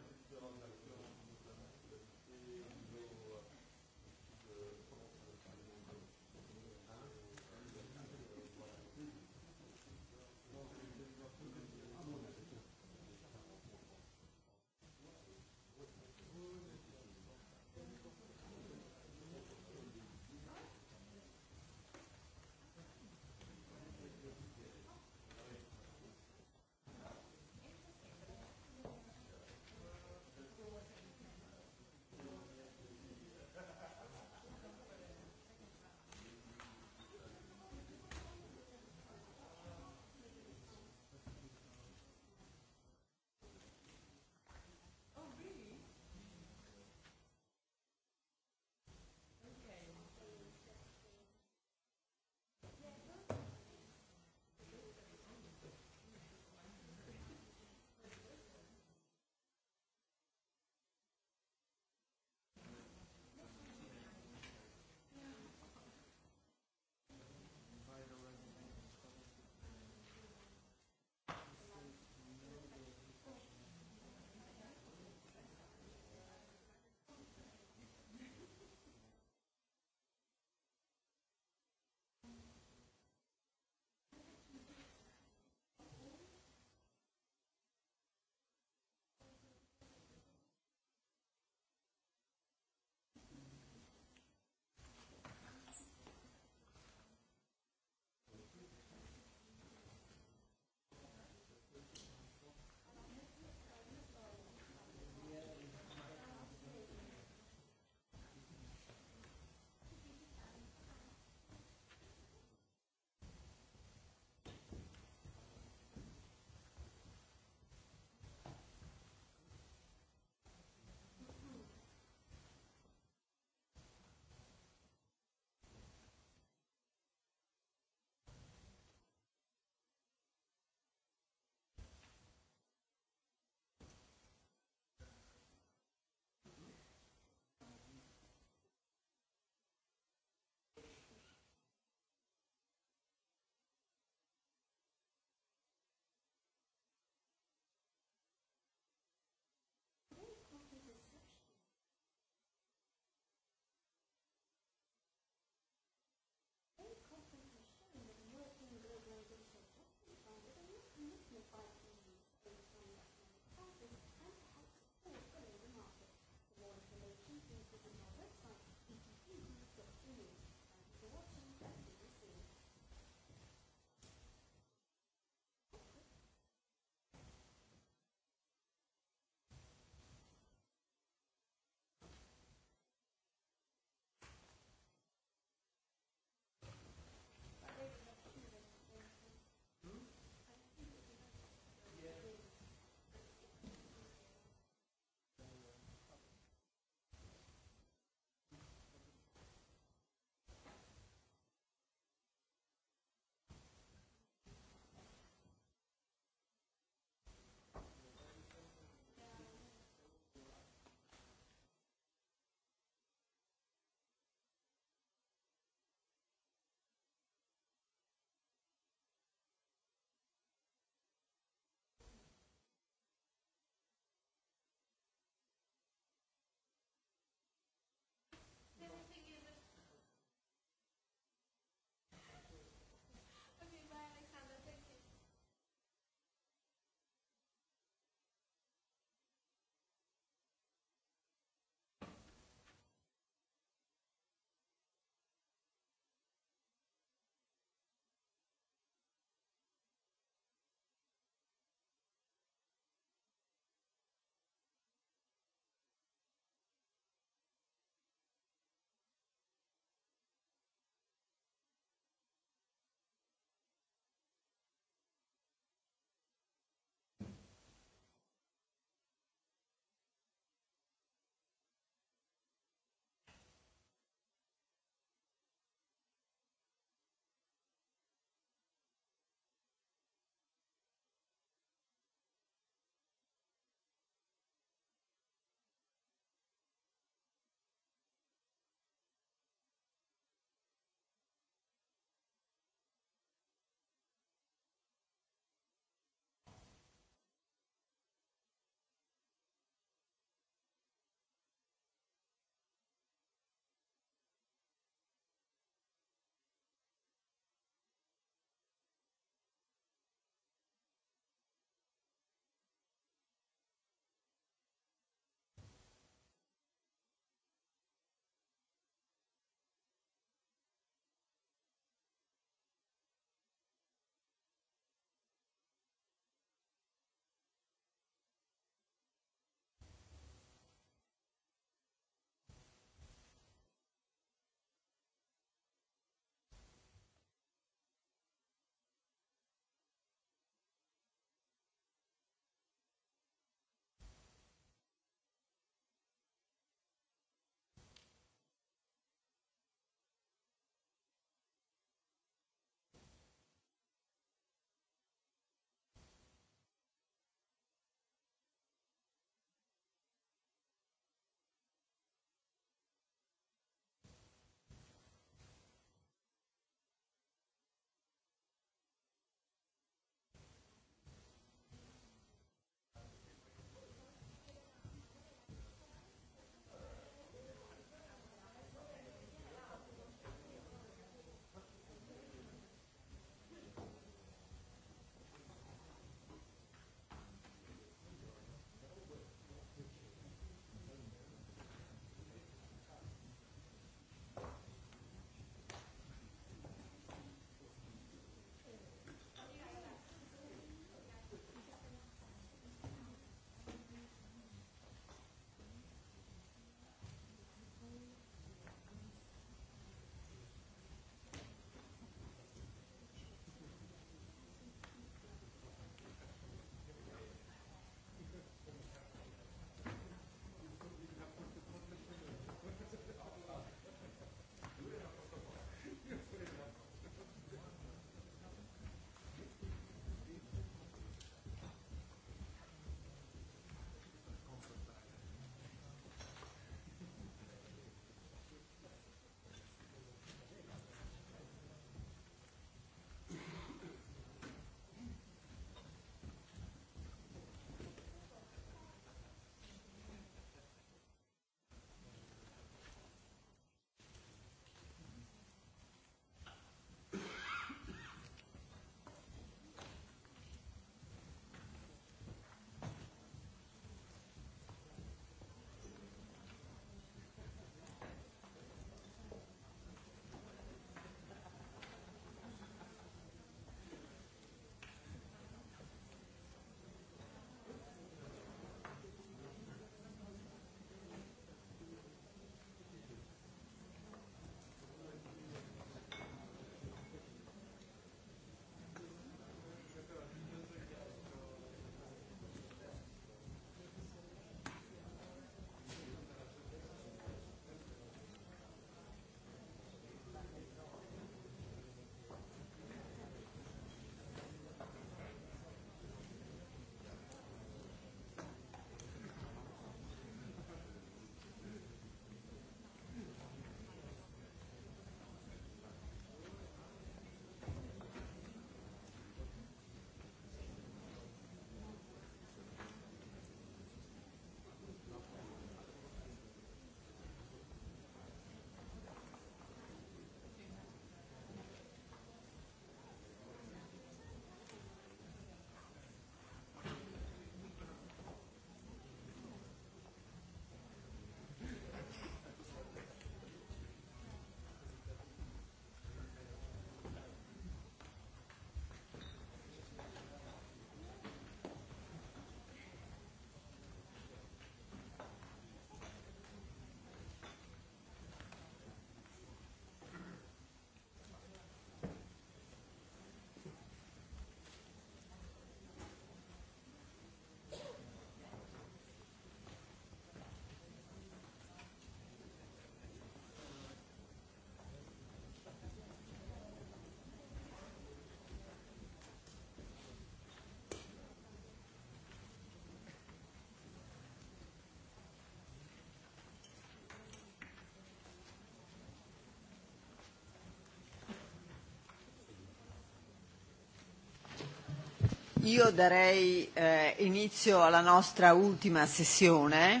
Speaker 1: Io darei eh, inizio alla nostra ultima sessione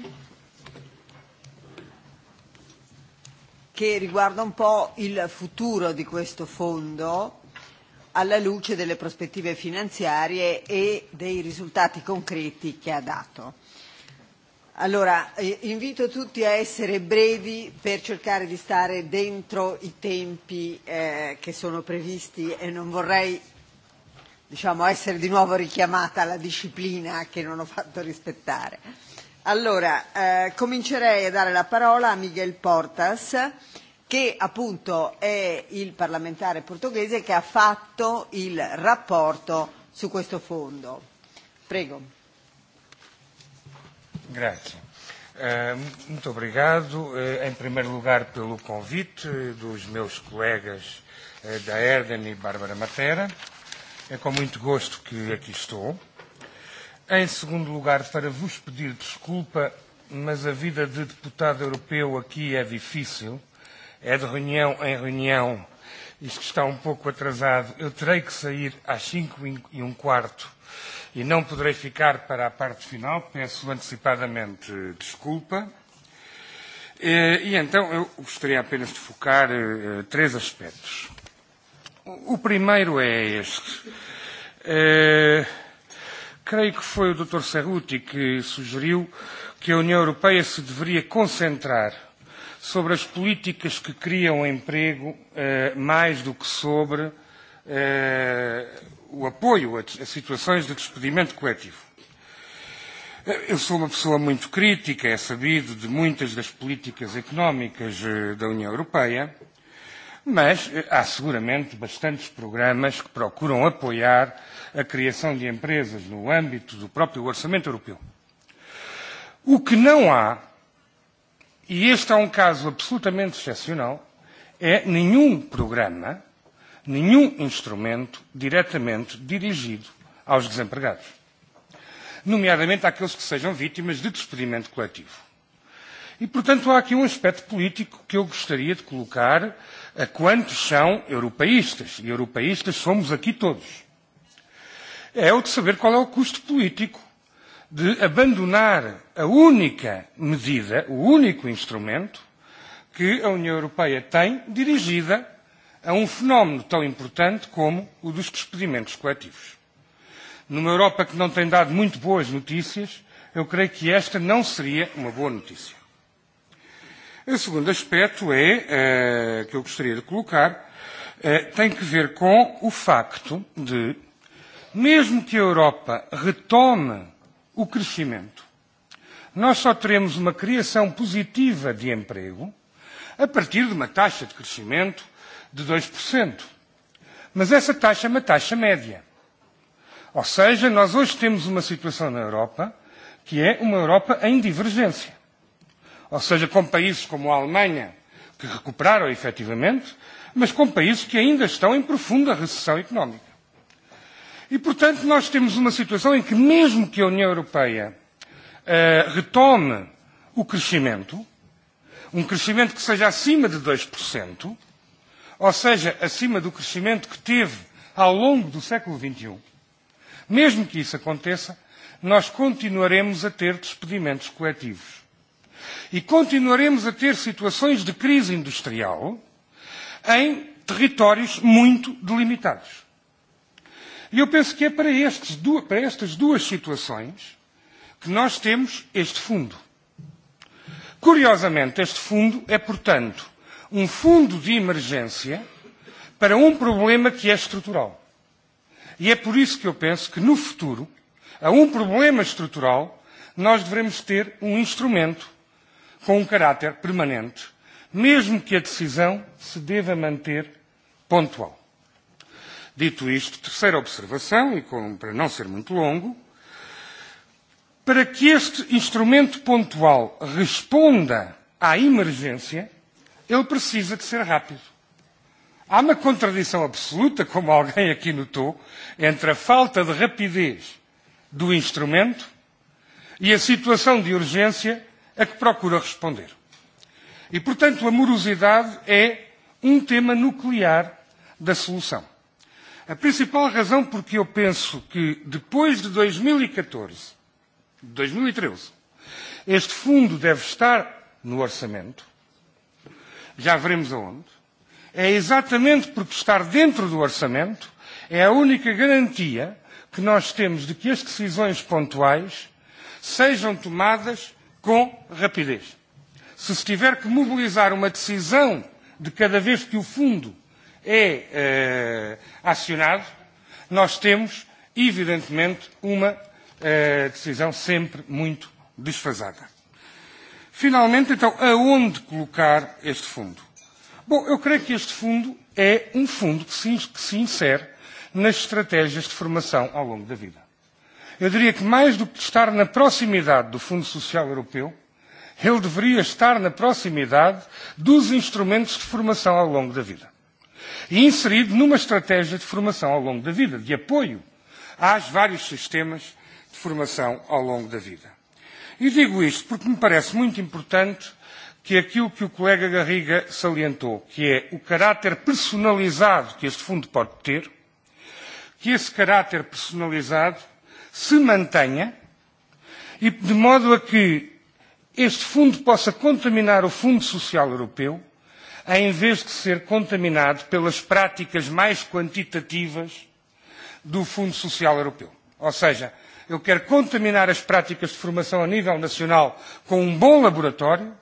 Speaker 1: che riguarda un po' il futuro di questo fondo alla luce delle prospettive finanziarie e dei risultati concreti che ha dato. Allora, invito tutti a essere brevi per cercare di stare dentro i tempi eh, che sono previsti e non vorrei diciamo, essere di nuovo richiamata alla disciplina che non ho fatto rispettare. Allora, eh, comincerei a dare la parola a Miguel Portas, che appunto è il parlamentare portoghese che ha fatto il rapporto su questo fondo. Prego.
Speaker 14: Grazie. Eh, Molto obrigado, uh, em primeiro lugar, pelo convite dos meus colegas eh, da Erden e Bárbara Matera. É com muito gosto que aqui estou. Em segundo lugar, para vos pedir desculpa, mas a vida de deputado europeu aqui é difícil. É de reunião em reunião. Isto está um pouco atrasado. Eu terei que sair às cinco e um quarto e não poderei ficar para a parte final. Peço antecipadamente desculpa. E então eu gostaria apenas de focar três aspectos. O primeiro é este. Uh, creio que foi o Dr. Cerruti que sugeriu que a União Europeia se deveria concentrar sobre as políticas que criam emprego uh, mais do que sobre uh, o apoio a, a situações de despedimento coletivo. Eu sou uma pessoa muito crítica, é sabido, de muitas das políticas económicas da União Europeia, mas há seguramente bastantes programas que procuram apoiar a criação de empresas no âmbito do próprio orçamento europeu. O que não há, e este é um caso absolutamente excepcional, é nenhum programa, nenhum instrumento diretamente dirigido aos desempregados, nomeadamente àqueles que sejam vítimas de despedimento coletivo. E, portanto, há aqui um aspecto político que eu gostaria de colocar a quantos são europeístas, e europeístas somos aqui todos. É o de saber qual é o custo político de abandonar a única medida, o único instrumento que a União Europeia tem dirigida a um fenómeno tão importante como o dos despedimentos coletivos. Numa Europa que não tem dado muito boas notícias, eu creio que esta não seria uma boa notícia. O segundo aspecto é, que eu gostaria de colocar tem que ver com o facto de, mesmo que a Europa retome o crescimento, nós só teremos uma criação positiva de emprego a partir de uma taxa de crescimento de 2%. Mas essa taxa é uma taxa média. Ou seja, nós hoje temos uma situação na Europa que é uma Europa em divergência. Ou seja, com países como a Alemanha, que recuperaram efetivamente, mas com países que ainda estão em profunda recessão económica. E, portanto, nós temos uma situação em que, mesmo que a União Europeia uh, retome o crescimento, um crescimento que seja acima de 2%, ou seja, acima do crescimento que teve ao longo do século XXI, mesmo que isso aconteça, nós continuaremos a ter despedimentos coletivos E continuaremos a ter situações de crise industrial em territórios muito delimitados. E eu penso que é para, estes, para estas duas situações que nós temos este fundo. Curiosamente, este fundo é, portanto, um fundo de emergência para um problema que é estrutural. E é por isso que eu penso que no futuro, a um problema estrutural, nós devemos ter um instrumento com um caráter permanente, mesmo que a decisão se deva manter pontual. Dito isto, terceira observação, e com, para não ser muito longo, para que este instrumento pontual responda à emergência, ele precisa de ser rápido. Há uma contradição absoluta, como alguém aqui notou, entre a falta de rapidez do instrumento e a situação de urgência a que procura responder. E, portanto, a morosidade é um tema nuclear da solução. A principal razão porque eu penso que depois de 2014, 2013, este fundo deve estar no orçamento, já veremos aonde, é exatamente porque estar dentro do orçamento é a única garantia que nós temos de que as decisões pontuais sejam tomadas com rapidez. Se se tiver que mobilizar uma decisão de cada vez que o fundo é uh, acionado, nós temos, evidentemente, uma uh, decisão sempre muito desfasada. Finalmente, então, aonde colocar este fundo? Bom, eu creio que este fundo é um fundo que se, que se insere nas estratégias de formação ao longo da vida. Eu diria que mais do que estar na proximidade do Fundo Social Europeu, ele deveria estar na proximidade dos instrumentos de formação ao longo da vida. E inserido numa estratégia de formação ao longo da vida, de apoio aos vários sistemas de formação ao longo da vida. E digo isto porque me parece muito importante que aquilo que o colega Garriga salientou, que é o caráter personalizado que este fundo pode ter, que esse caráter personalizado se mantenha e de modo a que este fundo possa contaminar o Fundo Social Europeu, em vez de ser contaminado pelas práticas mais quantitativas do Fundo Social Europeu. Ou seja, eu quero contaminar as práticas de formação a nível nacional com um bom laboratório,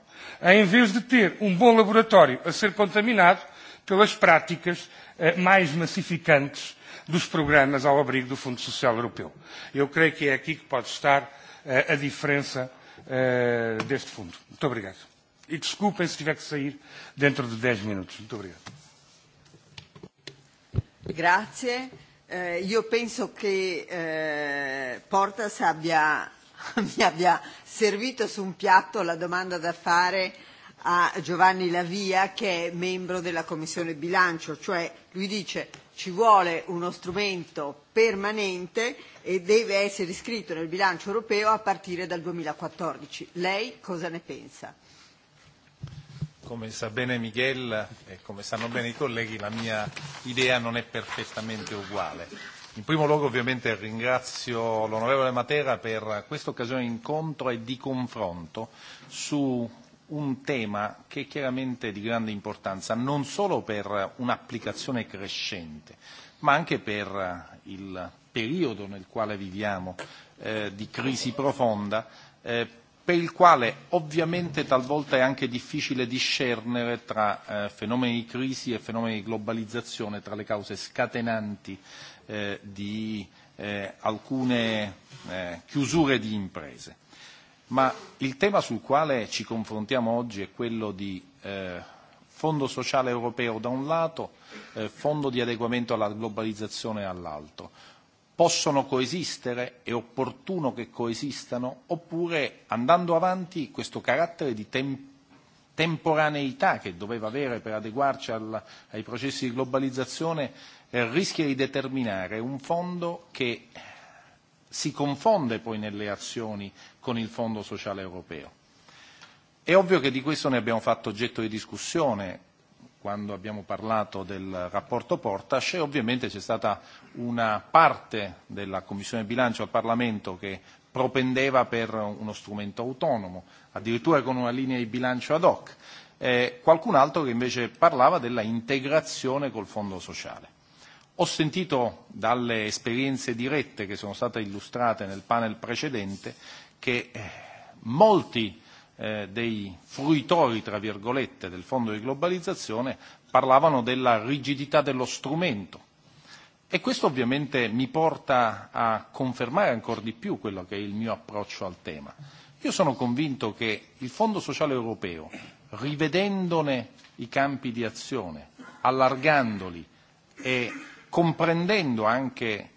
Speaker 14: em vez de ter um bom laboratório a ser contaminado pelas práticas mais massificantes dos programas ao abrigo do Fundo Social Europeu. Eu creio que é aqui que pode estar uh, a diferença uh, deste fundo. Muito obrigado. E desculpem se tiver que sair dentro de 10 minutos. Muito obrigado.
Speaker 1: Grazie. Eh, io penso che eh, Portas abbia, mi abbia servito su un piatto la domanda da fare a Giovanni Lavia che è membro della Commissione bilancio, cioè lui dice ci vuole uno strumento permanente e deve essere iscritto nel bilancio europeo a partire dal 2014. Lei cosa ne pensa?
Speaker 15: Come sa bene Miguel e come sanno bene i colleghi, la mia idea non è perfettamente uguale. In primo luogo ovviamente ringrazio l'onorevole Matera per questa occasione di incontro e di confronto su un tema che è chiaramente di grande importanza non solo per un'applicazione crescente, ma anche per il periodo nel quale viviamo eh, di crisi profonda, eh, per il quale ovviamente talvolta è anche difficile discernere tra eh, fenomeni di crisi e fenomeni di globalizzazione, tra le cause scatenanti eh, di eh, alcune eh, chiusure di imprese ma il tema sul quale ci confrontiamo oggi è quello di eh, Fondo sociale europeo da un lato, eh, Fondo di adeguamento alla globalizzazione all'altro. Possono coesistere, è opportuno che coesistano, oppure andando avanti questo carattere di tempo temporaneità che doveva avere per adeguarci al, ai processi di globalizzazione eh, rischia di determinare un fondo che si confonde poi nelle azioni con il Fondo sociale europeo. È ovvio che di questo ne abbiamo fatto oggetto di discussione quando abbiamo parlato del rapporto Portas e ovviamente c'è stata una parte della Commissione bilancio al Parlamento che propendeva per uno strumento autonomo, addirittura con una linea di bilancio ad hoc, e qualcun altro che invece parlava della integrazione col fondo sociale. Ho sentito dalle esperienze dirette che sono state illustrate nel panel precedente che molti eh, dei fruitori, tra virgolette, del fondo di globalizzazione parlavano della rigidità dello strumento. E questo ovviamente mi porta a confermare ancora di più quello che è il mio approccio al tema. Io sono convinto che il Fondo sociale europeo, rivedendone i campi di azione, allargandoli e comprendendo anche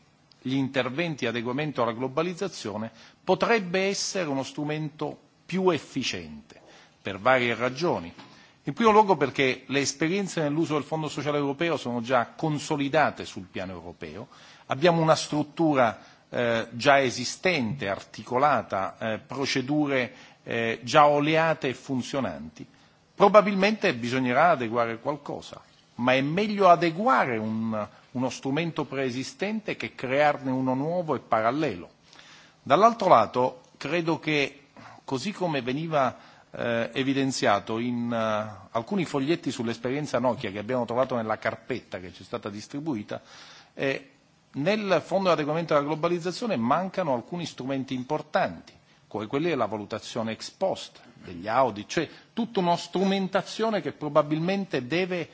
Speaker 15: gli interventi di adeguamento alla globalizzazione, potrebbe essere uno strumento più efficiente per varie ragioni. In primo luogo perché le esperienze nell'uso del Fondo sociale europeo sono già consolidate sul piano europeo, abbiamo una struttura eh, già esistente, articolata, eh, procedure eh, già oleate e funzionanti. Probabilmente bisognerà adeguare qualcosa, ma è meglio adeguare un uno strumento preesistente che crearne uno nuovo e parallelo. Dall'altro lato, credo che, così come veniva eh, evidenziato in eh, alcuni foglietti sull'esperienza Nokia che abbiamo trovato nella carpetta che ci è stata distribuita, eh, nel fondo di adeguamento alla globalizzazione mancano alcuni strumenti importanti, come quelli della valutazione ex post, degli audit, cioè tutta una strumentazione che probabilmente deve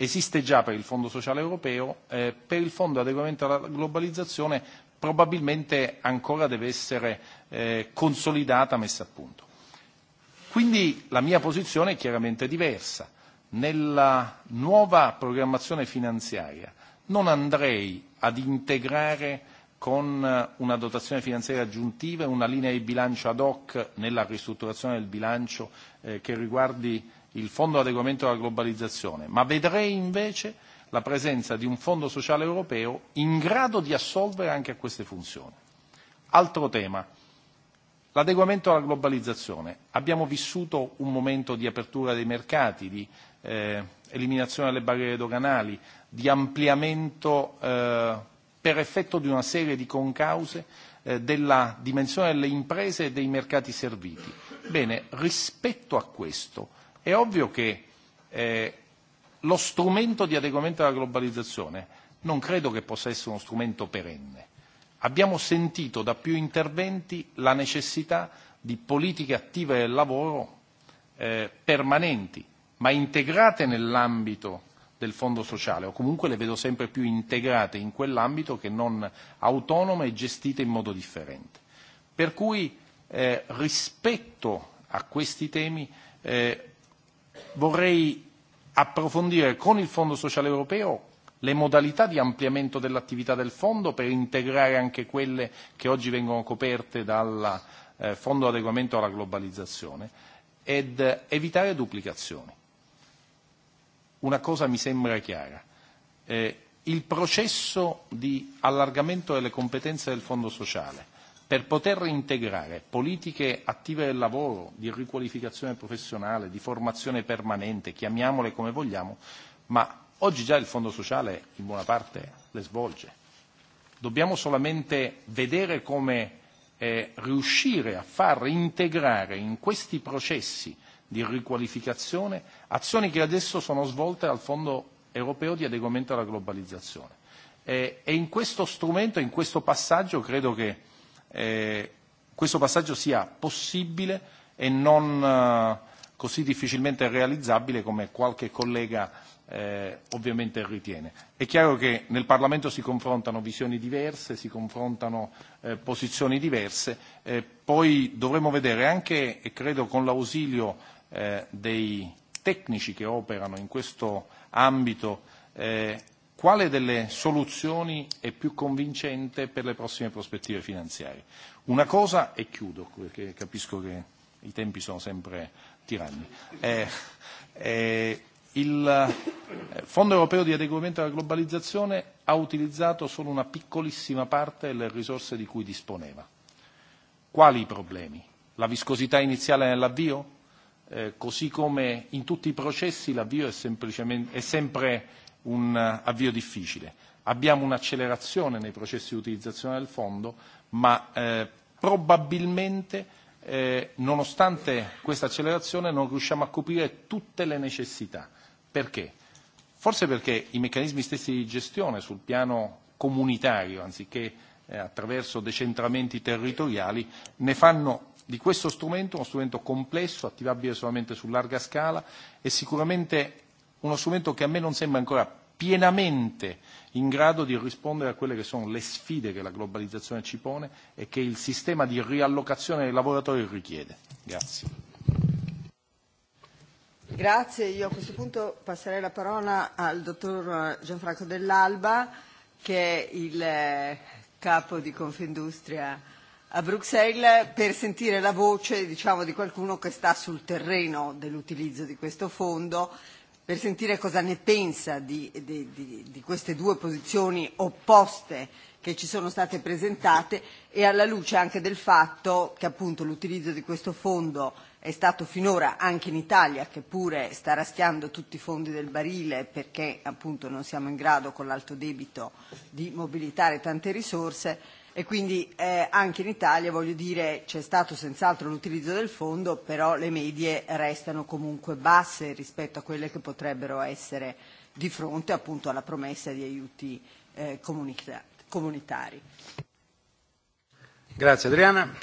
Speaker 15: esiste già per il Fondo sociale europeo, eh, per il Fondo adeguamento alla globalizzazione probabilmente ancora deve essere eh, consolidata, messa a punto. Quindi la mia posizione è chiaramente diversa. Nella nuova programmazione finanziaria non andrei ad integrare con una dotazione finanziaria aggiuntiva e una linea di bilancio ad hoc nella ristrutturazione del bilancio eh, che riguardi il Fondo adeguamento alla globalizzazione, ma vedrei invece la presenza di un Fondo sociale europeo in grado di assolvere anche a queste funzioni. Altro tema, l'adeguamento alla globalizzazione. Abbiamo vissuto un momento di apertura dei mercati, di eh, eliminazione delle barriere doganali, di ampliamento eh, per effetto di una serie di concause eh, della dimensione delle imprese e dei mercati serviti. Bene, rispetto a questo È ovvio che eh, lo strumento di adeguamento alla globalizzazione non credo che possa essere uno strumento perenne. Abbiamo sentito da più interventi la necessità di politiche attive del lavoro eh, permanenti, ma integrate nell'ambito del fondo sociale, o comunque le vedo sempre più integrate in quell'ambito che non autonome e gestite in modo differente. Per cui eh, rispetto a questi temi eh, vorrei approfondire con il Fondo sociale europeo le modalità di ampliamento dell'attività del Fondo per integrare anche quelle che oggi vengono coperte dal eh, Fondo adeguamento alla globalizzazione ed evitare duplicazioni. Una cosa mi sembra chiara. Eh, il processo di allargamento delle competenze del Fondo sociale per poter integrare politiche attive del lavoro, di riqualificazione professionale, di formazione permanente, chiamiamole come vogliamo, ma oggi già il Fondo sociale in buona parte le svolge. Dobbiamo solamente vedere come eh, riuscire a far integrare in questi processi di riqualificazione azioni che adesso sono svolte dal Fondo europeo di adeguamento alla globalizzazione. Eh, e in questo strumento, in questo passaggio, credo che questo passaggio sia possibile e non così difficilmente realizzabile come qualche collega eh, ovviamente ritiene. È chiaro che nel Parlamento si confrontano visioni diverse, si confrontano eh, posizioni diverse, eh, poi dovremo vedere anche, e credo con l'ausilio eh, dei tecnici che operano in questo ambito, eh, quale delle soluzioni è più convincente per le prossime prospettive finanziarie. Una cosa, e chiudo perché capisco che i tempi sono sempre tiranni, eh, eh, il Fondo europeo di adeguamento alla globalizzazione ha utilizzato solo una piccolissima parte delle risorse di cui disponeva. Quali i problemi? La viscosità iniziale nell'avvio? Eh, così come in tutti i processi l'avvio è, è sempre un avvio difficile. Abbiamo un'accelerazione nei processi di utilizzazione del fondo, ma eh, probabilmente eh, nonostante questa accelerazione non riusciamo a coprire tutte le necessità. Perché? Forse perché i meccanismi stessi di gestione sul piano comunitario, anziché eh, attraverso decentramenti territoriali, ne fanno di questo strumento uno strumento complesso, attivabile solamente su larga scala e sicuramente uno strumento che a me non sembra ancora pienamente in grado di rispondere a quelle che sono le sfide che la globalizzazione ci pone e che il sistema di riallocazione dei lavoratori richiede. Grazie.
Speaker 1: Grazie, io a questo punto passerei la parola al dottor Gianfranco Dell'Alba che è il capo di Confindustria a Bruxelles per sentire la voce diciamo, di qualcuno che sta sul terreno dell'utilizzo di questo fondo per sentire cosa ne pensa di, di, di, di queste due posizioni opposte che ci sono state presentate e alla luce anche del fatto che appunto l'utilizzo di questo fondo è stato finora anche in Italia, che pure sta raschiando tutti i fondi del barile perché appunto non siamo in grado con l'alto debito di mobilitare tante risorse, e quindi eh, anche in Italia voglio dire c'è stato senz'altro l'utilizzo del fondo, però le medie restano comunque basse rispetto a quelle che potrebbero essere di fronte appunto alla promessa di aiuti eh, comunita- comunitari.
Speaker 16: Grazie Adriana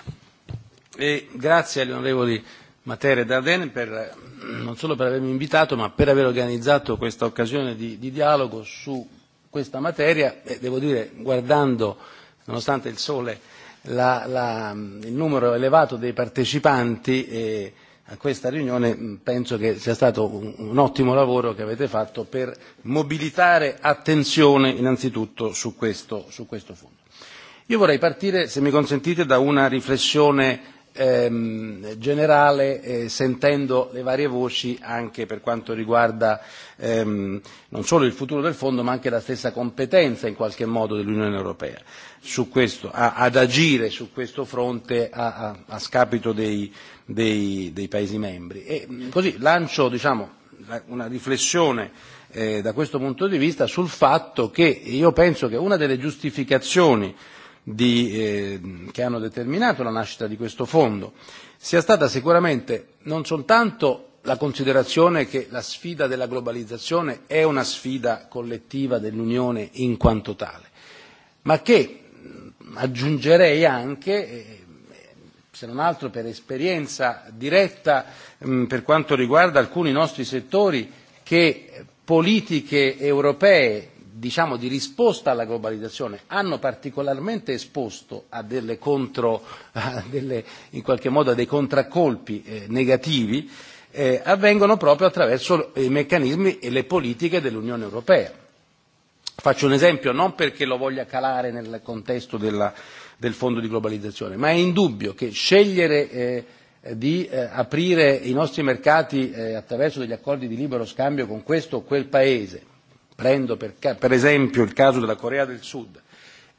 Speaker 16: e grazie agli onorevoli Matera e Dardenne per, non solo per avermi invitato ma per aver organizzato questa occasione di, di dialogo su questa materia e devo dire guardando nonostante il sole, la, la, il numero elevato dei partecipanti eh, a questa riunione penso che sia stato un, un ottimo lavoro che avete fatto per mobilitare attenzione innanzitutto su questo, su questo fondo. Io vorrei partire, se mi consentite, da una riflessione ehm, generale eh, sentendo le varie voci anche per quanto riguarda ehm, non solo il futuro del fondo ma anche la stessa competenza in qualche modo dell'Unione Europea su questo, a, ad agire su questo fronte a, a, a scapito dei, dei, dei Paesi membri. E così lancio diciamo, una riflessione eh, da questo punto di vista sul fatto che io penso che una delle giustificazioni di, eh, che hanno determinato la nascita di questo fondo sia stata sicuramente non soltanto la considerazione che la sfida della globalizzazione è una sfida collettiva dell'Unione in quanto tale, ma che aggiungerei anche, se non altro per esperienza diretta per quanto riguarda alcuni nostri settori, che politiche europee diciamo di risposta alla globalizzazione hanno particolarmente esposto a delle contro, a delle, in qualche modo a dei contraccolpi eh, negativi eh, avvengono proprio attraverso i meccanismi e le politiche dell'Unione Europea Faccio un esempio, non perché lo voglia calare nel contesto della, del fondo di globalizzazione, ma è indubbio che scegliere eh, di eh, aprire i nostri mercati eh, attraverso degli accordi di libero scambio con questo o quel paese, prendo per, per esempio il caso della Corea del Sud,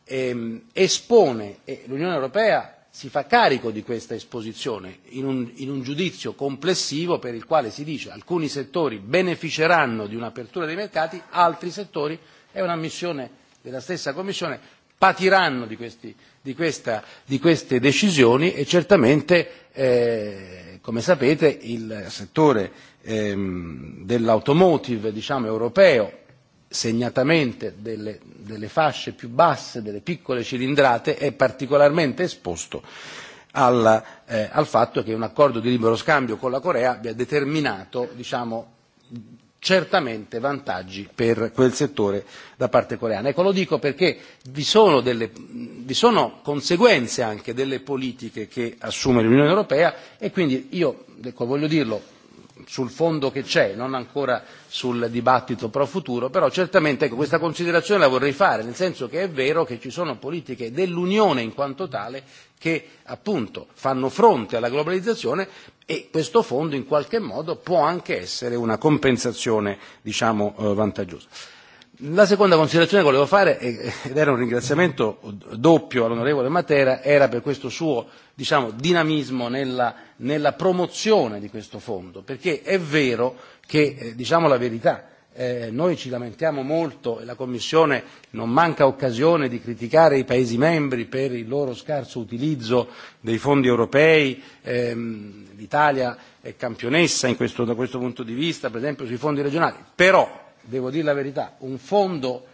Speaker 16: ehm, espone e l'Unione Europea si fa carico di questa esposizione in un, in un giudizio complessivo per il quale si dice alcuni settori beneficeranno di un'apertura dei mercati, altri settori è una missione della stessa Commissione, patiranno di, questi, di, questa, di queste decisioni e certamente, eh, come sapete, il settore ehm, dell'automotive diciamo, europeo, segnatamente delle, delle fasce più basse, delle piccole cilindrate, è particolarmente esposto al, eh, al fatto che un accordo di libero scambio con la Corea abbia determinato diciamo, certamente vantaggi per quel settore da parte coreana. Ecco, lo dico perché vi sono, delle, vi sono conseguenze anche delle politiche che assume l'Unione Europea e quindi io ecco, voglio dirlo sul fondo che c'è, non ancora sul dibattito pro futuro, però certamente ecco, questa considerazione la vorrei fare, nel senso che è vero che ci sono politiche dell'Unione in quanto tale che appunto fanno fronte alla globalizzazione e questo fondo in qualche modo può anche essere una compensazione diciamo, vantaggiosa. La seconda considerazione che volevo fare, ed era un ringraziamento doppio all'onorevole Matera, era per questo suo diciamo, dinamismo nella, nella promozione di questo fondo, perché è vero che, diciamo la verità, eh, noi ci lamentiamo molto e la Commissione non manca occasione di criticare i Paesi membri per il loro scarso utilizzo dei fondi europei, eh, l'Italia è campionessa in questo, da questo punto di vista, per esempio sui fondi regionali, però devo dire la verità, un fondo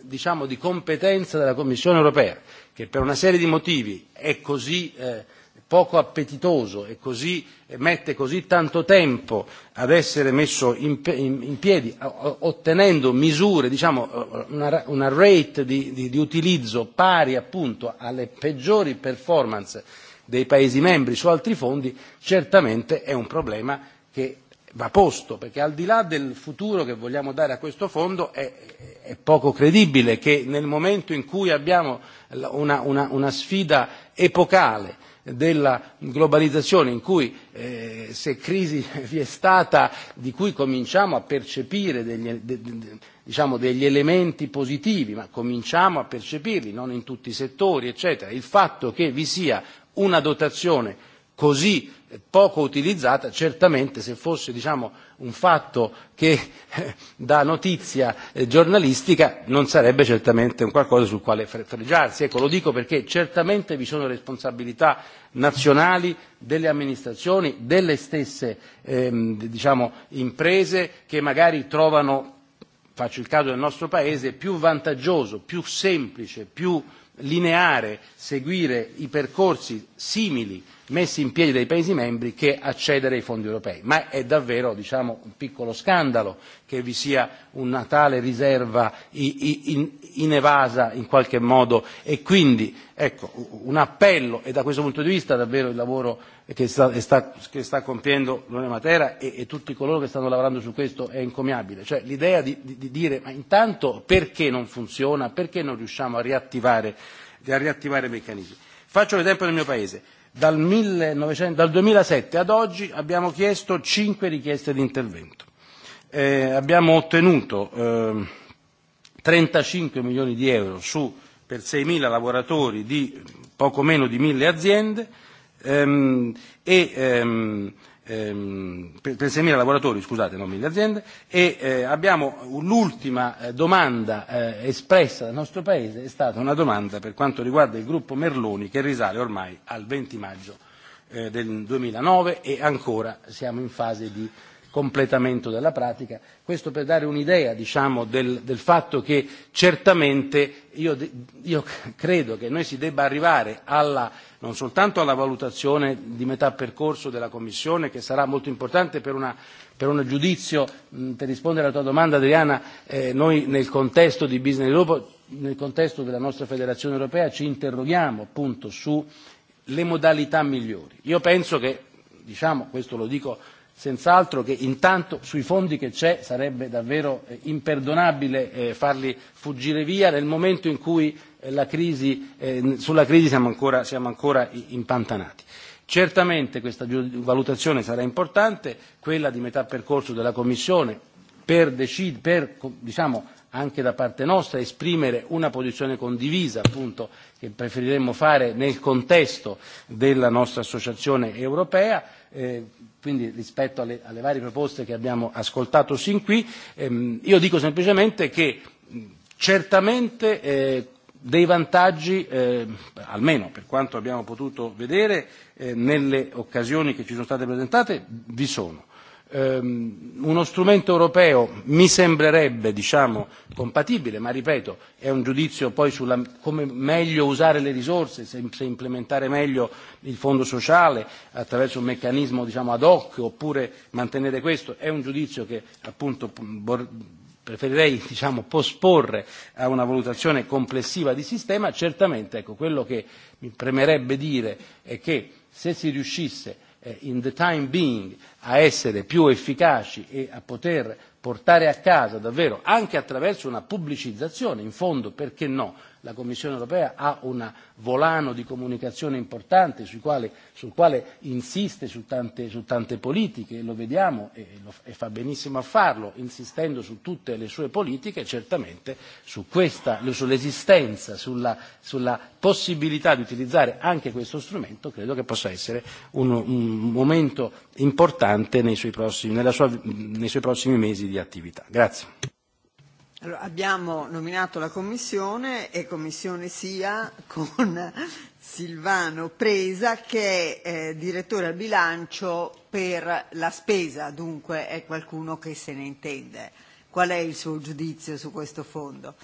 Speaker 16: diciamo, di competenza della Commissione europea, che per una serie di motivi è così eh, poco appetitoso e così, mette così tanto tempo ad essere messo in, in, in piedi, ottenendo misure, diciamo, una, una rate di, di, di utilizzo pari appunto alle peggiori performance dei Paesi membri su altri fondi, certamente è un problema che va posto, perché al di là del futuro che vogliamo dare a questo fondo è, è poco credibile che nel momento in cui abbiamo una, una, una sfida epocale della globalizzazione in cui eh, se crisi vi è stata di cui cominciamo a percepire degli, de, de, diciamo degli elementi positivi ma cominciamo a percepirli non in tutti i settori eccetera il fatto che vi sia una dotazione così poco utilizzata, certamente se fosse diciamo, un fatto che dà notizia giornalistica non sarebbe certamente un qualcosa sul quale fregiarsi. Ecco, lo dico perché certamente vi sono responsabilità nazionali delle amministrazioni, delle stesse ehm, diciamo, imprese che magari trovano faccio il caso del nostro paese, più vantaggioso, più semplice, più lineare seguire i percorsi simili messi in piedi dai Paesi membri che accedere ai fondi europei. Ma è davvero diciamo, un piccolo scandalo che vi sia una tale riserva inevasa in qualche modo e quindi ecco, un appello e da questo punto di vista davvero il lavoro che sta, sta, che sta compiendo l'Unione Matera e, e tutti coloro che stanno lavorando su questo è encomiabile. Cioè l'idea di, di, di dire ma intanto perché non funziona, perché non riusciamo a riattivare, a riattivare i meccanismi. Faccio l'esempio del mio Paese Dal, 1900, dal 2007 ad oggi abbiamo chiesto cinque richieste di intervento. Eh, abbiamo ottenuto eh, 35 milioni di euro su, per 6.000 lavoratori di poco meno di 1.000 aziende ehm, e ehm, ehm, per 6.000 lavoratori, scusate, non 1.000 aziende, e eh, abbiamo l'ultima eh, domanda eh, espressa dal nostro Paese, è stata una domanda per quanto riguarda il gruppo Merloni che risale ormai al 20 maggio eh, del 2009 e ancora siamo in fase di completamento della pratica, questo per dare un'idea diciamo, del, del fatto che certamente io, io credo che noi si debba arrivare alla, non soltanto alla valutazione di metà percorso della Commissione, che sarà molto importante per una per un giudizio, per rispondere alla tua domanda Adriana, eh, noi nel contesto di Business Europe, nel contesto della nostra federazione europea ci interroghiamo appunto sulle modalità migliori. Io penso che, diciamo, questo lo dico senz'altro che intanto sui fondi che c'è sarebbe davvero imperdonabile farli fuggire via nel momento in cui la crisi, sulla crisi siamo ancora, siamo ancora impantanati. Certamente questa valutazione sarà importante, quella di metà percorso della Commissione, per, decid- per diciamo, anche da parte nostra esprimere una posizione condivisa appunto che preferiremmo fare nel contesto della nostra associazione europea eh, quindi rispetto alle, alle varie proposte che abbiamo ascoltato sin qui, ehm, io dico semplicemente che certamente eh, dei vantaggi, eh, almeno per quanto abbiamo potuto vedere, eh, nelle occasioni che ci sono state presentate vi sono uno strumento europeo mi sembrerebbe diciamo compatibile ma ripeto è un giudizio poi su come meglio usare le risorse se implementare meglio il fondo sociale attraverso un meccanismo diciamo ad hoc oppure mantenere questo è un giudizio che appunto preferirei diciamo posporre a una valutazione complessiva di sistema certamente ecco quello che mi premerebbe dire è che se si riuscisse in the time being a essere più efficaci e a poter portare a casa davvero anche attraverso una pubblicizzazione in fondo perché no la Commissione europea ha un volano di comunicazione importante sul quale, sul quale insiste su tante, su tante politiche, lo vediamo e, lo, e fa benissimo a farlo, insistendo su tutte le sue politiche, certamente su questa, sull'esistenza, sulla, sulla possibilità di utilizzare anche questo strumento, credo che possa essere un, un momento importante nei suoi prossimi, nella sua, nei suoi prossimi mesi di attività. Grazie.
Speaker 1: Allora, abbiamo nominato la Commissione e Commissione sia con Silvano Presa che è eh, direttore al bilancio per la spesa, dunque è qualcuno che se ne intende. Qual è il suo giudizio su questo
Speaker 17: fondo?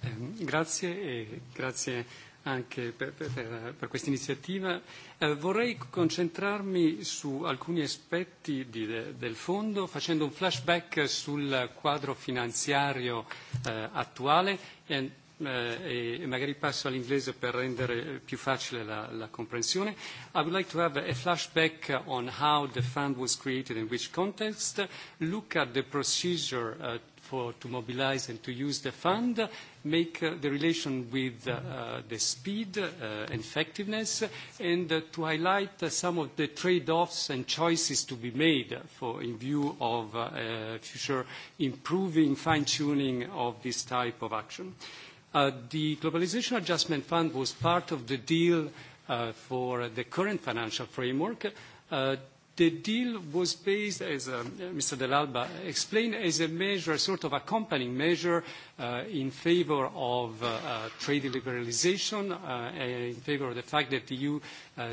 Speaker 17: Eh, grazie e grazie anche per, per, per questa iniziativa. Eh, vorrei concentrarmi su alcuni aspetti di, de, del fondo facendo un flashback sul quadro finanziario eh, attuale e, eh, e magari passo all'inglese per rendere più facile la, la comprensione. I would like to have a flashback on how the fund was created in which context, look at the procedure uh, for, to mobilize and to use the fund make the relation with the speed and effectiveness, and to highlight some of the trade-offs and choices to be made for in view of future improving, fine-tuning of this type of action. The Globalization Adjustment Fund was part of the deal for the current financial framework The deal was based, as Mr. Dell'Alba explained, as a measure, sort of accompanying measure in favor of trade liberalization, in favor of the fact that the EU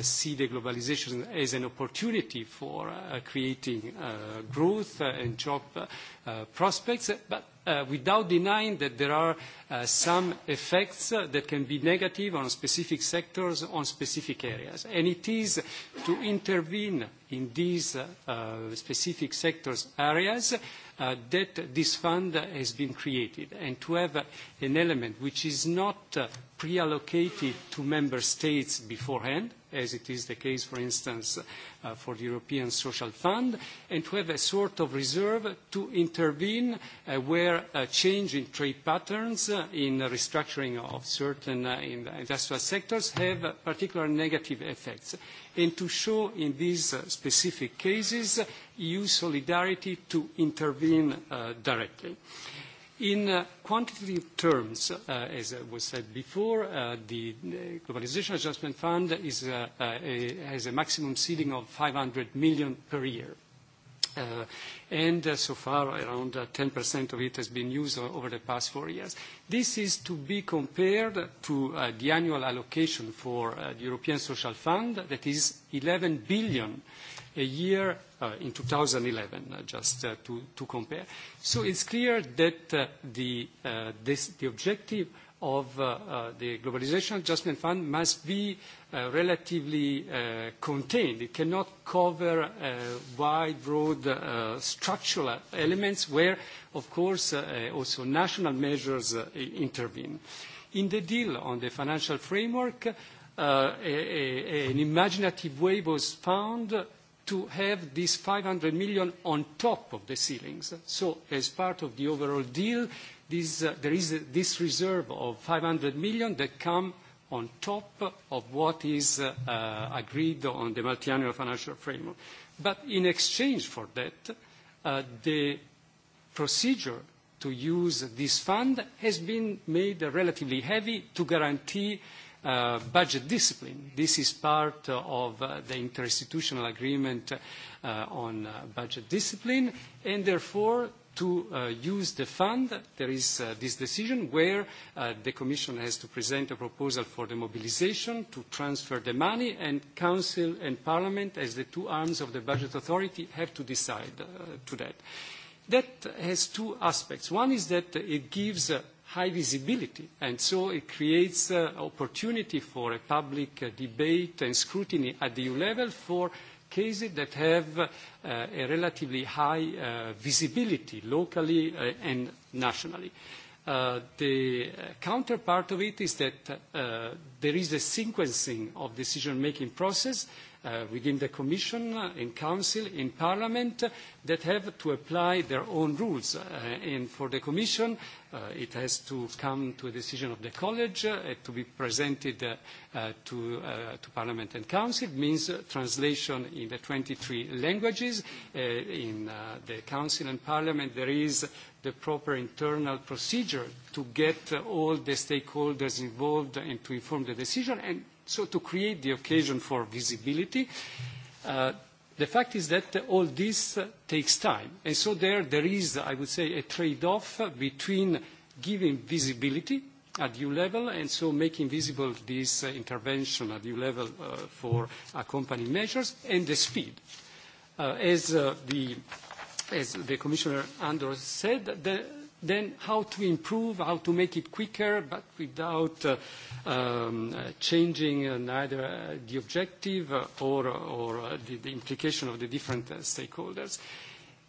Speaker 17: see the globalization as an opportunity for creating growth and job prospects. But without denying that there are some effects that can be negative on specific sectors, on specific areas. and It is to intervene in these specific sectors areas that this fund has been created, and to have an element which is not pre-allocated to member states beforehand, as it is the case, for instance, for the European Social Fund, and to have a sort of reserve to intervene where a change in trade patterns in the restructuring of certain industrial sectors have particular negative effects, and to show in these specific cases EU solidarity to intervene directly. In quantitative terms, as was said before, the Globalization Adjustment Fund has a maximum ceiling of 500 million per year. And so far, around 10% of it has been used over the past four years. This is to be compared to the annual allocation for the European Social Fund, that is 11 billion a year in 2011, just to compare. So it's clear that the objective of the Globalization Adjustment Fund must be relatively contained. It cannot cover wide, broad structural elements where, of course, also national measures intervene. In the deal on the financial framework, an imaginative way was found to have this 500 million on top of the ceilings. So as part of the overall deal, this, there is this reserve of 500 million that come on top of what is agreed on the multi-annual financial framework. But in exchange for that, the procedure to use this fund has been made relatively heavy to guarantee budget discipline. This is part of the interinstitutional agreement on budget discipline, and therefore, to use the fund, there is this decision where the Commission has to present a proposal for the mobilization to transfer the money, and Council and Parliament, as the two arms of the budget authority, have to decide to that. That has two aspects. One is that it gives high visibility, and so it creates uh, opportunity for a public uh, debate and scrutiny at the EU level for cases that have uh, a relatively high uh, visibility locally uh, and nationally. Uh, the counterpart of it is that uh, there is a sequencing of decision-making process uh, within the Commission, in Council, in Parliament, that have to apply their own rules. and for the Commission, it has to come to a decision of the College, to be presented to, Parliament and Council, It means translation in the twenty three languages. in the Council and Parliament, there is the proper internal procedure to get all the stakeholders involved and to inform the decision. And So to create the occasion for visibility, uh, the fact is that all this takes time. And so there, there is, I would say, a trade-off between giving visibility at EU level, and so making visible this intervention at EU level for accompanying measures and the speed. As the Commissioner Andor said, the Then how to improve, how to make it quicker, but without changing neither the objective or the implication of the different stakeholders.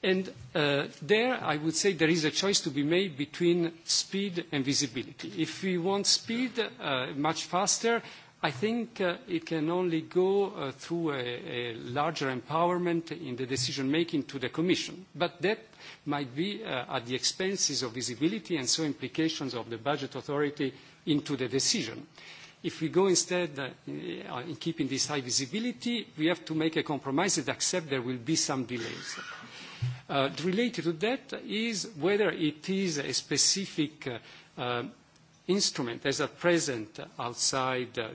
Speaker 17: And there, I would say there is a choice to be made between speed and visibility. If we want speed, much faster, I think it can only go through a larger empowerment in the decision-making to the Commission. But that might be at the expenses of visibility and so implications of the budget authority into the decision. If we go instead in keeping this high visibility, we have to make a compromise and accept there will be some delays. Related to that is whether it is a specific instrument as at present outside the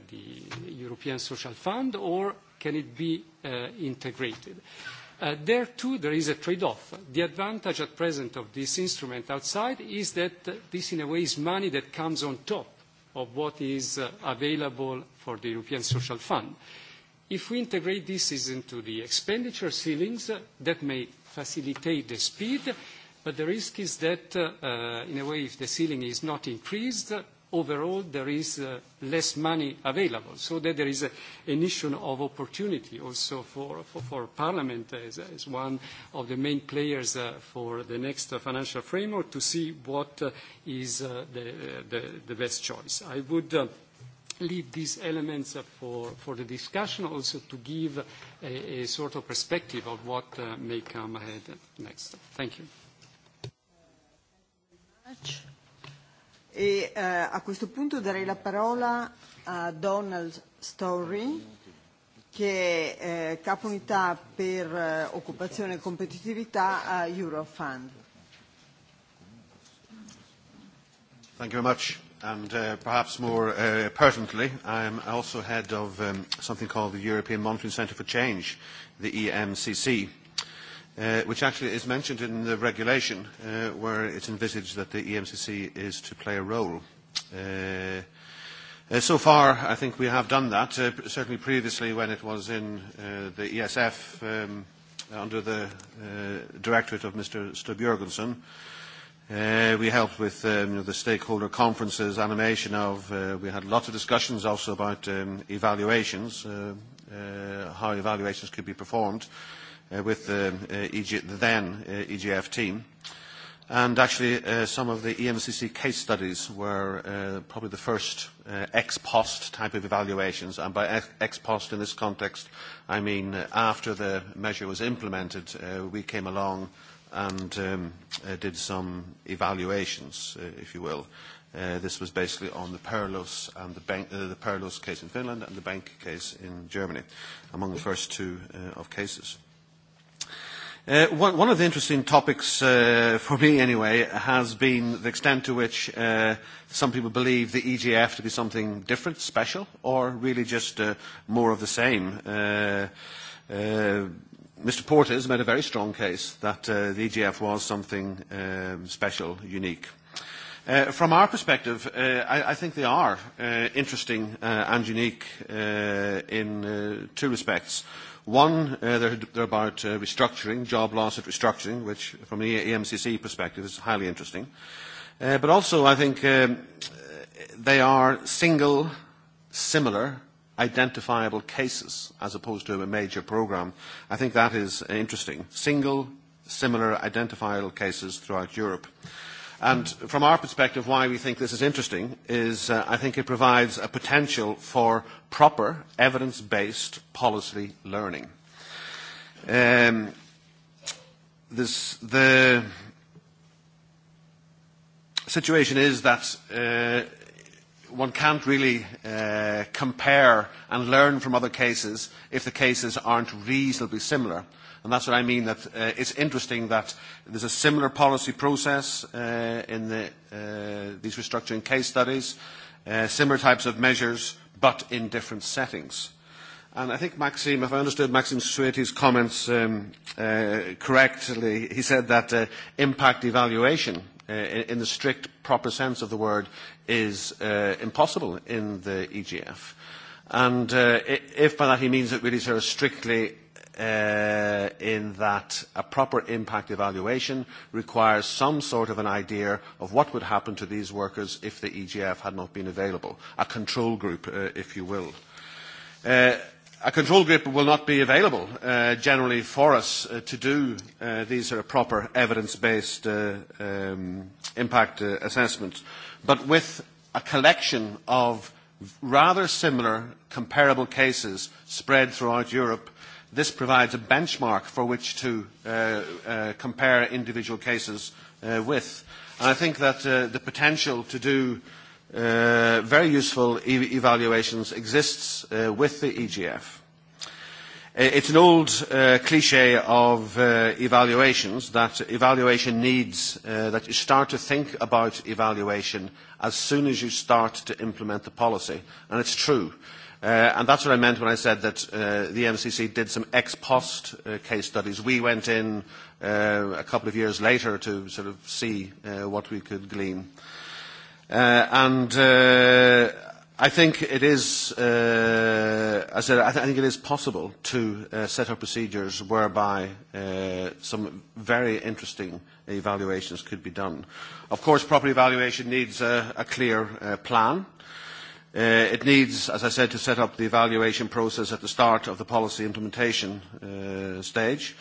Speaker 17: European Social Fund, or can it be integrated? There too, there is a trade-off. The advantage at present of this instrument outside is that this, in a way, is money that comes on top of what is available for the European Social Fund. If we integrate this into the expenditure ceilings, that may facilitate the speed, But the risk is that, in a way, if the ceiling is not increased, overall there is less money available, so that there is an issue of opportunity also for Parliament as one of the main players for the next financial framework to see what is the best choice. I would leave these elements for the discussion also to give a sort of perspective of what may come ahead next. Thank you
Speaker 1: much. E uh, a questo punto darei la parola a Donald Story, che è eh, capo unità per uh, occupazione e competitività a Eurofund.
Speaker 18: Thank you very much. And uh, perhaps more uh, pertinently, am also head of um, something called the European Monitoring Centre for Change, the EMCC which actually is mentioned in the regulation where it is envisaged that the EMCC is to play a role. so far, I think we have done that, certainly previously when it was in the ESF under the directorate of Mr. Stubjörgensen. we helped with the stakeholder conferences, animation of, we had lots of discussions also about evaluations, how evaluations could be performed. Uh, uh, with the uh, EG, the then uh, EGF team. And actually, uh, some of the EMCC case studies were uh, probably the first uh, ex post type of evaluations. And by ex post in this context, I mean after the measure was implemented, uh, we came along and um, uh, did some evaluations, uh, if you will. Uh, this was basically on the Perlos and the bank, uh, the Perlos case in Finland and the bank case in Germany, among the first two uh, of cases. Uh, one, one of the interesting topics, uh, for me anyway, has been the extent to which uh, some people believe the EGF to be something different, special, or really just uh, more of the same. Uh, uh, Mr. Portis made a very strong case that uh, the EGF was something um, special, unique. Uh, from our perspective, uh, I, I think they are uh, interesting uh, and unique uh, in uh, two respects. One, uh, they're, they're about uh, restructuring, job loss at restructuring, which from an EMCC perspective is highly interesting. Uh, but also, I think um, they are single, similar, identifiable cases as opposed to a major programme. I think that is interesting. Single, similar, identifiable cases throughout Europe. And from our perspective, why we think this is interesting is uh, I think it provides a potential for proper evidence-based policy learning. Um, this, the situation is that uh, one can't really uh, compare and learn from other cases if the cases aren't reasonably similar And that's what I mean, that uh, it's interesting that there's a similar policy process uh, in the, uh, these restructuring case studies, uh, similar types of measures, but in different settings. And I think Maxim, if I understood Maxim Sueti's comments um, uh, correctly, he said that uh, impact evaluation uh, in the strict proper sense of the word is uh, impossible in the EGF. And uh, if by that he means it really sort of strictly in that a proper impact evaluation requires some sort of an idea of what would happen to these workers if the EGF had not been available, a control group, uh, if you will. Uh, a control group will not be available uh, generally for us uh, to do uh, these sort of proper evidence-based uh, um, impact uh, assessments, but with a collection of rather similar comparable cases spread throughout Europe This provides a benchmark for which to uh, uh, compare individual cases uh, with. And I think that uh, the potential to do uh, very useful e evaluations exists uh, with the EGF. It's an old uh, cliche of uh, evaluations that evaluation needs, uh, that you start to think about evaluation as soon as you start to implement the policy. And it's true. Uh, and that's what I meant when I said that the MCC did some ex post case studies. We went in a couple of years later to sort of see what we could glean. and I think it is, uh, I said, I, th- I think it is possible to uh, set up procedures whereby uh, some very interesting evaluations could be done. Of course, property evaluation needs a, a clear uh, plan. Uh, it needs, as I said, to set up the evaluation process at the start of the policy implementation uh, stage.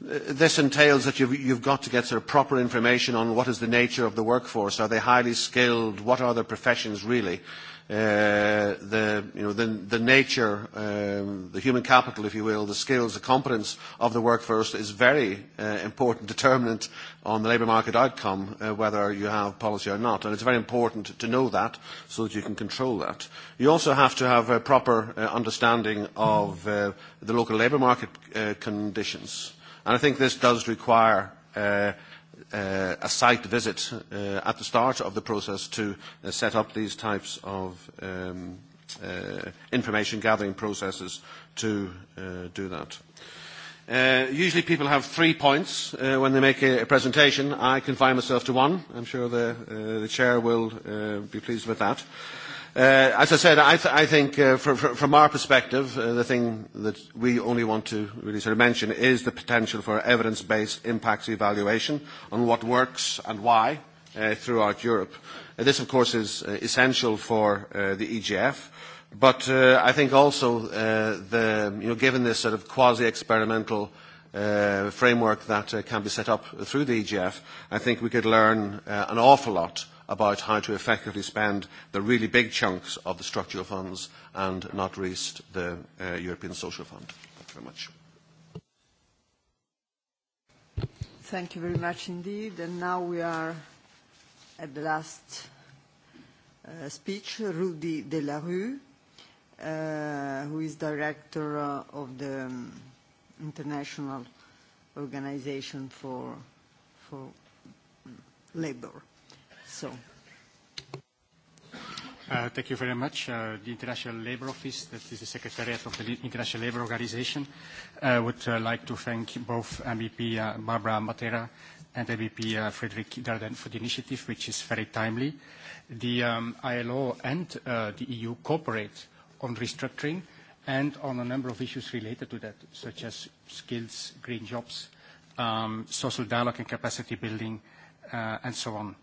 Speaker 18: This entails that you've, you've got to get sort of proper information on what is the nature of the workforce. Are they highly skilled? What are their professions really? the, you know, the, the nature, um, the human capital, if you will, the skills, the competence of the workforce is very uh, important determinant on the labour market outcome, uh, whether you have policy or not. And it's very important to know that so that you can control that. You also have to have a proper uh, understanding of uh, the local labour market uh, conditions. And I think this does require uh, uh, a site visit uh, at the start of the process to uh, set up these types of um, uh, information gathering processes to uh, do that. Uh, usually people have three points uh, when they make a, a presentation. I confine myself to one. I'm sure the, uh, the chair will uh, be pleased with that. Uh, Uh, as I said, I, th- I think uh, for, for, from our perspective, uh, the thing that we only want to really sort of mention is the potential for evidence-based impacts evaluation on what works and why uh, throughout Europe. Uh, this, of course, is uh, essential for uh, the EGF, but uh, I think also uh, the, you know, given this sort of quasi-experimental uh, framework that uh, can be set up through the EGF, I think we could learn uh, an awful lot about how to effectively spend the really big chunks of the structural funds and not least the uh, European Social Fund. Thank you very much.
Speaker 1: Thank you very much indeed. And now we are at the last uh, speech, Rudy Delarue, uh, who is director uh, of the um, International Organization for, for Labor.
Speaker 19: So. Uh, thank you very much. Uh, the International Labour Office, that is the Secretariat of the International Labour Organization, uh, would uh, like to thank both MEP uh, Barbara Matera and MEP uh, Frederick Darden for the initiative, which is very timely. The um, ILO and uh, the EU cooperate on restructuring and on a number of issues related to that, such as skills, green jobs, um, social dialogue and capacity building, uh, and so on.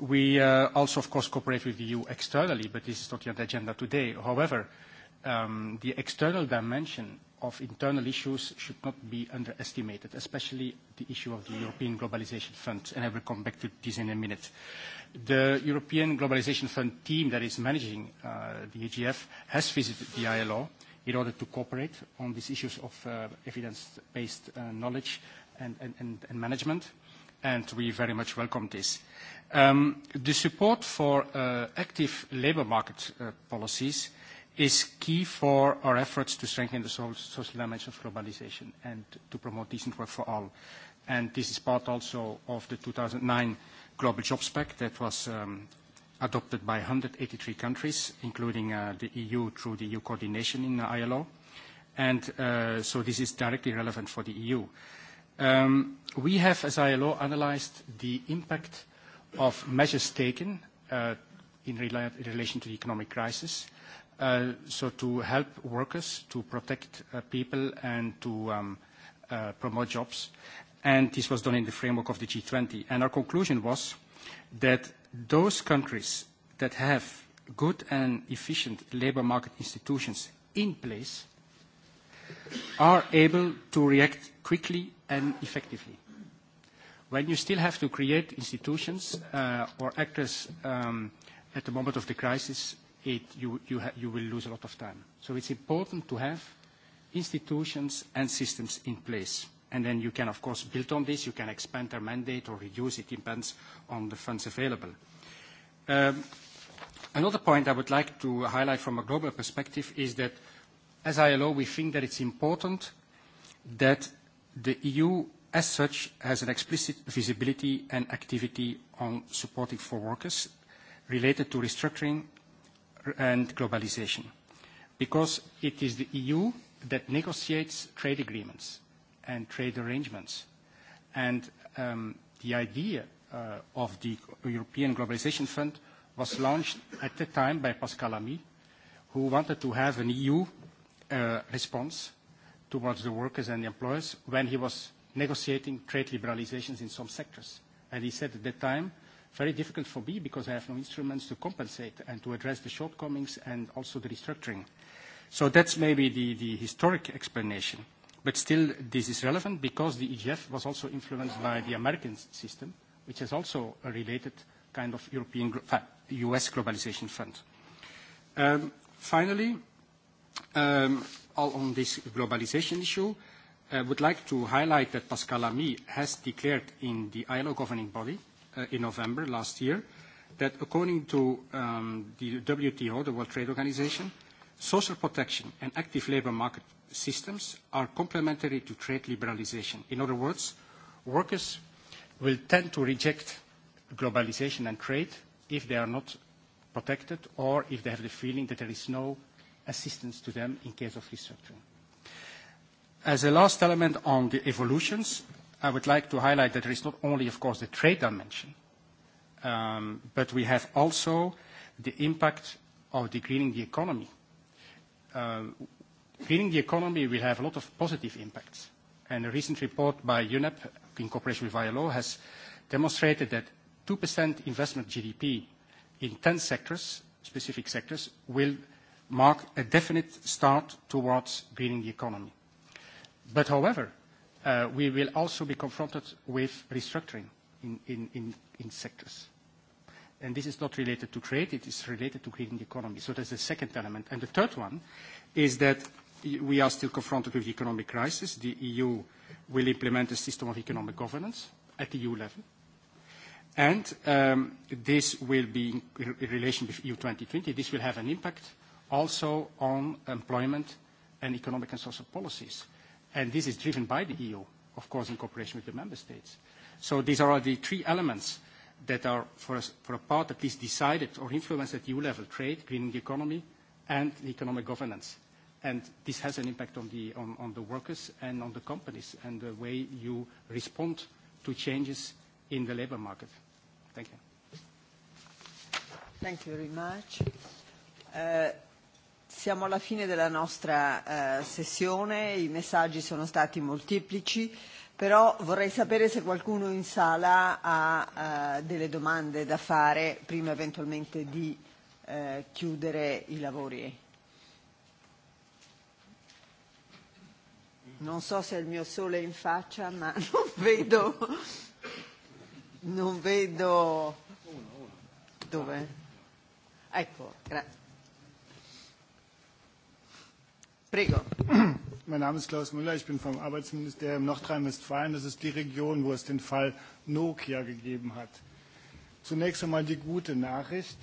Speaker 19: We also, of course, cooperate with the EU externally, but this is not on the agenda today. However, the external dimension of internal issues should not be underestimated, especially the issue of the European Globalization Fund, and I will come back to this in a minute. The European Globalization Fund team that is managing the EGF has visited the ILO in order to cooperate on these issues of evidence-based knowledge and management and we very much welcome this. The support for active labor market policies is key for our efforts to strengthen the social dimension of globalization and to promote decent work for all. This is part also of the 2009 Global Jobs Pact that was adopted by 183 countries, including the EU through the EU coordination in ILO. And so This is directly relevant for the EU. We have, as ILO, analyzed the impact of measures taken in relation to the economic crisis, so to help workers, to protect people, and to promote jobs. and This was done in the framework of the G20. And Our conclusion was that those countries that have good and efficient labor market institutions in place are able to react quickly and effectively. When you still have to create institutions uh, or actors um, at the moment of the crisis, it, you, you, ha- you will lose a lot of time. So it's important to have institutions and systems in place. And then you can, of course, build on this. You can expand their mandate or reduce. It depends on the funds available. Um, another point I would like to highlight from a global perspective is that as ILO, we think that it's important that The EU, as such, has an explicit visibility and activity on supporting for workers related to restructuring and globalization, because it is the EU that negotiates trade agreements and trade arrangements. And the idea of the European Globalization Fund was launched at the time by Pascal Lamy, who wanted to have an EU response towards the workers and the employers when he was negotiating trade liberalizations in some sectors. And he said at that time, very difficult for me because I have no instruments to compensate and to address the shortcomings and also the restructuring. So that's maybe the, the historic explanation. But still, this is relevant because the EGF was also influenced by the American system, which is also a related kind of European, US globalization fund. Um, finally, um, all on this globalization issue, I would like to highlight that Pascal Lamy has declared in the ILO governing body in November last year that according to the WTO, the World Trade Organization, social protection and active labor market systems are complementary to trade liberalization. In other words, workers will tend to reject globalization and trade if they are not protected or if they have the feeling that there is no assistance to them in case of restructuring. As a last element on the evolutions, I would like to highlight that there is not only, of course, the trade dimension, but we have also the impact of the greening the economy. Greening the economy will have a lot of positive impacts, and a recent report by UNEP in cooperation with ILO has demonstrated that 2% investment GDP in 10 sectors, specific sectors, will mark a definite start towards greening the economy. But however, we will also be confronted with restructuring in, sectors. And this is not related to trade, it is related to greening the economy. So that's the second element. And the third one is that we are still confronted with the economic crisis. The EU will implement a system of economic governance at the EU level. And this will be in relation with EU 2020. This will have an impact also on employment and economic and social policies. And this is driven by the EU, of course, in cooperation with the member states. So these are the three elements that are, for, us, for a part, at least decided or influenced at EU level, trade, greening the economy, and economic governance. And this has an impact on the, on, on the workers and on the companies and the way you respond to changes in the labor market. Thank you.
Speaker 1: Thank you very much. Siamo alla fine della nostra eh, sessione, i messaggi sono stati molteplici, però vorrei sapere se qualcuno in sala ha eh, delle domande da fare prima eventualmente di eh, chiudere i lavori. Non so se è il mio sole in faccia, ma non vedo. Non vedo.
Speaker 18: Dove?
Speaker 20: Ecco, grazie. Prego. Mein Name ist Klaus Müller, ich bin vom Arbeitsministerium Nordrhein-Westfalen. Das ist die Region, wo es den Fall Nokia gegeben hat. Zunächst einmal die gute Nachricht.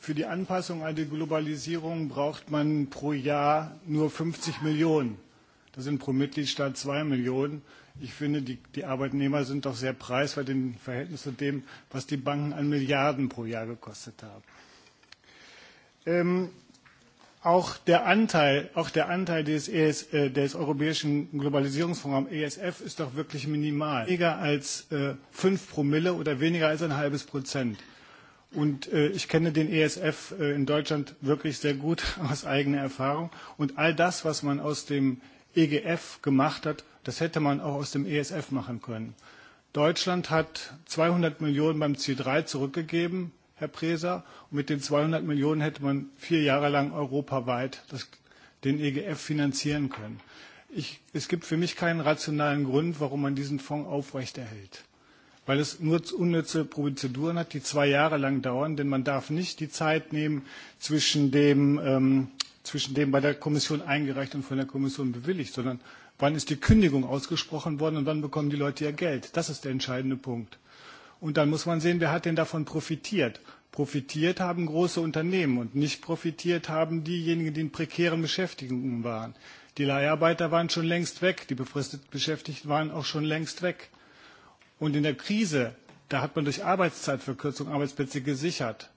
Speaker 20: Für die Anpassung an die Globalisierung braucht man pro Jahr nur 50 Millionen. Das sind pro Mitgliedstaat zwei Millionen. Ich finde, die, die Arbeitnehmer sind doch sehr preiswert im Verhältnis zu dem, was die Banken an Milliarden pro Jahr gekostet haben auch der Anteil, auch der Anteil des, ES, äh, des Europäischen Globalisierungsfonds ESF ist doch wirklich minimal. Weniger als äh, fünf Promille oder weniger als ein halbes Prozent. Und äh, ich kenne den ESF äh, in Deutschland wirklich sehr gut aus eigener Erfahrung. Und all das, was man aus dem EGF gemacht hat, das hätte man auch aus dem ESF machen können. Deutschland hat 200 Millionen beim Ziel 3 zurückgegeben. Herr Preser. Und mit den 200 Millionen hätte man vier Jahre lang europaweit das, den EGF finanzieren können. Ich, es gibt für mich keinen rationalen Grund, warum man diesen Fonds aufrechterhält. Weil es nur unnütze Prozeduren hat, die zwei Jahre lang dauern, denn man darf nicht die Zeit nehmen zwischen dem, ähm, zwischen dem bei der Kommission eingereicht und von der Kommission bewilligt, sondern wann ist die Kündigung ausgesprochen worden und wann bekommen die Leute ihr Geld. Das ist der entscheidende Punkt. Und dann muss man sehen, wer hat denn davon profitiert. Profitiert haben große Unternehmen und nicht profitiert haben diejenigen, die in prekären Beschäftigungen waren. Die Leiharbeiter waren schon längst weg, die befristet Beschäftigten waren auch schon längst weg. Und in der Krise, da hat man durch Arbeitszeitverkürzung Arbeitsplätze gesichert.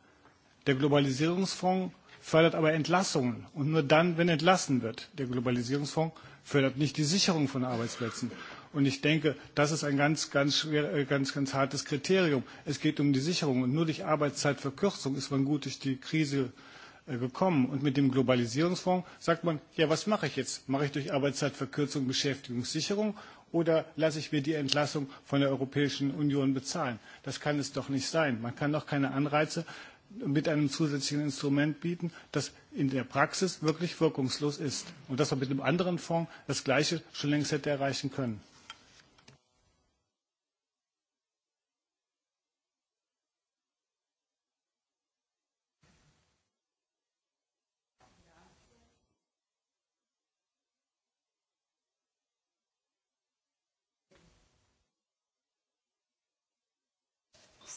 Speaker 20: Der Globalisierungsfonds fördert aber Entlassungen und nur dann, wenn entlassen wird. Der Globalisierungsfonds fördert nicht die Sicherung von Arbeitsplätzen. Und ich denke, das ist ein ganz, ganz, schwer, ganz, ganz hartes Kriterium. Es geht um die Sicherung. Und nur durch Arbeitszeitverkürzung ist man gut durch die Krise gekommen. Und mit dem Globalisierungsfonds sagt man, ja, was mache ich jetzt? Mache ich durch Arbeitszeitverkürzung Beschäftigungssicherung oder lasse ich mir die Entlassung von der Europäischen Union bezahlen? Das kann es doch nicht sein. Man kann doch keine Anreize mit einem zusätzlichen Instrument bieten, das in der Praxis wirklich wirkungslos ist. Und dass man mit einem anderen Fonds das Gleiche schon längst hätte erreichen können.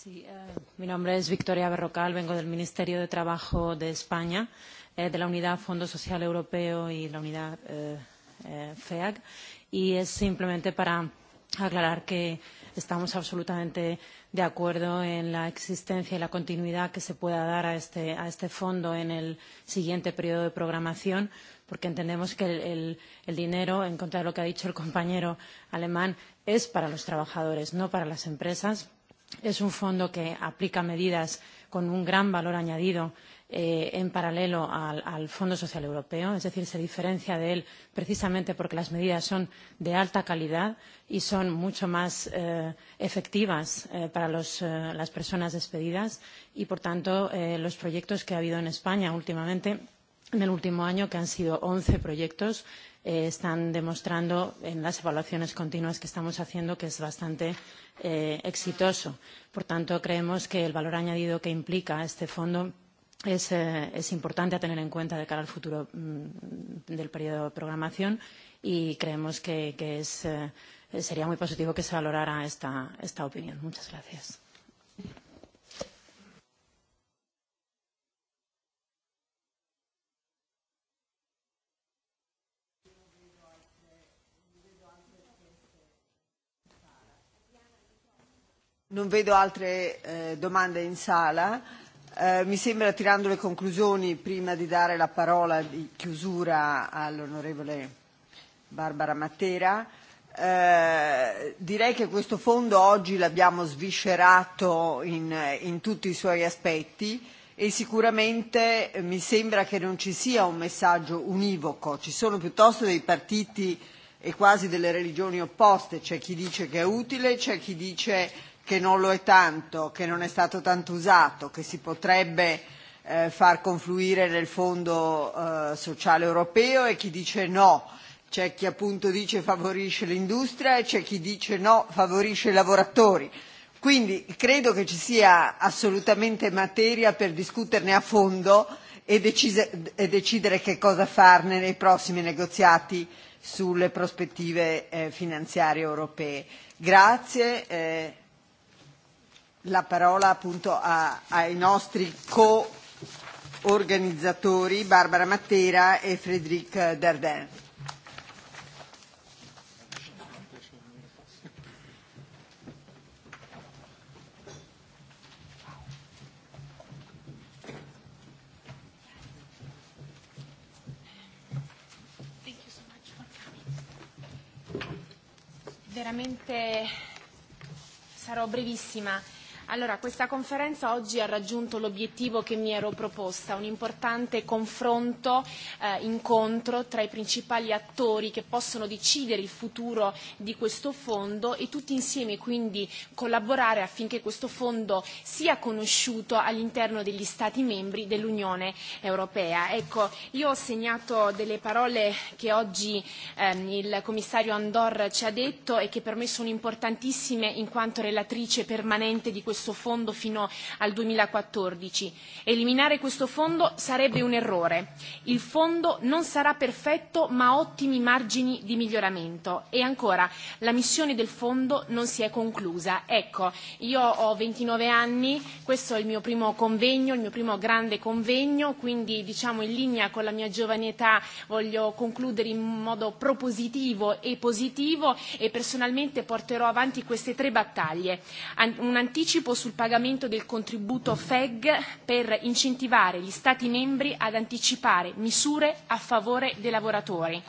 Speaker 21: Sí, mi nombre es Victoria Berrocal, vengo del Ministerio de Trabajo de España, de la Unidad Fondo Social Europeo y la Unidad FEAC, y es simplemente para aclarar que estamos absolutamente de acuerdo en la existencia y la continuidad que se pueda dar a este, a este fondo en el siguiente periodo de programación, porque entendemos que el, el, el dinero, en contra de lo que ha dicho el compañero alemán, es para los trabajadores, no para las empresas es un fondo que aplica medidas con un gran valor añadido eh, en paralelo al, al Fondo Social Europeo, es decir, se diferencia de él precisamente porque las medidas son de alta calidad y son mucho más eh, efectivas eh, para los, eh, las personas despedidas y, por tanto, eh, los proyectos que ha habido en España últimamente En el último año, que han sido once proyectos, están demostrando en las evaluaciones continuas que estamos haciendo que es bastante exitoso. Por tanto, creemos que el valor añadido que implica este fondo es, es importante a tener en cuenta de cara al futuro del periodo de programación y creemos que, que es, sería muy positivo que se valorara esta, esta opinión. Muchas gracias.
Speaker 1: Non vedo altre eh, domande in sala. Eh, mi sembra, tirando le conclusioni, prima di dare la parola di chiusura all'onorevole Barbara Matera, eh, direi che questo fondo oggi l'abbiamo sviscerato in, in tutti i suoi aspetti e sicuramente mi sembra che non ci sia un messaggio univoco, ci sono piuttosto dei partiti e quasi delle religioni opposte, c'è chi dice che è utile, c'è chi dice che che non lo è tanto, che non è stato tanto usato, che si potrebbe eh, far confluire nel Fondo eh, sociale europeo e chi dice no. C'è chi appunto dice favorisce l'industria e c'è chi dice no, favorisce i lavoratori. Quindi credo che ci sia assolutamente materia per discuterne a fondo e, decise, e decidere che cosa farne nei prossimi negoziati sulle prospettive eh, finanziarie europee. Grazie. Eh, la parola appunto a, ai nostri co-organizzatori Barbara Matera e Frédéric Dardin.
Speaker 2: Veramente sarò brevissima. Allora, questa conferenza oggi ha raggiunto l'obiettivo che mi ero proposta, un importante confronto, eh, incontro tra i principali attori che possono decidere il futuro di questo fondo e tutti insieme quindi collaborare affinché questo fondo sia conosciuto all'interno degli Stati membri dell'Unione Europea. Ecco, io ho segnato delle parole che oggi ehm, il commissario Andor ci ha detto e che per me sono importantissime in quanto relatrice permanente di questo questo fondo fino al 2014. Eliminare questo fondo sarebbe un errore. Il fondo non sarà perfetto ma ha ottimi margini di miglioramento. E ancora, la missione del fondo non si è conclusa. Ecco, io ho 29 anni, questo è il mio primo convegno, il mio primo grande convegno, quindi diciamo in linea con la mia giovane età voglio concludere in modo propositivo e positivo e personalmente porterò avanti queste tre battaglie. Un anticipo anticipo sul pagamento del contributo FEG per incentivare gli Stati membri ad anticipare misure a favore dei lavoratori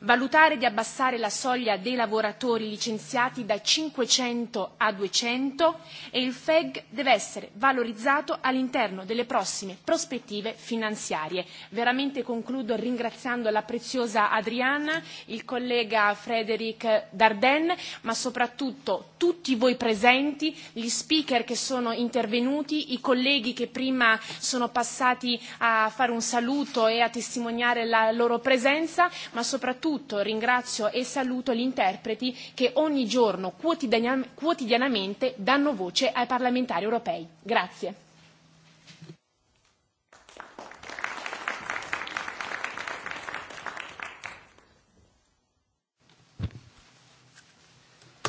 Speaker 2: valutare di abbassare la soglia dei lavoratori licenziati da 500 a 200 e il FEG deve essere valorizzato all'interno delle prossime prospettive finanziarie. Veramente concludo ringraziando la preziosa Adriana, il collega Frederic Darden, ma soprattutto tutti voi presenti, gli speaker che sono intervenuti, i colleghi che prima sono passati a fare un saluto e a testimoniare la loro presenza, ma soprattutto soprattutto ringrazio e saluto gli interpreti che ogni giorno quotidianamente danno voce ai parlamentari europei. Grazie.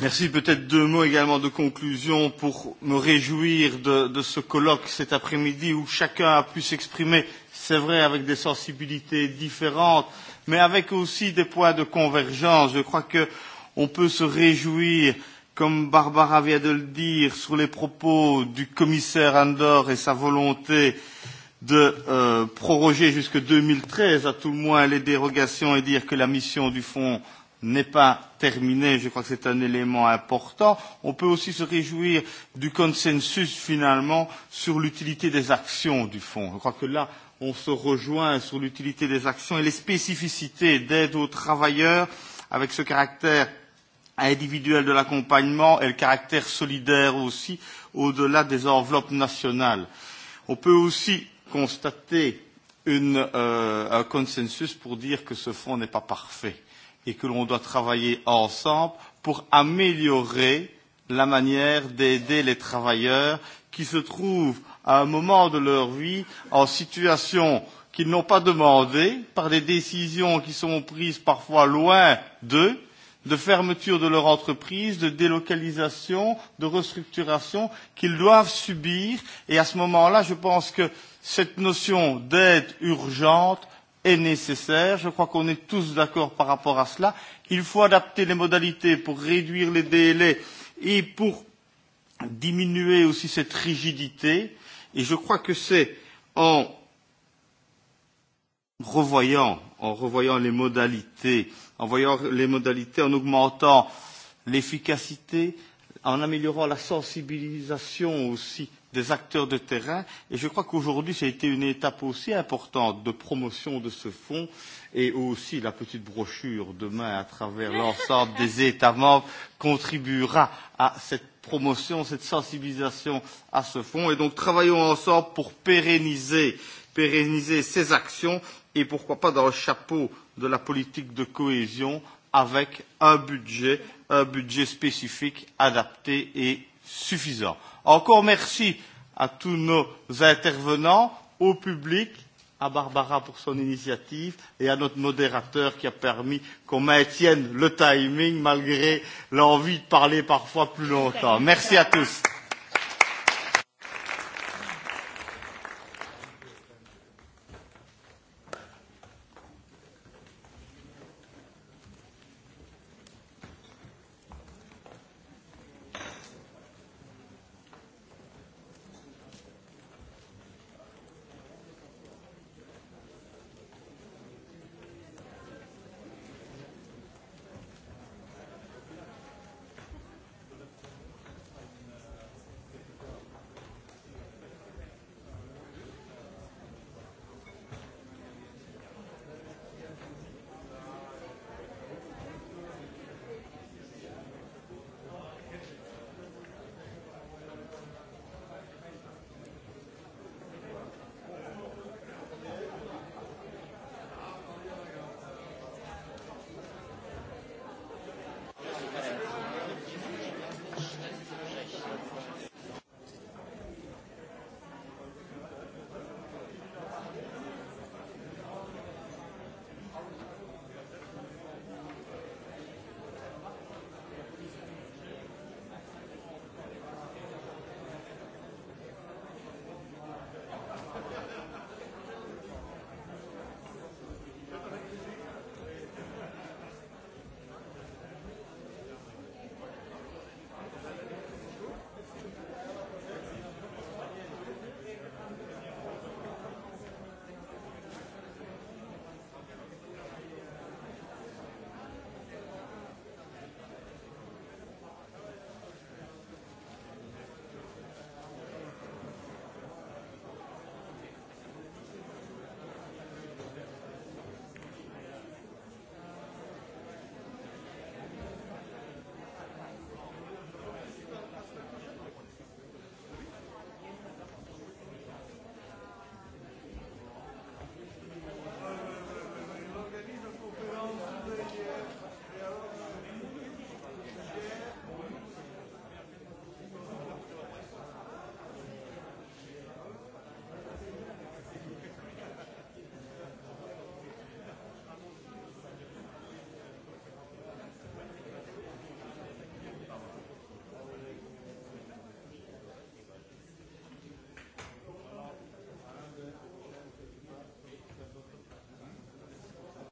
Speaker 3: Merci. Peut-être deux mots également de conclusion pour me réjouir de, de ce colloque cet après-midi où chacun a pu s'exprimer, c'est vrai, avec des sensibilités différentes, mais avec aussi des points de convergence. Je crois qu'on peut se réjouir, comme Barbara vient de le dire, sur les propos du commissaire Andor et sa volonté de euh, proroger jusqu'à 2013 à tout le moins les dérogations et dire que la mission du fonds n'est pas terminé, Je crois que c'est un élément important. On peut aussi se réjouir du consensus finalement sur l'utilité des actions du fonds. Je crois que là, on se rejoint sur l'utilité des actions et les spécificités d'aide aux travailleurs avec ce caractère individuel de l'accompagnement et le caractère solidaire aussi au-delà des enveloppes nationales. On peut aussi constater une, euh, un consensus pour dire que ce fonds n'est pas parfait et que l'on doit travailler ensemble pour améliorer la manière d'aider les travailleurs qui se trouvent à un moment de leur vie en situation qu'ils n'ont pas demandé par des décisions qui sont prises parfois loin d'eux, de fermeture de leur entreprise, de délocalisation, de restructuration qu'ils doivent subir. Et à ce moment-là, je pense que cette notion d'aide urgente est nécessaire. Je crois qu'on est tous d'accord par rapport à cela. Il faut adapter les modalités pour réduire les délais et pour diminuer aussi cette rigidité. Et je crois que c'est en revoyant, en revoyant les modalités, en voyant les modalités, en augmentant l'efficacité, en améliorant la sensibilisation aussi des acteurs de terrain. Et je crois qu'aujourd'hui, ça a été une étape aussi importante de promotion de ce fonds et aussi la petite brochure demain à travers l'ensemble des États membres contribuera à cette promotion, cette sensibilisation à ce fonds. Et donc, travaillons ensemble pour pérenniser, pérenniser ces actions et pourquoi pas dans le chapeau de la politique de cohésion avec un budget, un budget spécifique, adapté et suffisant. Encore merci à tous nos intervenants, au public, à Barbara pour son initiative et à notre modérateur qui a permis qu'on maintienne le timing malgré l'envie de parler parfois plus longtemps. Merci à tous.